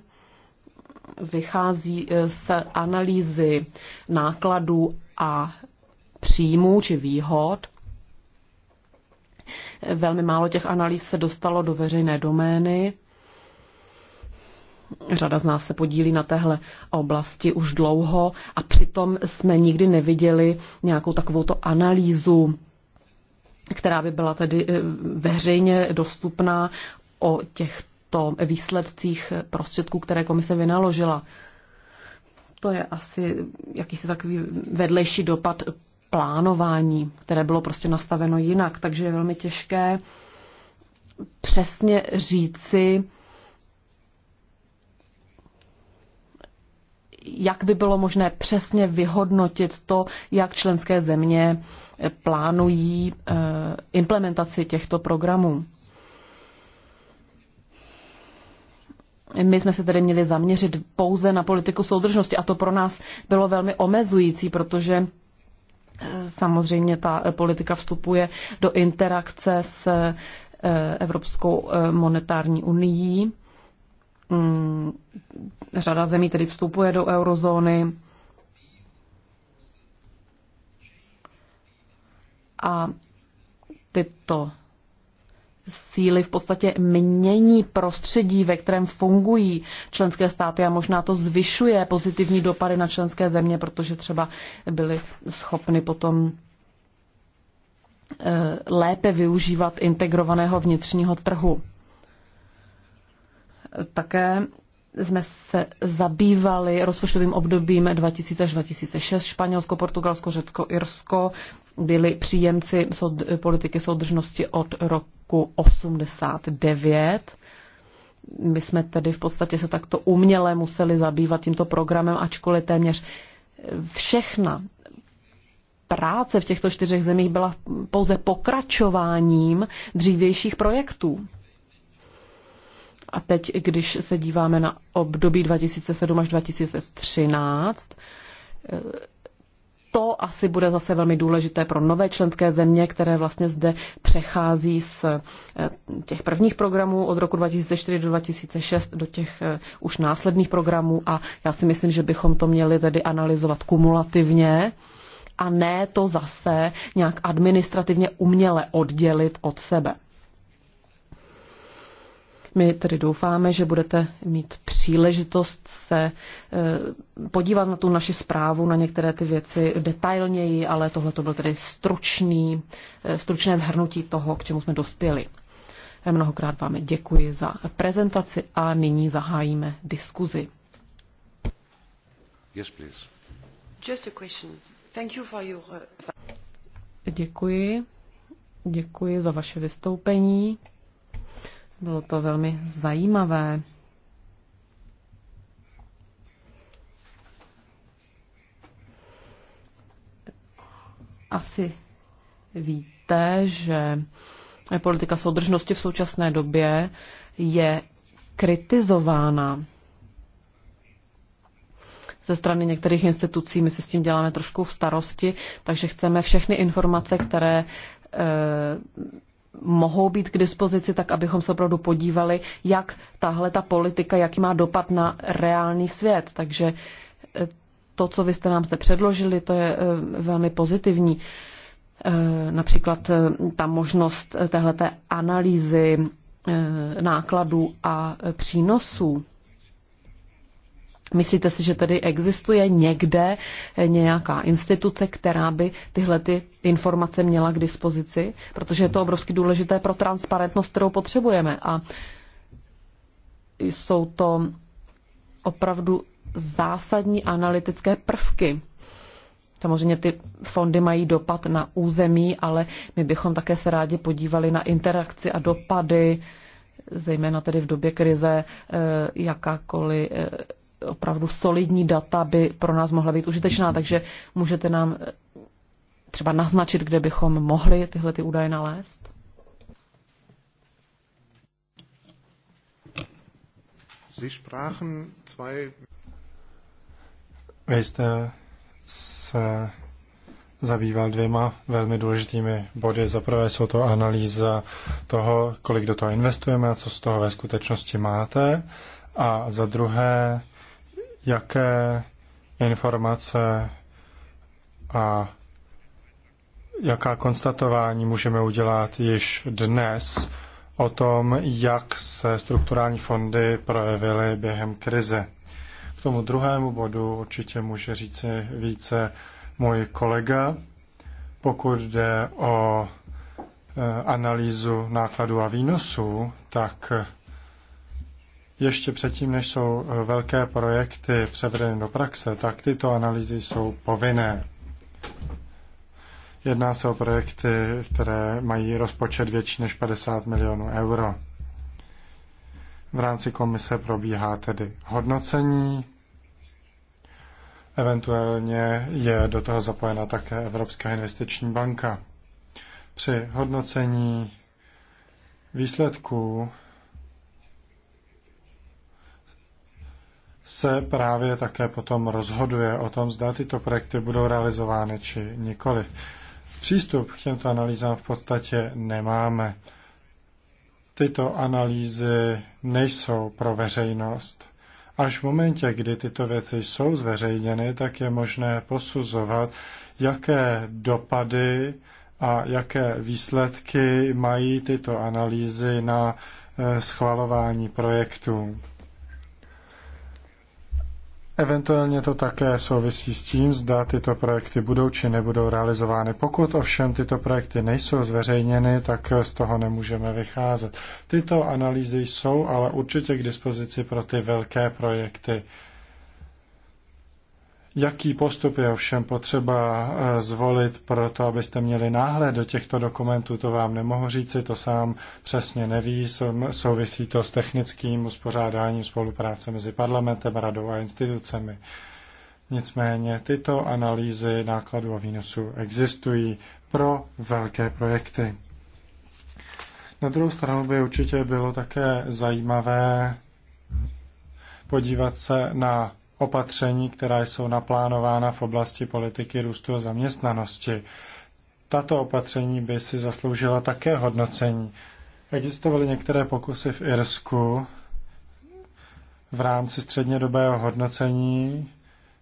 vychází eh, z analýzy nákladů a příjmů či výhod. Velmi málo těch analýz se dostalo do veřejné domény. Řada z nás se podílí na téhle oblasti už dlouho a přitom jsme nikdy neviděli nějakou takovouto analýzu, která by byla tedy eh, veřejně dostupná o těch to výsledcích prostředků, které komise vynaložila. To je asi jakýsi takový vedlejší dopad plánování, které bylo prostě nastaveno jinak, takže je velmi těžké přesně říci, jak by bylo možné přesně vyhodnotit to, jak členské země plánují eh, implementaci těchto programů. My jsme se tedy měli zaměřit pouze na politiku soudržnosti a to pro nás bylo velmi omezující, protože eh, samozřejmě ta eh, politika vstupuje do interakce s eh, Evropskou monetární unii. Mm, řada zemí tedy vstupuje do eurozóny. A tyto síly v podstatě mění prostředí, ve kterém fungují členské státy a možná to zvyšuje pozitivní dopady na členské země, protože třeba byly schopny potom eh, lépe využívat integrovaného vnitřního trhu. Také jsme se zabývali rozpočtovým obdobím 2000 až 2006, Španělsko, Portugalsko, Řecko, Irsko byli příjemci politiky soudržnosti od roku 89. My jsme tedy v podstatě se takto uměle museli zabývat tímto programem, ačkoliv téměř všechna práce v těchto čtyřech zemích byla pouze pokračováním dřívějších projektů. A teď, když se díváme na období 2007 až 2013, to asi bude zase velmi důležité pro nové členské země, které vlastně zde přechází z eh, těch prvních programů od roku 2004 do 2006 do těch eh, už následných programů a já si myslím, že bychom to měli tedy analyzovat kumulativně a ne to zase nějak administrativně uměle oddělit od sebe. My tedy doufáme, že budete mít příležitost se e, podívat na tu naši zprávu, na některé ty věci detailněji, ale tohle to byl tedy stručný, e, stručné zhrnutí toho, k čemu jsme dospěli. E, mnohokrát vám děkuji za prezentaci a nyní zahájíme diskuzi. Yes, please. Just a question. Thank you for your... Uh, děkuji. Děkuji za vaše vystoupení. Bylo to velmi zajímavé. Asi víte, že politika soudržnosti v současné době je kritizována ze strany některých institucí. My si s tím děláme trošku v starosti, takže chceme všechny informace, které eh, mohou být k dispozici, tak abychom se opravdu podívali, jak tahle ta politika, jaký má dopad na reálný svět. Takže eh, to, co vy jste nám zde předložili, to je eh, velmi pozitivní. Eh, například ta možnost téhleté analýzy nákladů a přínosů Myslíte si, že tady existuje někde eh, nějaká instituce, která by tyhle ty informace měla k dispozici? Protože je to obrovsky důležité pro transparentnost, kterou potřebujeme. A jsou to opravdu zásadní analytické prvky. Samozřejmě ty fondy mají dopad na území, ale my bychom také se rádi podívali na interakci a dopady, zejména tedy v době krize, eh, jakákoliv eh, opravdu solidní data by pro nás mohla být užitečná, takže můžete nám eh, třeba naznačit, kde bychom mohli tyhle ty údaje nalézt? Vy jste se zabýval dvěma velmi důležitými body. Za prvé jsou to analýza toho, kolik do toho investujeme a co z toho ve skutečnosti máte. A za druhé jaké informace a jaká konstatování můžeme udělat již dnes o tom, jak se strukturální fondy projevily během krize. K tomu druhému bodu určitě může říci více můj kolega, pokud jde o eh, analýzu nákladů a výnosů, tak ještě předtím, než jsou eh, velké projekty převedeny do praxe, tak tyto analýzy jsou povinné. Jedná se o projekty, které mají rozpočet větší než 50 milionů euro. V rámci komise probíhá tedy hodnocení, eventuálně je do toho zapojena také Evropská investiční banka. Při hodnocení výsledků se právě také potom rozhoduje o tom, zda tyto projekty budou realizovány či nikoliv. Přístup k těmto analýzám v podstatě nemáme. Tyto analýzy nejsou pro veřejnost. Až v momentě, kdy tyto věci jsou zveřejněny, tak je možné posuzovat, jaké dopady a jaké výsledky mají tyto analýzy na eh, schvalování projektů. Eventuálně to také souvisí s tím, zda tyto projekty budou či nebudou realizovány. Pokud ovšem tyto projekty nejsou zveřejněny, tak z toho nemůžeme vycházet. Tyto analýzy jsou ale určitě k dispozici pro ty velké projekty. Jaký postup je ovšem potřeba eh, zvolit pro to, abyste měli náhled do těchto dokumentů, to vám nemohu říci, to sám přesně neví, souvisí to s technickým uspořádáním spolupráce mezi parlamentem, radou a institucemi. Nicméně tyto analýzy nákladů a výnosů existují pro velké projekty. Na druhou stranu by určitě bylo také zajímavé podívat se na opatření, která jsou naplánována v oblasti politiky růstu a zaměstnanosti. Tato opatření by si zasloužila také hodnocení. Existovaly některé pokusy v Irsku v rámci střednědobého hodnocení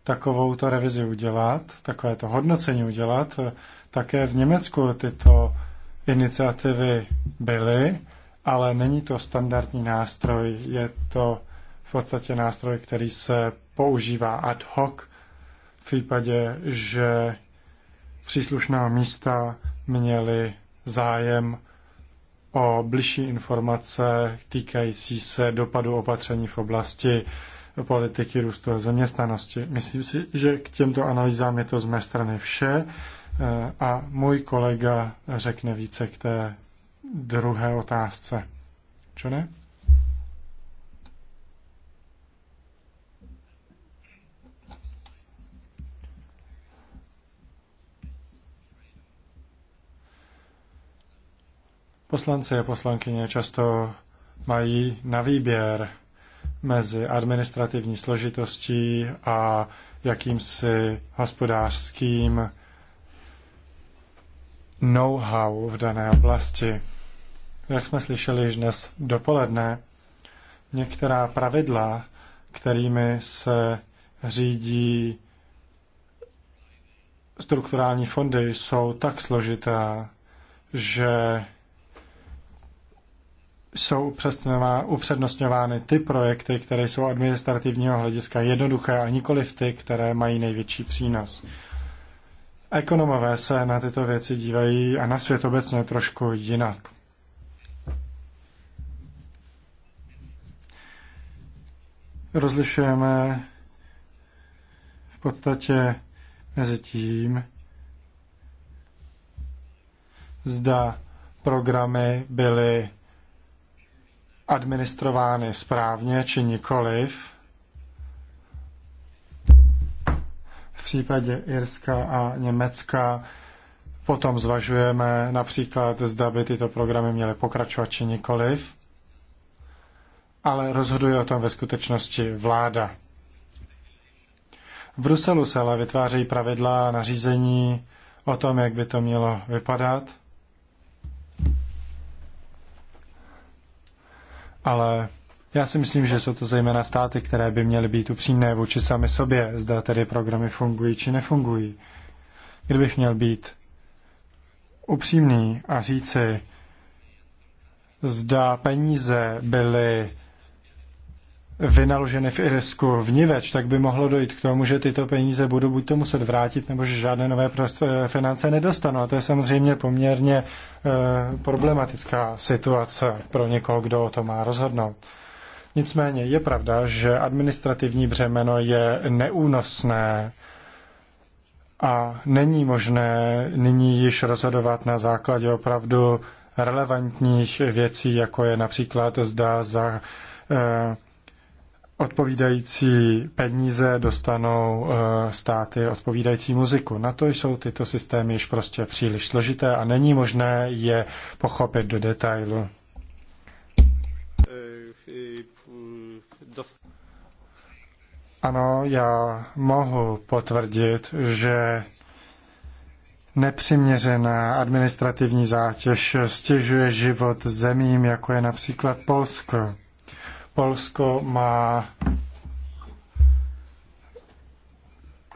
takovouto revizi udělat, takovéto hodnocení udělat. Také v Německu tyto iniciativy byly, ale není to standardní nástroj, je to v podstatě nástroj, který se používá ad hoc v případě, že příslušná místa měly zájem o bližší informace týkající se dopadu opatření v oblasti politiky růstu a zaměstnanosti. Myslím si, že k těmto analýzám je to z mé strany vše eh, a můj kolega řekne více k té druhé otázce. Čo ne? Poslanci a poslankyně často mají na výběr mezi administrativní složitostí a jakýmsi hospodářským know-how v dané oblasti. Jak jsme slyšeli již dnes dopoledne, některá pravidla, kterými se řídí strukturální fondy, jsou tak složitá, že jsou upřednostňovány ty projekty, které jsou administrativního hlediska jednoduché a nikoli ty, které mají největší přínos. Ekonomové se na tyto věci dívají a na svět obecně trošku jinak. Rozlišujeme v podstatě mezi tím, zda programy byly administrovány správně či nikoliv. V případě Irska a Německa potom zvažujeme například, zda by tyto programy měly pokračovat či nikoliv, ale rozhoduje o tom ve skutečnosti vláda. V Bruselu se ale vytvářejí pravidla a nařízení o tom, jak by to mělo vypadat. ale já si myslím, že jsou to zejména státy, které by měly být upřímné vůči sami sobě, zda tedy programy fungují či nefungují. Kdybych měl být upřímný a říci, zda peníze byly vynaloženy v Irsku v Niveč, tak by mohlo dojít k tomu, že tyto peníze budou buď to muset vrátit, nebo že žádné nové finance nedostanou. A to je samozřejmě poměrně eh, problematická situace pro někoho, kdo o to má rozhodnout. Nicméně je pravda, že administrativní břemeno je neúnosné a není možné nyní již rozhodovat na základě opravdu relevantních věcí, jako je například zda za eh, odpovídající peníze dostanou eh, státy odpovídající muziku. Na to jsou tyto systémy již prostě příliš složité a není možné je pochopit do detailu. Ano, já mohu potvrdit, že nepřiměřená administrativní zátěž stěžuje život zemím, jako je například Polsko. Polsko má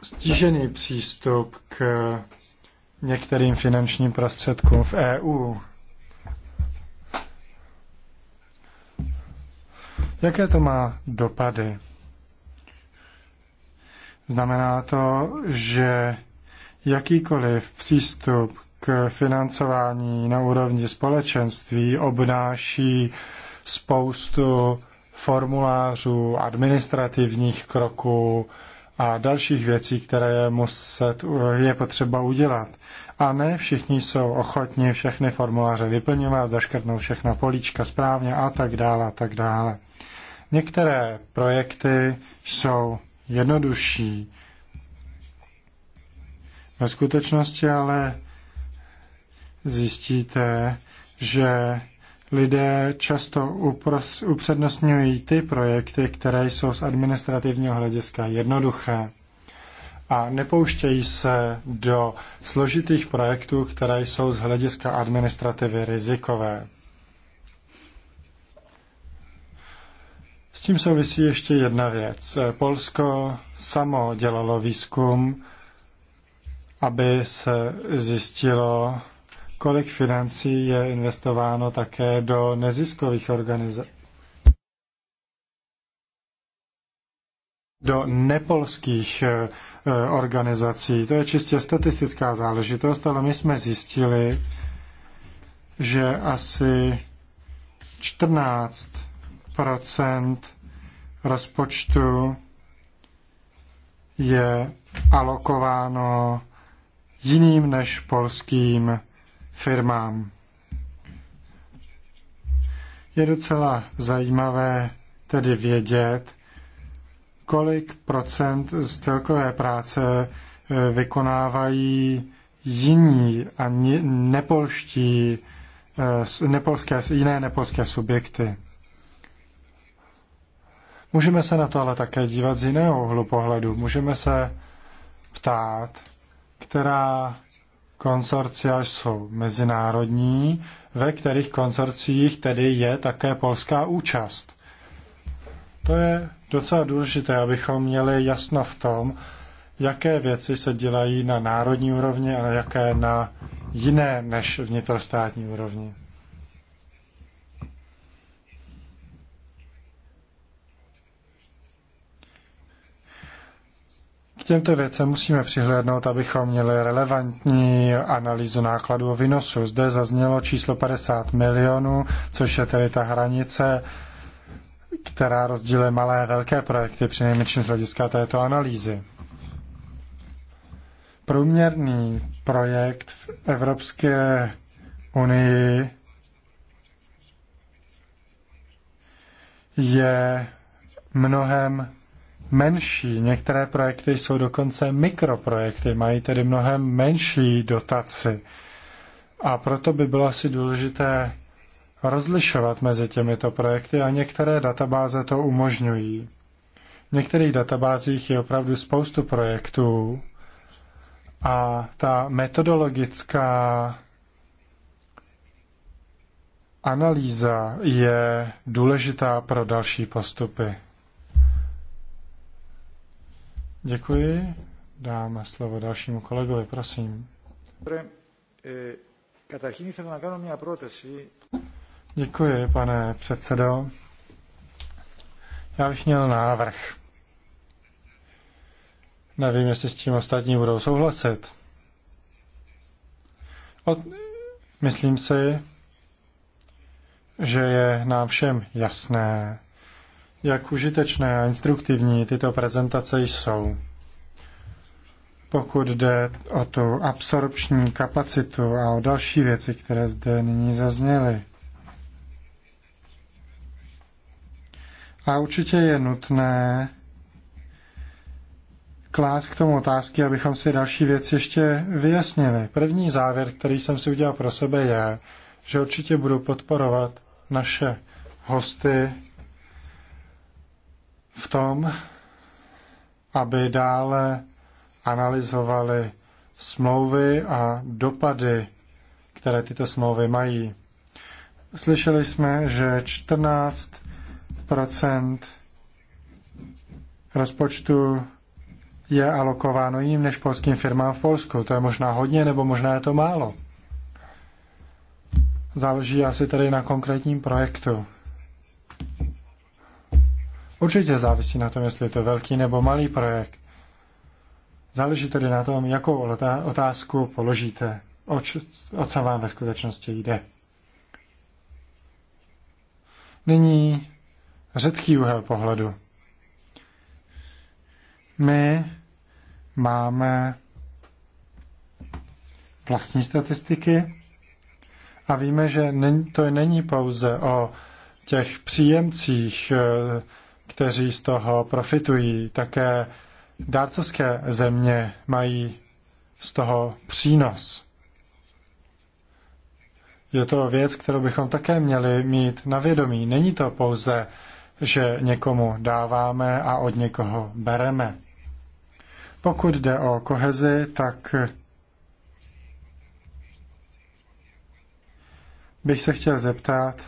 stížený přístup k některým finančním prostředkům v EU. Jaké to má dopady? Znamená to, že jakýkoliv přístup k financování na úrovni společenství obnáší spoustu formulářů, administrativních kroků a dalších věcí, které je, muset, je potřeba udělat. A ne všichni jsou ochotni všechny formuláře vyplňovat, zaškrtnout všechna políčka správně a tak dále a tak dále. Některé projekty jsou jednodušší. Ve skutečnosti ale zjistíte, že lidé často upřednostňují ty projekty, které jsou z administrativního hlediska jednoduché a nepouštějí se do složitých projektů, které jsou z hlediska administrativy rizikové. S tím souvisí ještě jedna věc. Polsko samo dělalo výzkum, aby se zjistilo, kolik financí je investováno také do neziskových organizací. do nepolských eh, eh, organizací. To je čistě statistická záležitost, ale my jsme zjistili, že asi 14 rozpočtu je alokováno jiným než polským firmám. Je docela zajímavé tedy vědět, kolik procent z celkové práce eh, vykonávají jiní a nepolští, eh, nepolské, jiné nepolské subjekty. Můžeme se na to ale také dívat z jiného úhlu pohledu. Můžeme se ptát, která Konsorcia jsou mezinárodní, ve kterých konsorcích tedy je také polská účast. To je docela důležité, abychom měli jasno v tom, jaké věci se dělají na národní úrovni a jaké na jiné než vnitrostátní úrovni. těmto věcem musíme přihlédnout, abychom měli relevantní analýzu nákladů a výnosu. Zde zaznělo číslo 50 milionů, což je tedy ta hranice, která rozdíluje malé a velké projekty, přinejmenším z hlediska této analýzy. Průměrný projekt v Evropské unii je mnohem menší. Některé projekty jsou dokonce mikroprojekty, mají tedy mnohem menší dotaci. A proto by bylo asi důležité rozlišovat mezi těmito projekty a některé databáze to umožňují. V některých databázích je opravdu spoustu projektů a ta metodologická analýza je důležitá pro další postupy. Děkuji. Dáme slovo dalšímu kolegovi, prosím. E, Děkuji, pane předsedo. Já bych měl návrh. Nevím, jestli s tím ostatní budou souhlasit. Od, myslím si, že je nám všem jasné, jak užitečné a instruktivní tyto prezentace jsou. Pokud jde o tu absorpční kapacitu a o další věci, které zde nyní zazněly. A určitě je nutné klást k tomu otázky, abychom si další věci ještě vyjasnili. První závěr, který jsem si udělal pro sebe, je, že určitě budu podporovat naše hosty v tom, aby dále analyzovali smlouvy a dopady, které tyto smlouvy mají. Slyšeli jsme, že 14 rozpočtu je alokováno jiným než polským firmám v Polsku. To je možná hodně, nebo možná je to málo. Záleží asi tedy na konkrétním projektu. Určitě závisí na tom, jestli je to velký nebo malý projekt. Záleží tedy na tom, jakou otázku položíte, o, č- o co vám ve skutečnosti jde. Nyní řecký úhel pohledu. My máme vlastní statistiky a víme, že to není pouze o těch příjemcích eh, kteří z toho profitují. Také dárcovské země mají z toho přínos. Je to věc, kterou bychom také měli mít na vědomí. Není to pouze, že někomu dáváme a od někoho bereme. Pokud jde o kohezi, tak bych se chtěl zeptat,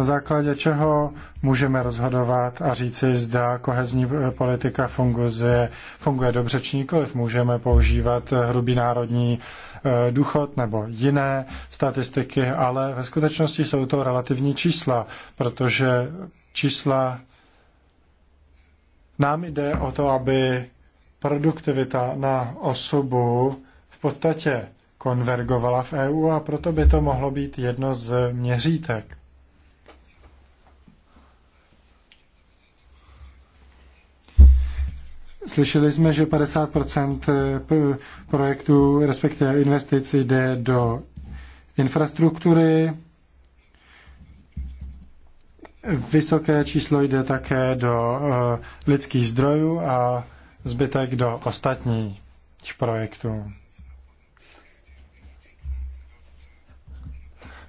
na základě čeho můžeme rozhodovat a říci, zda kohezní politika funguje, funguje dobře či nikoliv. Můžeme používat hrubý národní eh, důchod nebo jiné statistiky, ale ve skutečnosti jsou to relativní čísla, protože čísla nám jde o to, aby produktivita na osobu v podstatě konvergovala v EU a proto by to mohlo být jedno z měřítek. Slyšeli jsme, že 50 eh, projektů, respektive investic, jde do infrastruktury. Vysoké číslo jde také do eh, lidských zdrojů a zbytek do ostatních projektů.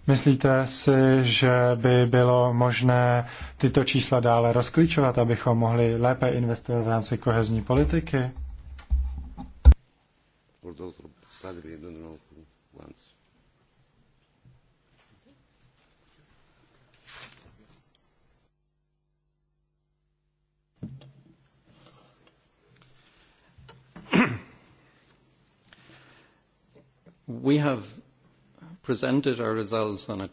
Myslíte si, že by bylo možné tyto čísla dále rozklíčovat, abychom mohli lépe investovat v rámci kohezní politiky? We have presented our results on a...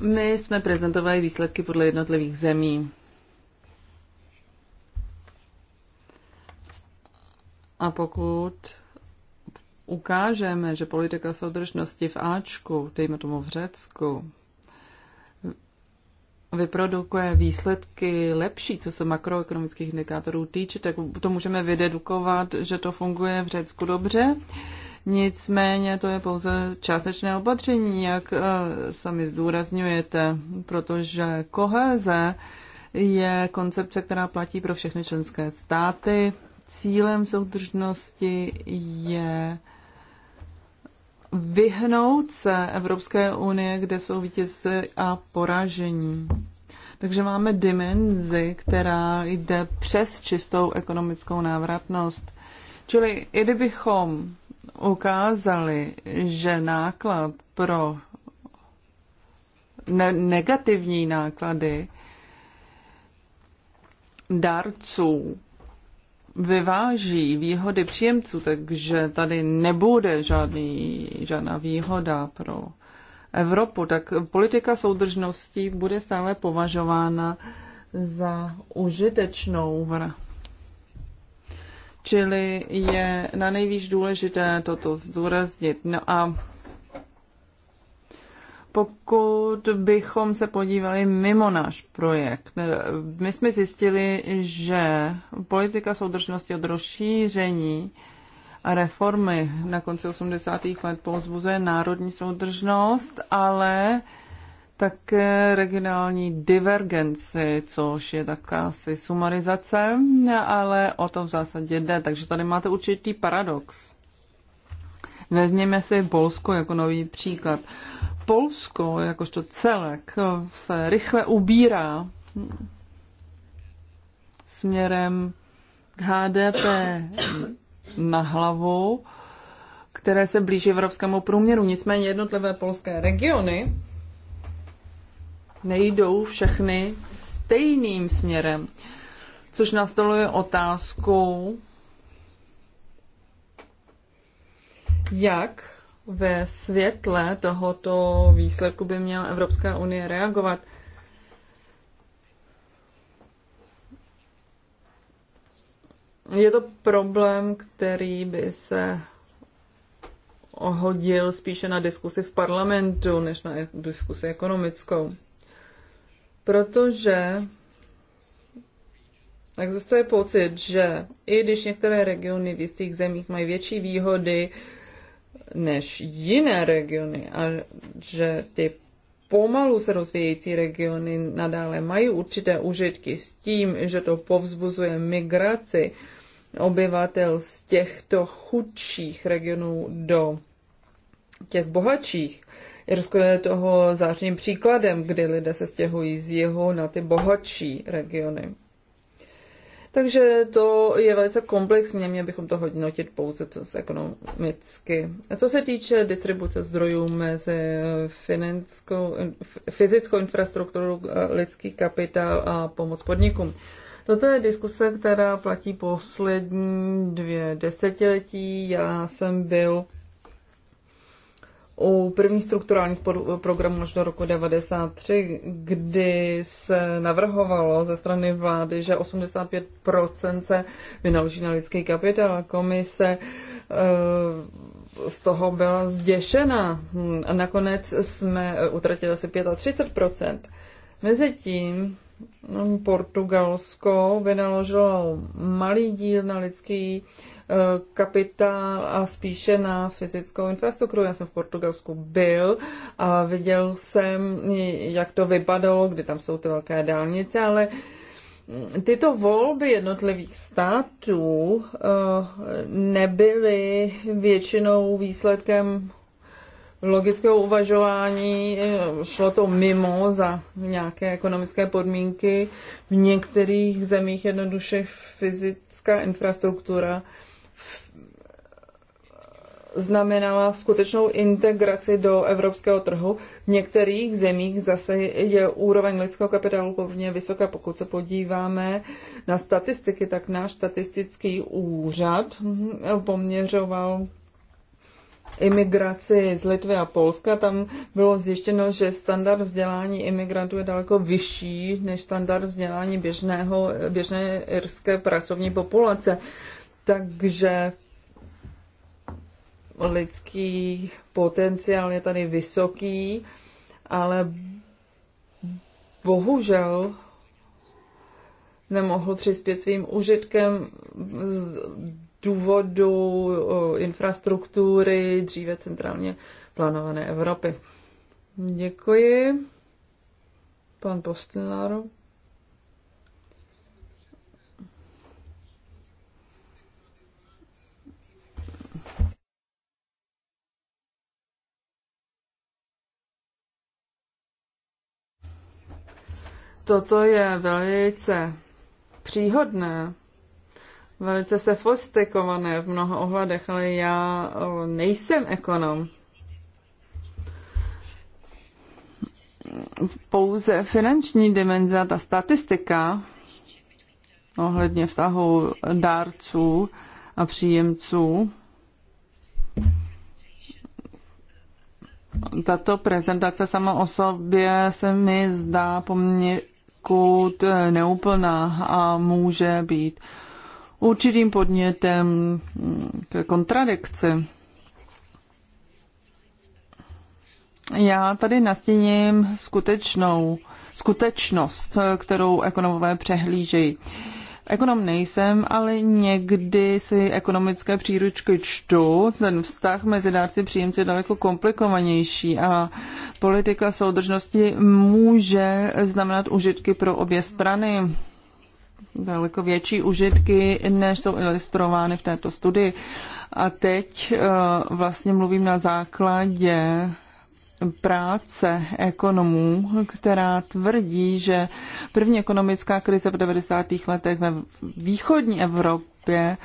My jsme prezentovali výsledky podle jednotlivých zemí. A pokud ukážeme, že politika soudržnosti v Ačku, dejme tomu v Řecku, vyprodukuje výsledky lepší, co se makroekonomických indikátorů týče, tak to můžeme vydedukovat, že to funguje v Řecku dobře Nicméně to je pouze částečné opatření, jak eh, sami zdůrazňujete, protože koheze je koncepce, která platí pro všechny členské státy. Cílem soudržnosti je vyhnout se Evropské unie, kde jsou vítězství a poražení. Takže máme dimenzi, která jde přes čistou ekonomickou návratnost. Čili i kdybychom ukázali, že náklad pro ne- negativní náklady darců vyváží výhody příjemců, takže tady nebude žádný, žádná výhoda pro Evropu, tak politika soudržnosti bude stále považována za užitečnou v Čili je na nejvíc důležité toto zdůraznit. No a pokud bychom se podívali mimo náš projekt, my jsme zjistili, že politika soudržnosti od rozšíření a reformy na konci 80. let povzbuzuje národní soudržnost, ale také regionální divergenci, což je taková asi sumarizace, ale o to v zásadě jde. Takže tady máte určitý paradox. Vezměme si Polsko jako nový příklad. Polsko, jakožto celek, se rychle ubírá směrem k HDP na hlavu, které se blíží evropskému průměru. Nicméně jednotlivé polské regiony nejdou všechny stejným směrem, což nastoluje otázku, jak ve světle tohoto výsledku by měla Evropská unie reagovat. Je to problém, který by se ohodil spíše na diskusi v parlamentu, než na diskusi ekonomickou protože existuje pocit, že i když některé regiony v jistých zemích mají větší výhody než jiné regiony a že ty pomalu se rozvíjející regiony nadále mají určité užitky s tím, že to povzbuzuje migraci obyvatel z těchto chudších regionů do těch bohatších, Irsko je toho zářným příkladem, kdy lidé se stěhují z jihu na ty bohatší regiony. Takže to je velice komplexní, měli bychom to hodnotit pouze co se ekonomicky. A co se týče distribuce zdrojů mezi fyzickou infrastrukturu, lidský kapitál a pomoc podnikům. Toto je diskuse, která platí poslední dvě desetiletí. Já jsem byl u prvních strukturálních programů až do roku 1993, kdy se navrhovalo ze strany vlády, že 85% se vynaloží na lidský kapitál. Komise eh, z toho byla zděšena a nakonec jsme eh, utratili asi 35%. Mezitím hm, Portugalsko vynaložilo malý díl na lidský kapitál a spíše na fyzickou infrastrukturu. Já jsem v Portugalsku byl a viděl jsem, jak to vypadalo, kdy tam jsou ty velké dálnice, ale tyto volby jednotlivých států eh, nebyly většinou výsledkem logického uvažování, šlo to mimo za nějaké ekonomické podmínky. V některých zemích jednoduše fyzická infrastruktura znamenala skutečnou integraci do evropského trhu. V některých zemích zase je úroveň lidského kapitálu poměrně vysoká. Pokud se podíváme na statistiky, tak náš statistický úřad poměřoval imigraci z Litvy a Polska. Tam bylo zjištěno, že standard vzdělání imigrantů je daleko vyšší než standard vzdělání běžného, běžné irské pracovní populace. Takže v lidský potenciál je tady vysoký, ale bohužel nemohl přispět svým užitkem z důvodu infrastruktury dříve centrálně plánované Evropy. Děkuji. Pan Postelnáru. Toto je velice příhodné, velice sofistikované v mnoha ohledech, ale já nejsem ekonom. Pouze finanční dimenze, ta statistika ohledně vztahu dárců a příjemců, tato prezentace sama o sobě se mi zdá poměrně poněkud eh, neúplná a může být určitým podnětem mm, k kontradikci. Já tady nastíním skutečnou skutečnost, eh, kterou ekonomové přehlížejí. Ekonom nejsem, ale někdy si ekonomické příručky čtu. Ten vztah mezi dárci příjemci je daleko komplikovanější a politika soudržnosti může znamenat užitky pro obě strany daleko větší užitky, než jsou ilustrovány v této studii. A teď eh, vlastně mluvím na základě práce ekonomů, která tvrdí, že první ekonomická krize v 90. letech ve východní Evropě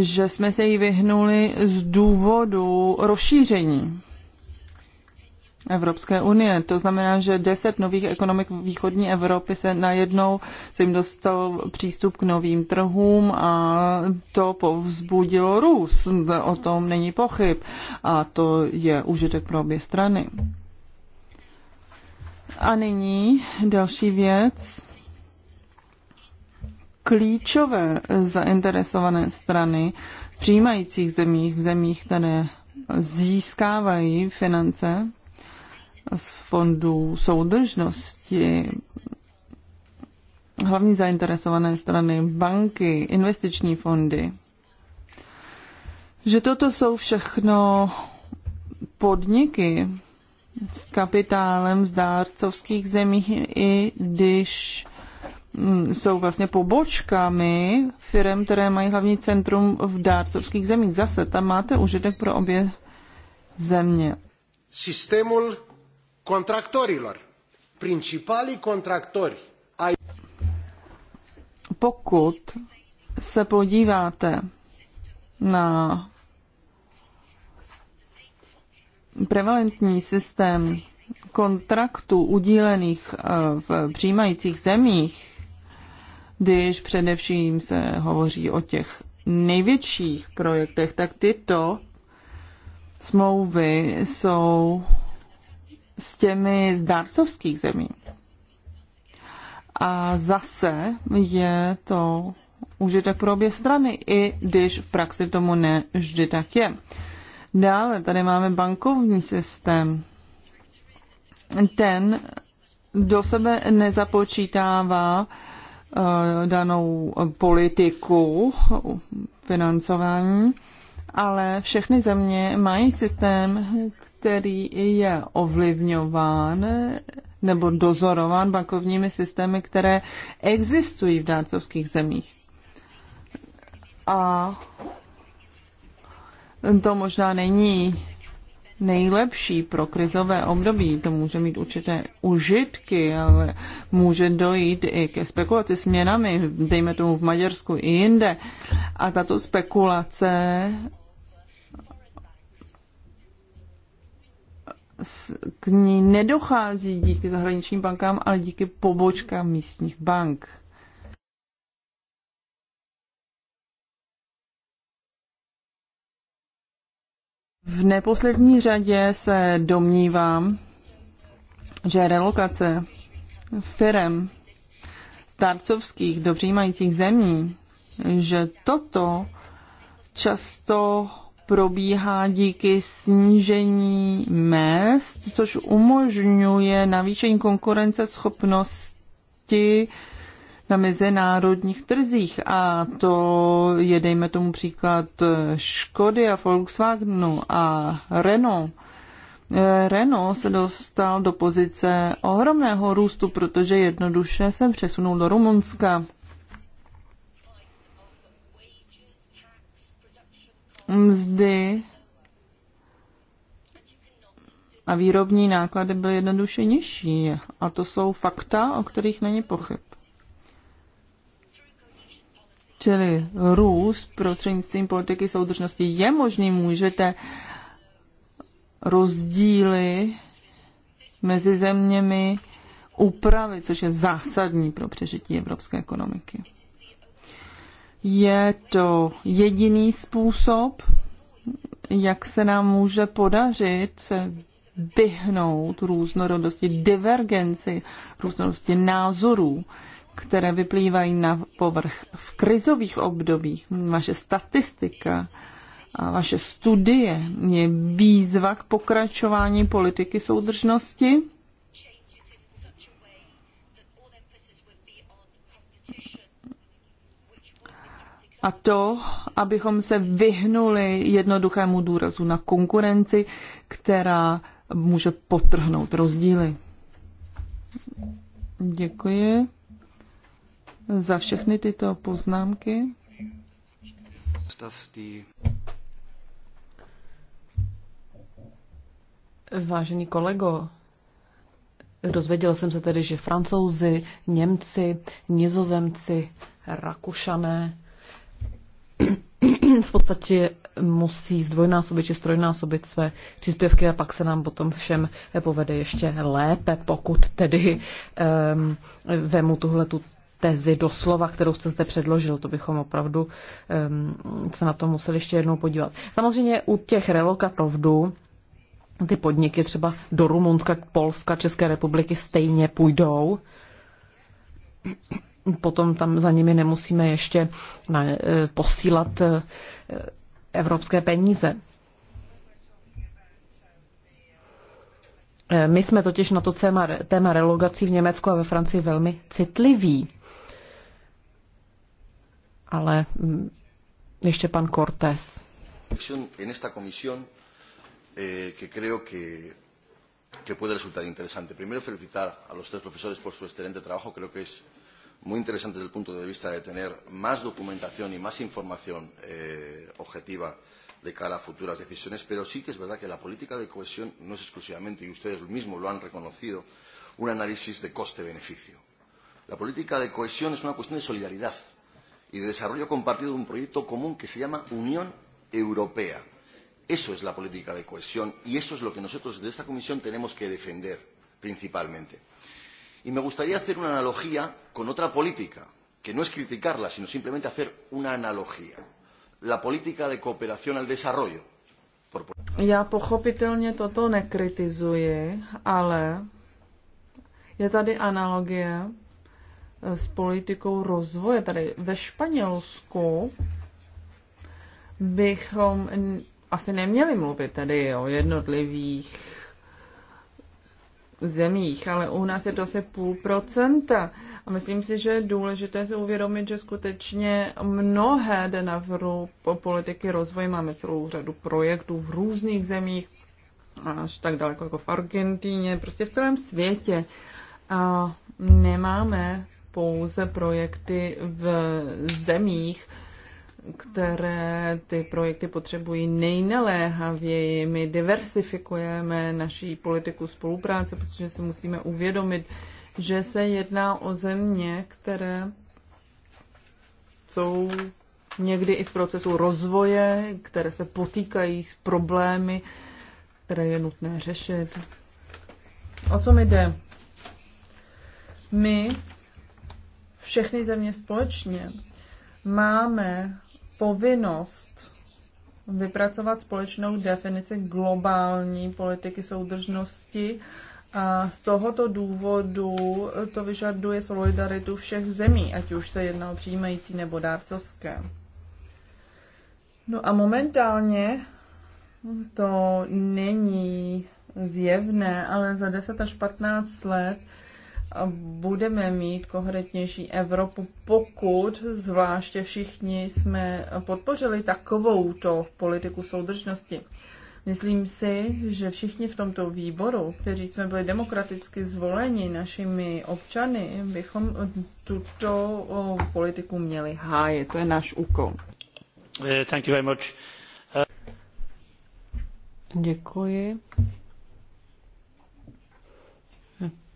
že jsme se jí vyhnuli z důvodu rozšíření. Evropské unie. To znamená, že deset nových ekonomik východní Evropy se najednou se jim dostal přístup k novým trhům a to povzbudilo růst. O tom není pochyb a to je užitek pro obě strany. A nyní další věc. Klíčové zainteresované strany v přijímajících zemích, v zemích, které získávají finance, z fondů soudržnosti, hlavní zainteresované strany, banky, investiční fondy, že toto jsou všechno podniky s kapitálem z dárcovských zemí, i když mm, jsou vlastně pobočkami firm, které mají hlavní centrum v dárcovských zemích. Zase tam máte užitek pro obě země. Systémul contractorilor. Principalii contractori ai... Pokud se podíváte na prevalentní systém kontraktů udílených eh, v přijímajících zemích, když především se hovoří o těch největších projektech, tak tyto smlouvy jsou s těmi z dárcovských zemí. A zase je to užitek pro obě strany, i když v praxi tomu ne vždy tak je. Dále tady máme bankovní systém. Ten do sebe nezapočítává eh, danou politiku financování, ale všechny země mají systém, který je ovlivňován nebo dozorován bankovními systémy, které existují v dárcovských zemích. A to možná není nejlepší pro krizové období. To může mít určité užitky, ale může dojít i ke spekulaci s měnami, dejme tomu v Maďarsku i jinde. A tato spekulace k ní nedochází díky zahraničním bankám, ale díky pobočkám místních bank. V neposlední řadě se domnívám, že relokace firem starcovských do přijímajících zemí, že toto často probíhá díky snížení mest, což umožňuje navýšení konkurenceschopnosti na mezinárodních trzích. A to je, dejme tomu příklad, Škody a Volkswagenu a Renault. Eh, Renault se dostal do pozice ohromného růstu, protože jednoduše se přesunul do Rumunska. mzdy a výrobní náklady byly jednoduše nižší. A to jsou fakta, o kterých není pochyb. Čili růst prostřednictvím politiky soudržnosti je možný, můžete rozdíly mezi zeměmi upravit, což je zásadní pro přežití evropské ekonomiky. Je to jediný způsob, jak se nám může podařit se vyhnout různorodosti, divergenci, různorodosti názorů, které vyplývají na povrch v krizových obdobích. Vaše statistika a vaše studie je výzva k pokračování politiky soudržnosti a to, abychom se vyhnuli jednoduchému důrazu na konkurenci, která může potrhnout rozdíly. Děkuji za všechny tyto poznámky. Vážený kolego, dozvěděl jsem se tedy, že francouzi, Němci, nizozemci, rakušané, v podstatě musí zdvojnásobit či strojnásobit své příspěvky a pak se nám potom všem povede ještě lépe, pokud tedy um, vemu tuhle tu tezi doslova, kterou jste zde předložil. To bychom opravdu um, se na to museli ještě jednou podívat. Samozřejmě u těch relokatovdů ty podniky třeba do Rumunska, Polska, České republiky stejně půjdou potom tam za nimi nemusíme ještě eh, posílat eh, evropské peníze. Eh, my jsme totiž na to téma, téma relogací v Německu a ve Francii velmi citliví. Ale mm, ještě pan Cortés. En esta comisión, eh, que creo que, que puede resultar interesante. Primero felicitar a los tres profesores por su excelente trabajo. Creo que es muy interesante desde el punto de vista de tener más documentación y más información eh, objetiva de cara a futuras decisiones, pero sí que es verdad que la política de cohesión no es exclusivamente, y ustedes mismos lo han reconocido, un análisis de coste-beneficio. La política de cohesión es una cuestión de solidaridad y de desarrollo compartido de un proyecto común que se llama Unión Europea. Eso es la política de cohesión y eso es lo que nosotros desde esta comisión tenemos que defender principalmente. Y me gustaría hacer una analogía con otra política, que no es criticarla, sino simplemente hacer una analogía. La política de cooperación al desarrollo. Por... Ya, pochopitelně toto nekritizuji, ale je tady analogie eh, s politikou rozvoje. Tady ve Španělsku bychom asi neměli mluvit tady o jednotlivých zemích, ale u nás je to asi půl procenta. A myslím si, že je důležité si uvědomit, že skutečně mnohé jde na po politiky rozvoje. Máme celou řadu projektů v různých zemích, až tak daleko jako v Argentíně, prostě v celém světě. A nemáme pouze projekty v zemích, které ty projekty potřebují nejnaléhavěji. My diversifikujeme naší politiku spolupráce, protože si musíme uvědomit, že se jedná o země, které jsou někdy i v procesu rozvoje, které se potýkají s problémy, které je nutné řešit. O co mi jde? My, všechny země společně, máme povinnost vypracovat společnou definici globální politiky soudržnosti a z tohoto důvodu to vyžaduje solidaritu všech zemí, ať už se jedná o přijímající nebo dárcovské. No a momentálně to není zjevné, ale za 10 až 15 let budeme mít koherentnější Evropu, pokud zvláště všichni jsme podpořili takovou to politiku soudržnosti. Myslím si, že všichni v tomto výboru, kteří jsme byli demokraticky zvoleni našimi občany, bychom tuto politiku měli hájet. To je náš úkol. Eh, thank you very much. Eh, děkuji.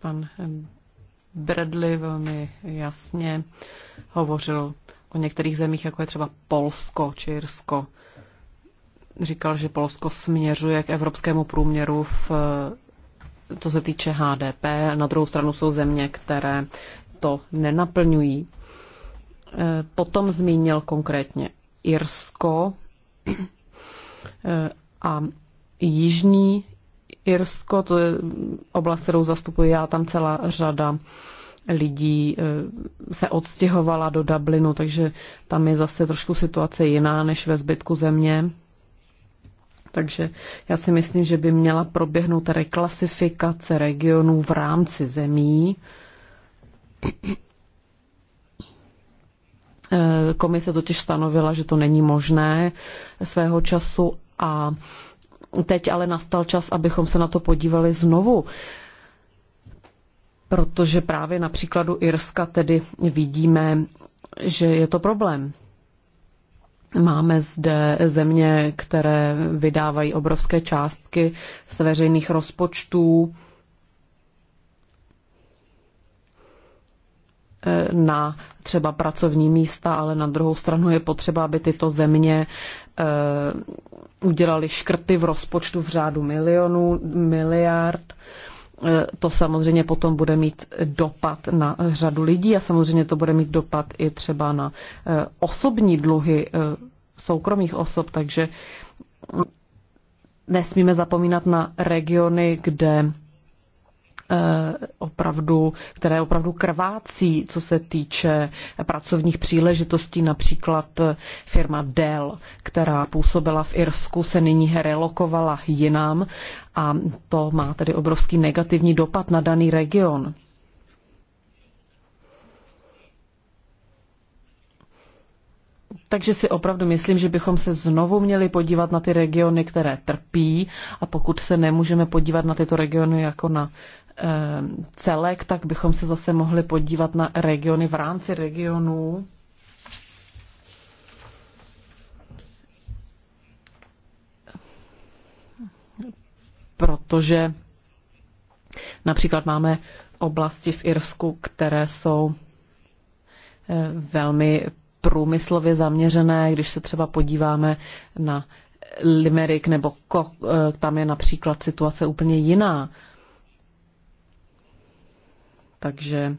Pan eh, Bradley velmi jasně hovořil o některých zemích, jako je třeba Polsko či Irsko. Říkal, že Polsko směřuje k evropskému průměru v co se týče HDP. Na druhou stranu jsou země, které to nenaplňují. E, potom zmínil konkrétně Irsko e, a Jižní Irsko, to je oblast, kterou zastupuji já, tam celá řada lidí eh, se odstěhovala do Dublinu, takže tam je zase trošku situace jiná než ve zbytku země. Takže já si myslím, že by měla proběhnout reklasifikace regionů v rámci zemí. Eh, komise totiž stanovila, že to není možné svého času a Teď ale nastal čas, abychom se na to podívali znovu, protože právě na příkladu Irska tedy vidíme, že je to problém. Máme zde země, které vydávají obrovské částky z veřejných rozpočtů, na třeba pracovní místa, ale na druhou stranu je potřeba, aby tyto země eh, udělali škrty v rozpočtu v řádu milionů, miliard. Eh, to samozřejmě potom bude mít dopad na řadu lidí a samozřejmě to bude mít dopad i třeba na eh, osobní dluhy soukromých osob, takže nesmíme zapomínat na regiony, kde Eh, opravdu, které opravdu krvácí, co se týče pracovních příležitostí. Například eh, firma Dell, která působila v Irsku, se nyní relokovala jinam a to má tedy obrovský negativní dopad na daný region. Takže si opravdu myslím, že bychom se znovu měli podívat na ty regiony, které trpí a pokud se nemůžeme podívat na tyto regiony jako na Eh, celek, tak bychom se zase mohli podívat na regiony v rámci regionů. Protože například máme oblasti v Irsku, které jsou eh, velmi průmyslově zaměřené, když se třeba podíváme na Limerick nebo Kok, eh, tam je například situace úplně jiná. Takže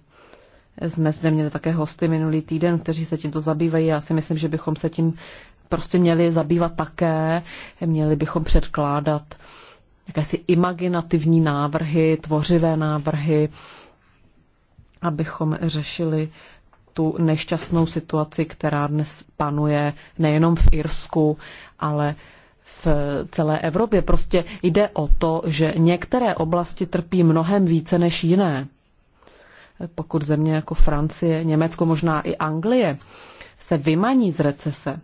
jsme zde měli také hosty minulý týden, kteří se tímto zabývají. Já si myslím, že bychom se tím prostě měli zabývat také. Měli bychom předkládat jakési imaginativní návrhy, tvořivé návrhy, abychom řešili tu nešťastnou situaci, která dnes panuje nejenom v Irsku, ale v celé Evropě. Prostě jde o to, že některé oblasti trpí mnohem více než jiné pokud země jako Francie, Německo, možná i Anglie se vymaní z recese,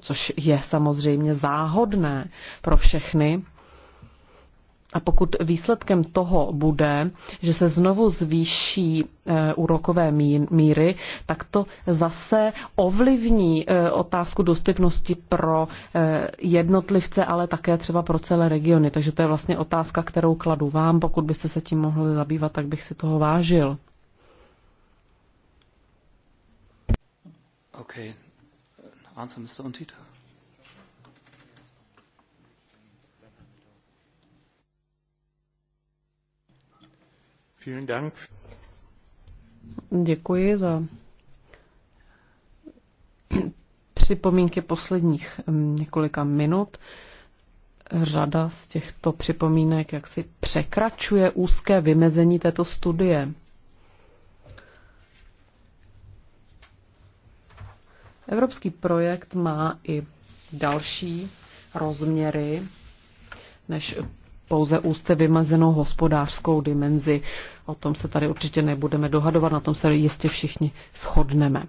což je samozřejmě záhodné pro všechny, a pokud výsledkem toho bude, že se znovu zvýší eh, úrokové míry, tak to zase ovlivní eh, otázku dostupnosti pro eh, jednotlivce, ale také třeba pro celé regiony. Takže to je vlastně otázka, kterou kladu vám. Pokud byste se tím mohli zabývat, tak bych si toho vážil. Okay. Äh, answer Mr. Untita. Vielen Dank. Děkuji za připomínky posledních mm, několika minut. Řada z těchto připomínek jaksi překračuje úzké vymezení této studie. Evropský projekt má i další rozměry než pouze úzce vymazenou hospodářskou dimenzi. O tom se tady určitě nebudeme dohadovat, na tom se jistě všichni shodneme.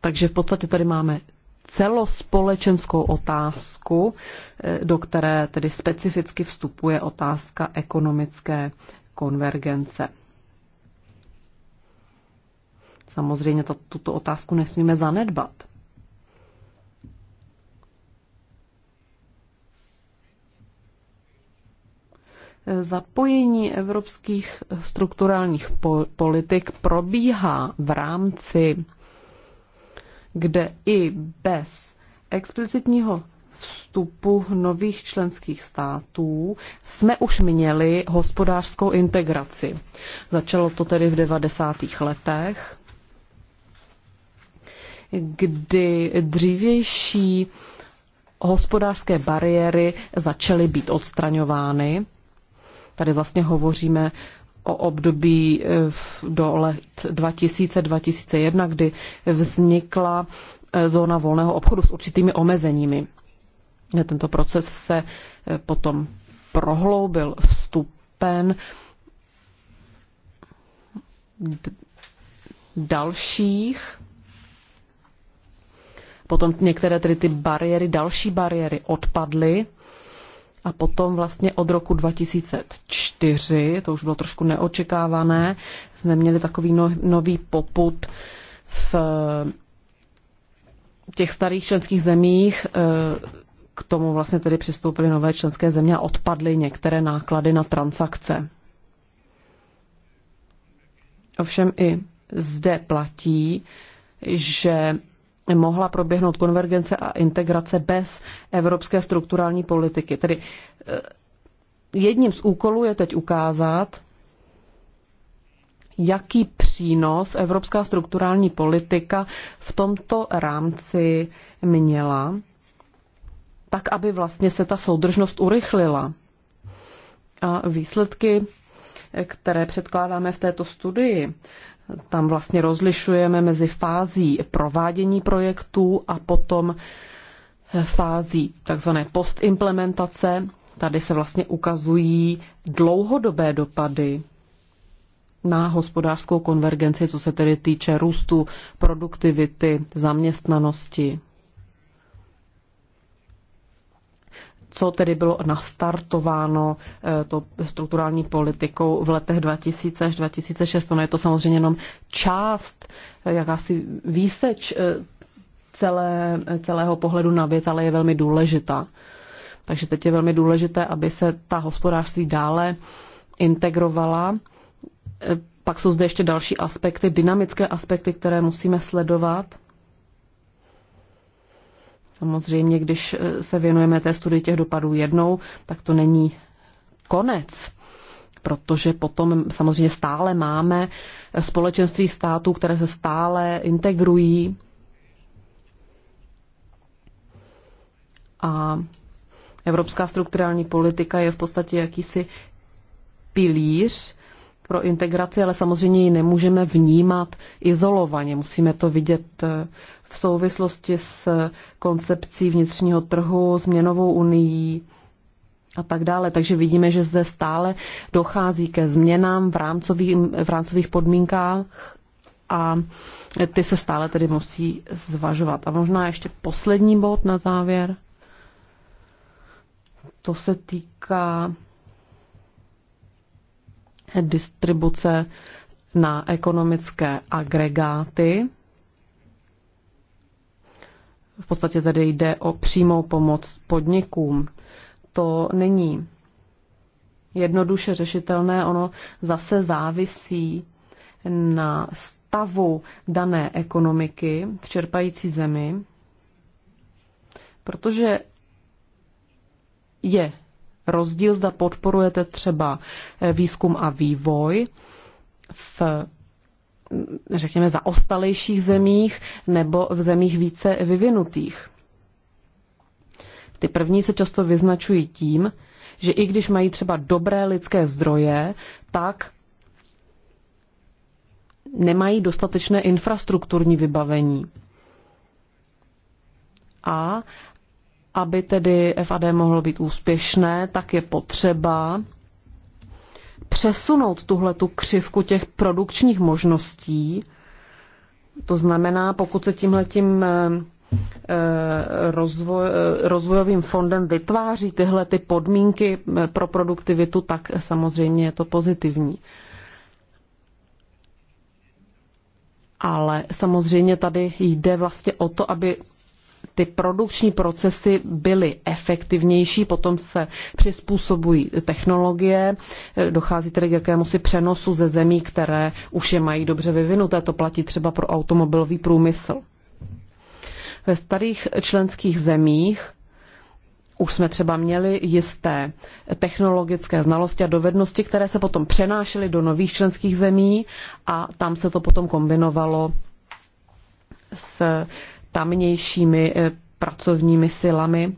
Takže v podstatě tady máme celospolečenskou otázku, eh, do které tedy specificky vstupuje otázka ekonomické konvergence. Samozřejmě to, tuto otázku nesmíme zanedbat. Zapojení evropských strukturálních politik probíhá v rámci, kde i bez explicitního vstupu nových členských států jsme už měli hospodářskou integraci. Začalo to tedy v 90. letech kdy dřívější hospodářské bariéry začaly být odstraňovány. Tady vlastně hovoříme o období eh, do let 2000-2001, kdy vznikla eh, zóna volného obchodu s určitými omezeními. Tento proces se eh, potom prohloubil vstupen dalších potom některé tedy ty bariéry, další bariéry odpadly a potom vlastně od roku 2004, to už bylo trošku neočekávané, jsme měli takový no, nový poput v eh, těch starých členských zemích, eh, k tomu vlastně tedy přistoupily nové členské země a odpadly některé náklady na transakce. Ovšem i zde platí, že mohla proběhnout konvergence a integrace bez evropské strukturální politiky. Tedy eh, jedním z úkolů je teď ukázat, jaký přínos evropská strukturální politika v tomto rámci měla, tak aby vlastně se ta soudržnost urychlila. A výsledky, které předkládáme v této studii, tam vlastně rozlišujeme mezi fází provádění projektů a potom eh, fází takzvané postimplementace. Tady se vlastně ukazují dlouhodobé dopady na hospodářskou konvergenci, co se tedy týče růstu, produktivity, zaměstnanosti. co tedy bylo nastartováno eh, to strukturální politikou v letech 2000 až 2006. Ono je to samozřejmě jenom část, eh, jakási výseč eh, celé, celého pohledu na věc, ale je velmi důležitá. Takže teď je velmi důležité, aby se ta hospodářství dále integrovala. Pak jsou zde ještě další aspekty, dynamické aspekty, které musíme sledovat. Samozřejmě, když eh, se věnujeme té studii těch dopadů jednou, tak to není konec, protože potom samozřejmě stále máme společenství států, které se stále integrují a evropská strukturální politika je v podstatě jakýsi pilíř, pro integraci, ale samozřejmě ji nemůžeme vnímat izolovaně. Musíme to vidět eh, v souvislosti s koncepcí vnitřního trhu, změnovou unii a tak dále. Takže vidíme, že zde stále dochází ke změnám v rámcových, v rámcových podmínkách a ty se stále tedy musí zvažovat. A možná ještě poslední bod na závěr. To se týká distribuce na ekonomické agregáty. V podstatě tedy jde o přímou pomoc podnikům. To není jednoduše řešitelné, ono zase závisí na stavu dané ekonomiky v čerpající zemi, protože je rozdíl, zda podporujete třeba eh, výzkum a vývoj v řekněme, zaostalejších zemích nebo v zemích více vyvinutých. Ty první se často vyznačují tím, že i když mají třeba dobré lidské zdroje, tak nemají dostatečné infrastrukturní vybavení. A aby tedy FAD mohlo být úspěšné, tak je potřeba přesunout tuhle tu křivku těch produkčních možností. To znamená, pokud se tímhletím eh, eh, rozvoj, eh, rozvojovým fondem vytváří tyhle ty podmínky pro produktivitu, tak samozřejmě je to pozitivní. Ale samozřejmě tady jde vlastně o to, aby ty produkční procesy byly efektivnější, potom se přizpůsobují technologie, dochází tedy k jakémusi přenosu ze zemí, které už je mají dobře vyvinuté. To platí třeba pro automobilový průmysl. Ve starých členských zemích už jsme třeba měli jisté technologické znalosti a dovednosti, které se potom přenášely do nových členských zemí a tam se to potom kombinovalo s tamnějšími eh, pracovními silami,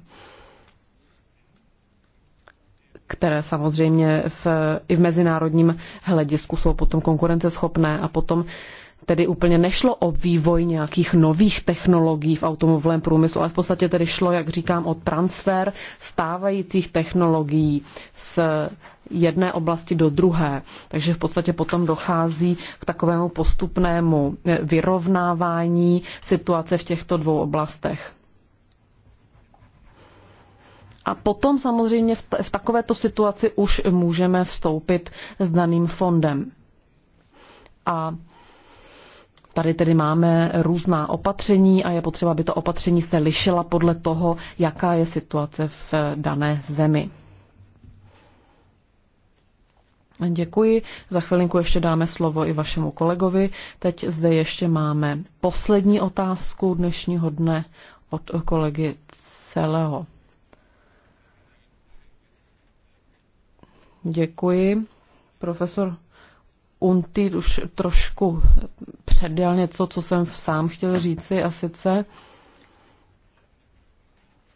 které samozřejmě v, i v mezinárodním hledisku jsou potom konkurenceschopné a potom tedy úplně nešlo o vývoj nějakých nových technologií v automobilovém průmyslu, ale v podstatě tedy šlo, jak říkám, o transfer stávajících technologií z jedné oblasti do druhé. Takže v podstatě potom dochází k takovému postupnému eh, vyrovnávání situace v těchto dvou oblastech. A potom samozřejmě v, takovéto situaci už můžeme vstoupit s daným fondem. A Tady tedy máme různá opatření a je potřeba, aby to opatření se lišila podle toho, jaká je situace v eh, dané zemi. Děkuji. Za chvilinku ještě dáme slovo i vašemu kolegovi. Teď zde ještě máme poslední otázku dnešního dne od kolegy Celého. Děkuji. Profesor Unti, už trošku předěl něco, co jsem sám chtěl říci a sice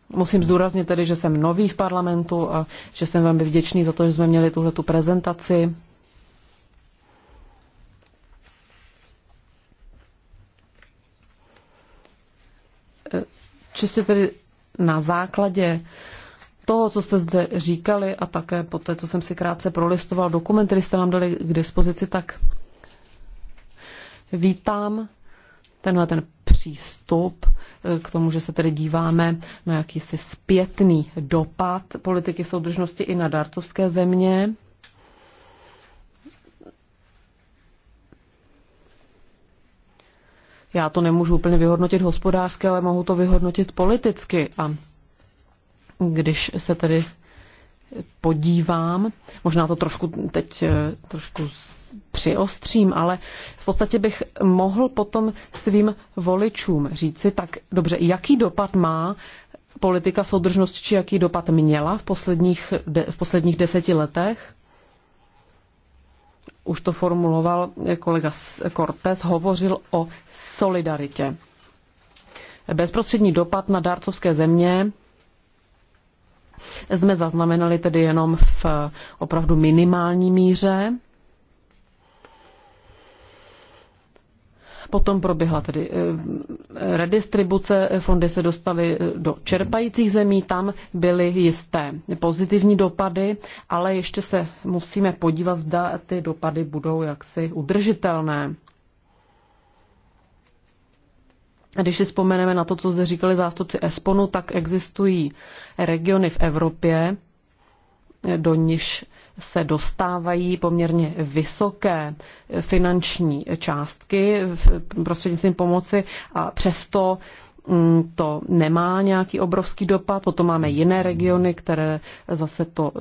Musím zdůraznit tedy, že jsem nový v parlamentu a že jsem velmi vděčný za to, že jsme měli tuhle tu prezentaci. Eh, čistě tedy na základě toho, co jste zde říkali a také po té, co jsem si krátce prolistoval dokument, který jste nám dali k dispozici, tak vítám tenhle ten přístup k tomu, že se tedy díváme na jakýsi zpětný dopad politiky soudržnosti i na dartovské země. Já to nemůžu úplně vyhodnotit hospodářsky, ale mohu to vyhodnotit politicky. A když se tedy podívám, možná to trošku teď eh, trošku přiostřím, ale v podstatě bych mohl potom svým voličům říci, tak dobře, jaký dopad má politika soudržnosti, či jaký dopad měla v posledních, de, v posledních deseti letech? Už to formuloval kolega Cortés, hovořil o solidaritě. Bezprostřední dopad na dárcovské země jsme zaznamenali tedy jenom v opravdu minimální míře. Potom proběhla tedy eh, redistribuce, fondy se dostaly eh, do čerpajících zemí, tam byly jisté pozitivní dopady, ale ještě se musíme podívat, zda ty dopady budou jaksi udržitelné. A když si vzpomeneme na to, co zde říkali zástupci Esponu, tak existují regiony v Evropě, do níž se dostávají poměrně vysoké finanční částky prostřednictvím pomoci a přesto mm, to nemá nějaký obrovský dopad. Potom máme jiné regiony, které zase to,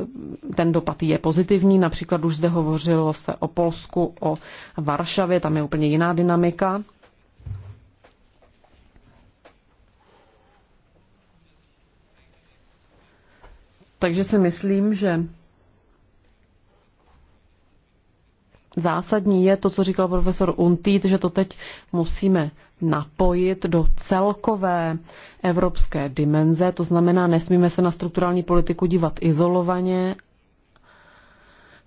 ten dopad je pozitivní. Například už zde hovořilo se o Polsku, o Varšavě, tam je úplně jiná dynamika. Takže si myslím, že zásadní je to, co říkal profesor Untýt, že to teď musíme napojit do celkové evropské dimenze, to znamená, nesmíme se na strukturální politiku dívat izolovaně,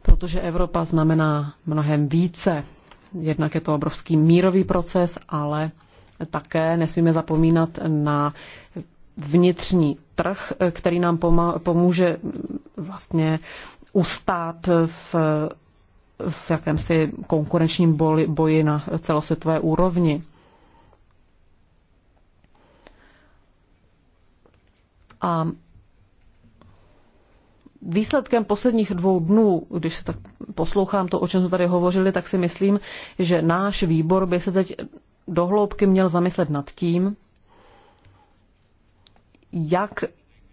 protože Evropa znamená mnohem více. Jednak je to obrovský mírový proces, ale také nesmíme zapomínat na vnitřní trh, který nám pomůže vlastně ustát v v jakémsi konkurenčním boji, boji na celosvětové úrovni. A výsledkem posledních dvou dnů, když se tak poslouchám to, o čem jsme tady hovořili, tak si myslím, že náš výbor by se teď dohloubky měl zamyslet nad tím, jak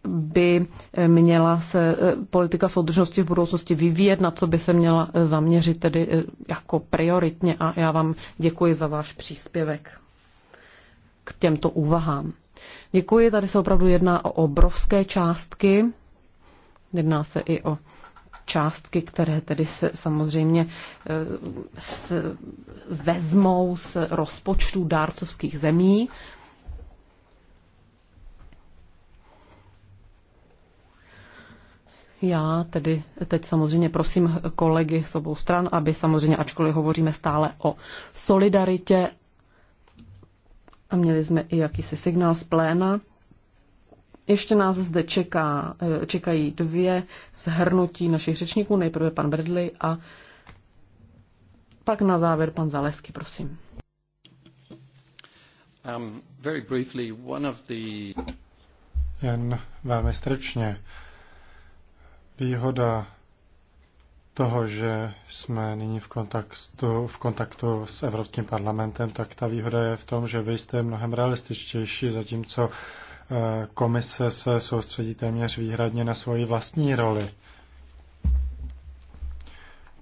by eh, měla se eh, politika soudržnosti v budoucnosti vyvíjet, na co by se měla eh, zaměřit tedy jako prioritně a já vám děkuji za váš příspěvek k těmto úvahám. Děkuji, tady se opravdu jedná o obrovské částky, jedná se i o částky, které tedy se samozřejmě vezmou z rozpočtu dárcovských zemí. Já tedy teď samozřejmě prosím kolegy z obou stran, aby samozřejmě, ačkoliv hovoříme stále o solidaritě, a měli jsme i jakýsi signál z pléna, ještě nás zde čeká, eh, čekají dvě zhrnutí našich řečníků, nejprve pan Brdli a pak na závěr pan Zalesky, prosím. Um, very briefly, one of the... Jen velmi stručně. Výhoda toho, že jsme nyní v kontaktu, v kontaktu s Evropským parlamentem, tak ta výhoda je v tom, že vy jste mnohem realističtější, zatímco eh, komise se soustředí téměř výhradně na svoji vlastní roli.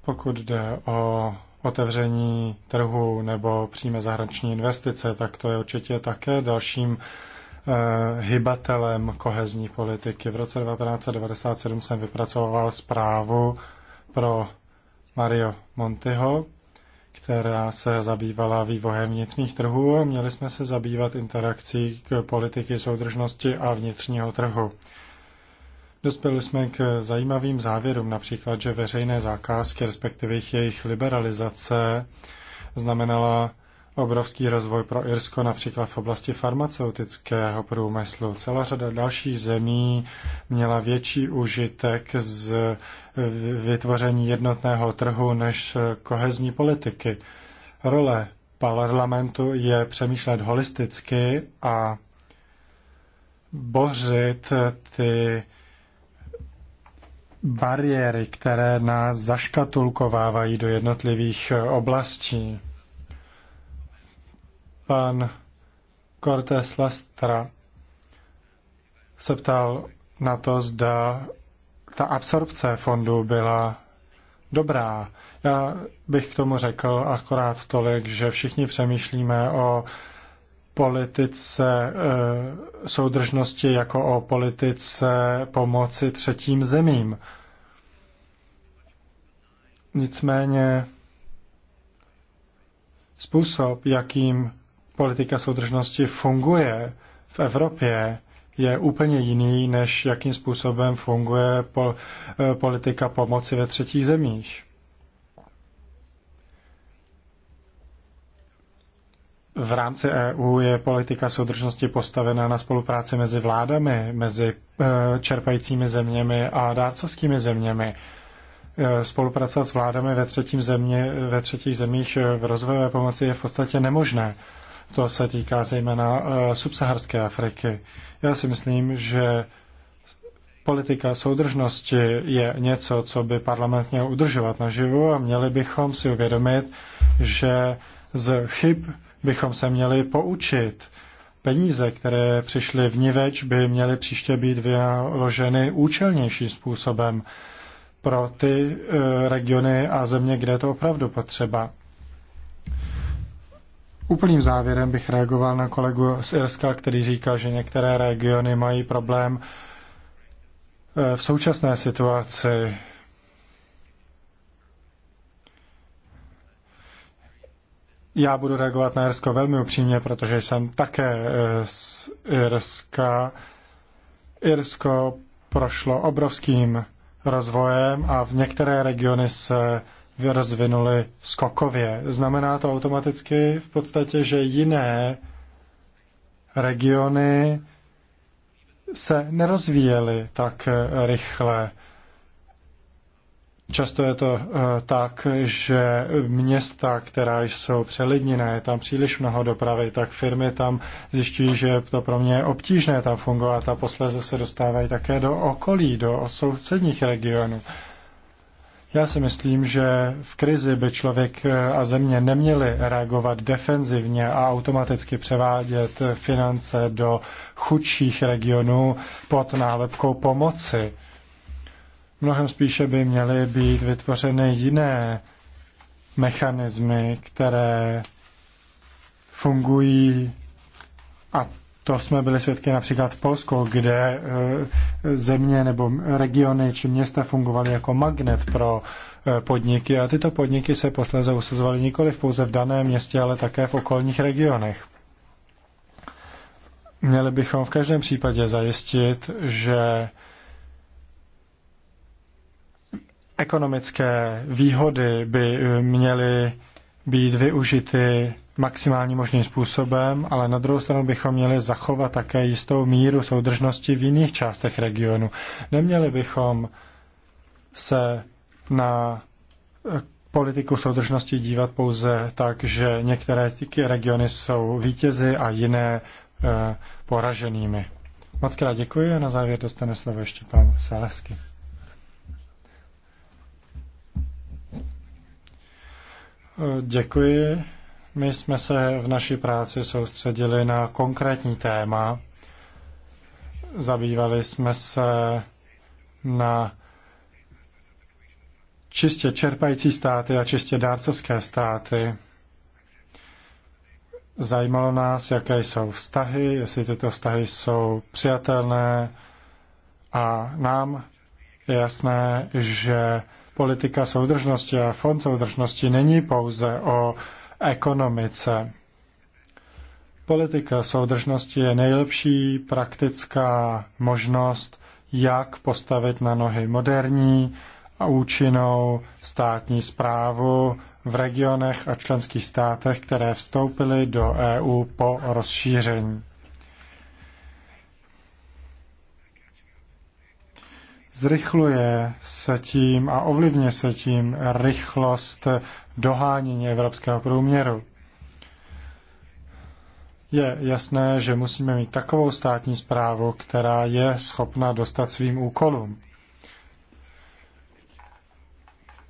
Pokud jde o otevření trhu nebo přímé zahraniční investice, tak to je určitě také dalším Eh, hybatelem kohezní politiky. V roce 1997 jsem vypracoval zprávu pro Mario Montiho, která se zabývala vývojem vnitřních trhů. Měli jsme se zabývat interakcí k politiky soudržnosti a vnitřního trhu. Dospěli jsme k zajímavým závěrům, například, že veřejné zakázky, respektive jejich liberalizace, znamenala obrovský rozvoj pro Irsko například v oblasti farmaceutického průmyslu. Celá řada dalších zemí měla větší užitek z vytvoření jednotného trhu než kohezní politiky. Role parlamentu je přemýšlet holisticky a bořit ty bariéry, které nás zaškatulkovávají do jednotlivých oblastí pan Cortés Lastra se ptal na to, zda ta absorpce fondu byla dobrá. Já bych k tomu řekl akorát tolik, že všichni přemýšlíme o politice e, soudržnosti jako o politice pomoci třetím zemím. Nicméně způsob, jakým politika soudržnosti funguje v Evropě, je úplně jiný, než jakým způsobem funguje pol, eh, politika pomoci ve třetích zemích. V rámci EU je politika soudržnosti postavená na spolupráci mezi vládami, mezi eh, čerpajícími zeměmi a dárcovskými zeměmi. Eh, spolupracovat s vládami ve, země, ve třetích zemích v rozvojové pomoci je v podstatě nemožné. To se týká zejména eh, subsaharské Afriky. Já si myslím, že politika soudržnosti je něco, co by parlament měl udržovat naživu a měli bychom si uvědomit, že z chyb bychom se měli poučit. Peníze, které přišly v Niveč, by měly příště být vyloženy účelnějším způsobem pro ty eh, regiony a země, kde je to opravdu potřeba. Úplným závěrem bych reagoval na kolegu z Irska, který říkal, že některé regiony mají problém eh, v současné situaci. Já budu reagovat na Irsko velmi upřímně, protože jsem také eh, z Irska. Irsko prošlo obrovským rozvojem a v některé regiony se rozvinuli skokově. Znamená to automaticky v podstatě, že jiné regiony se nerozvíjely tak rychle. Často je to eh, tak, že města, která jsou přelidněné, je tam příliš mnoho dopravy, tak firmy tam zjišťují, že to pro mě je obtížné tam fungovat a posléze se dostávají také do okolí, do sousedních regionů. Já si myslím, že v krizi by člověk eh, a země neměli reagovat defenzivně a automaticky převádět finance do chudších regionů pod nálepkou pomoci. Mnohem spíše by měly být vytvořeny jiné mechanismy, které fungují to jsme byli svědky například v Polsku, kde e, země nebo regiony či města fungovaly jako magnet pro e, podniky a tyto podniky se posléze usazovaly nikoli pouze v daném městě, ale také v okolních regionech. Měli bychom v každém případě zajistit, že ekonomické výhody by e, měly být využity maximálním možným způsobem, ale na druhou stranu bychom měli zachovat také jistou míru soudržnosti v jiných částech regionu. Neměli bychom se na eh, politiku soudržnosti dívat pouze tak, že některé regiony jsou vítězy a jiné e, poraženými. Moc krát děkuji a na závěr dostane slovo ještě pan Salesky. Eh, děkuji my jsme se v naší práci soustředili na konkrétní téma. Zabývali jsme se na čistě čerpající státy a čistě dárcovské státy. Zajímalo nás, jaké jsou vztahy, jestli tyto vztahy jsou přijatelné a nám je jasné, že politika soudržnosti a fond soudržnosti není pouze o ekonomice. Politika soudržnosti je nejlepší praktická možnost, jak postavit na nohy moderní a účinnou státní zprávu v regionech a členských státech, které vstoupily do EU po rozšíření. Zrychluje se tím a ovlivně se tím rychlost dohánění evropského průměru. Je jasné, že musíme mít takovou státní zprávu, která je schopna dostat svým úkolům.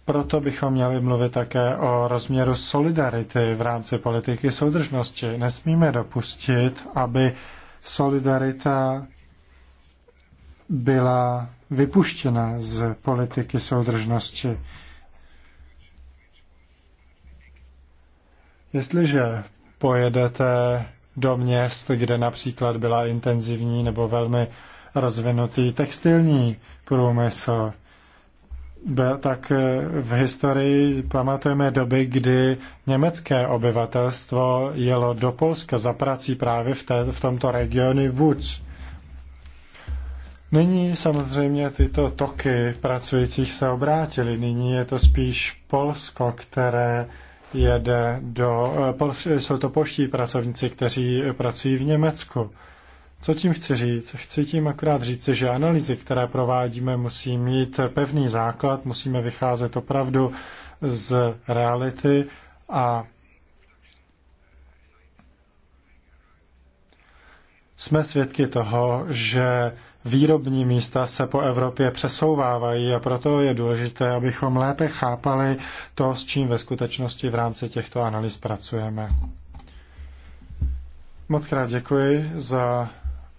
Proto bychom měli mluvit také o rozměru solidarity v rámci politiky soudržnosti. Nesmíme dopustit, aby solidarita byla vypuštěna z politiky soudržnosti. Jestliže pojedete do měst, kde například byla intenzivní nebo velmi rozvinutý textilní průmysl, tak eh, v historii pamatujeme doby, kdy německé obyvatelstvo jelo do Polska za prací právě v, té, v tomto regionu Vůdz. Nyní samozřejmě tyto toky pracujících se obrátily. Nyní je to spíš Polsko, které jede do eh, Jsou to polští pracovníci, kteří pracují v Německu. Co tím chci říct? Chci tím akorát říct, že analýzy, které provádíme, musí mít pevný základ, musíme vycházet opravdu z reality a jsme svědky toho, že výrobní místa se po Evropě přesouvávají a proto je důležité, abychom lépe chápali to, s čím ve skutečnosti v rámci těchto analýz pracujeme. Moc krát děkuji za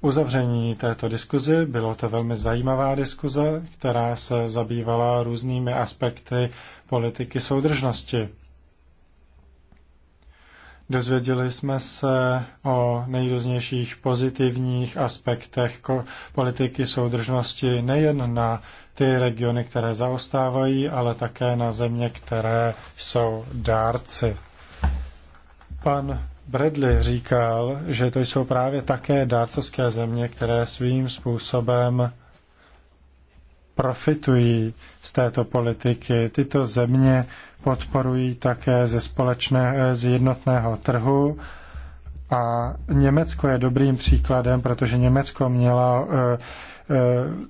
uzavření této diskuzi. Bylo to velmi zajímavá diskuze, která se zabývala různými aspekty politiky soudržnosti. Dozvěděli jsme se o nejrůznějších pozitivních aspektech politiky soudržnosti nejen na ty regiony, které zaostávají, ale také na země, které jsou dárci. Pan Bradley říkal, že to jsou právě také dárcovské země, které svým způsobem profitují z této politiky. Tyto země podporují také ze, společné, eh, z jednotného trhu. A Německo je dobrým příkladem, protože Německo mělo eh, eh,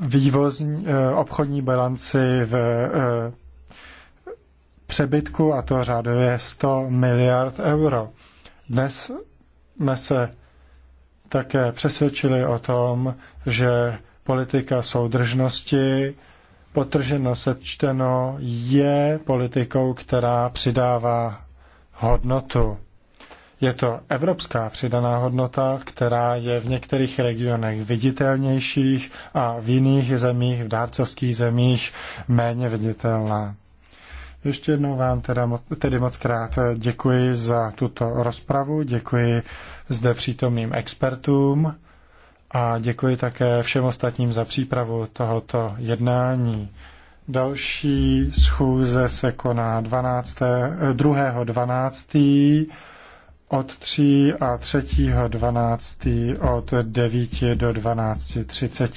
vývozní obchodní bilanci v přebytku, a to řádově 100 miliard euro. Dnes jsme se také přesvědčili o tom, že politika soudržnosti potrženo sečteno je politikou, která přidává hodnotu. Je to evropská přidaná hodnota, která je v některých regionech viditelnějších a v jiných zemích, v dárcovských zemích, méně viditelná. Ještě jednou vám teda, tedy moc krát děkuji za tuto rozpravu, děkuji zde přítomným expertům a děkuji také všem ostatním za přípravu tohoto jednání. Další schůze se koná 12. 2. 12. od 3. a 3.12. 12. od 9 do 12.30.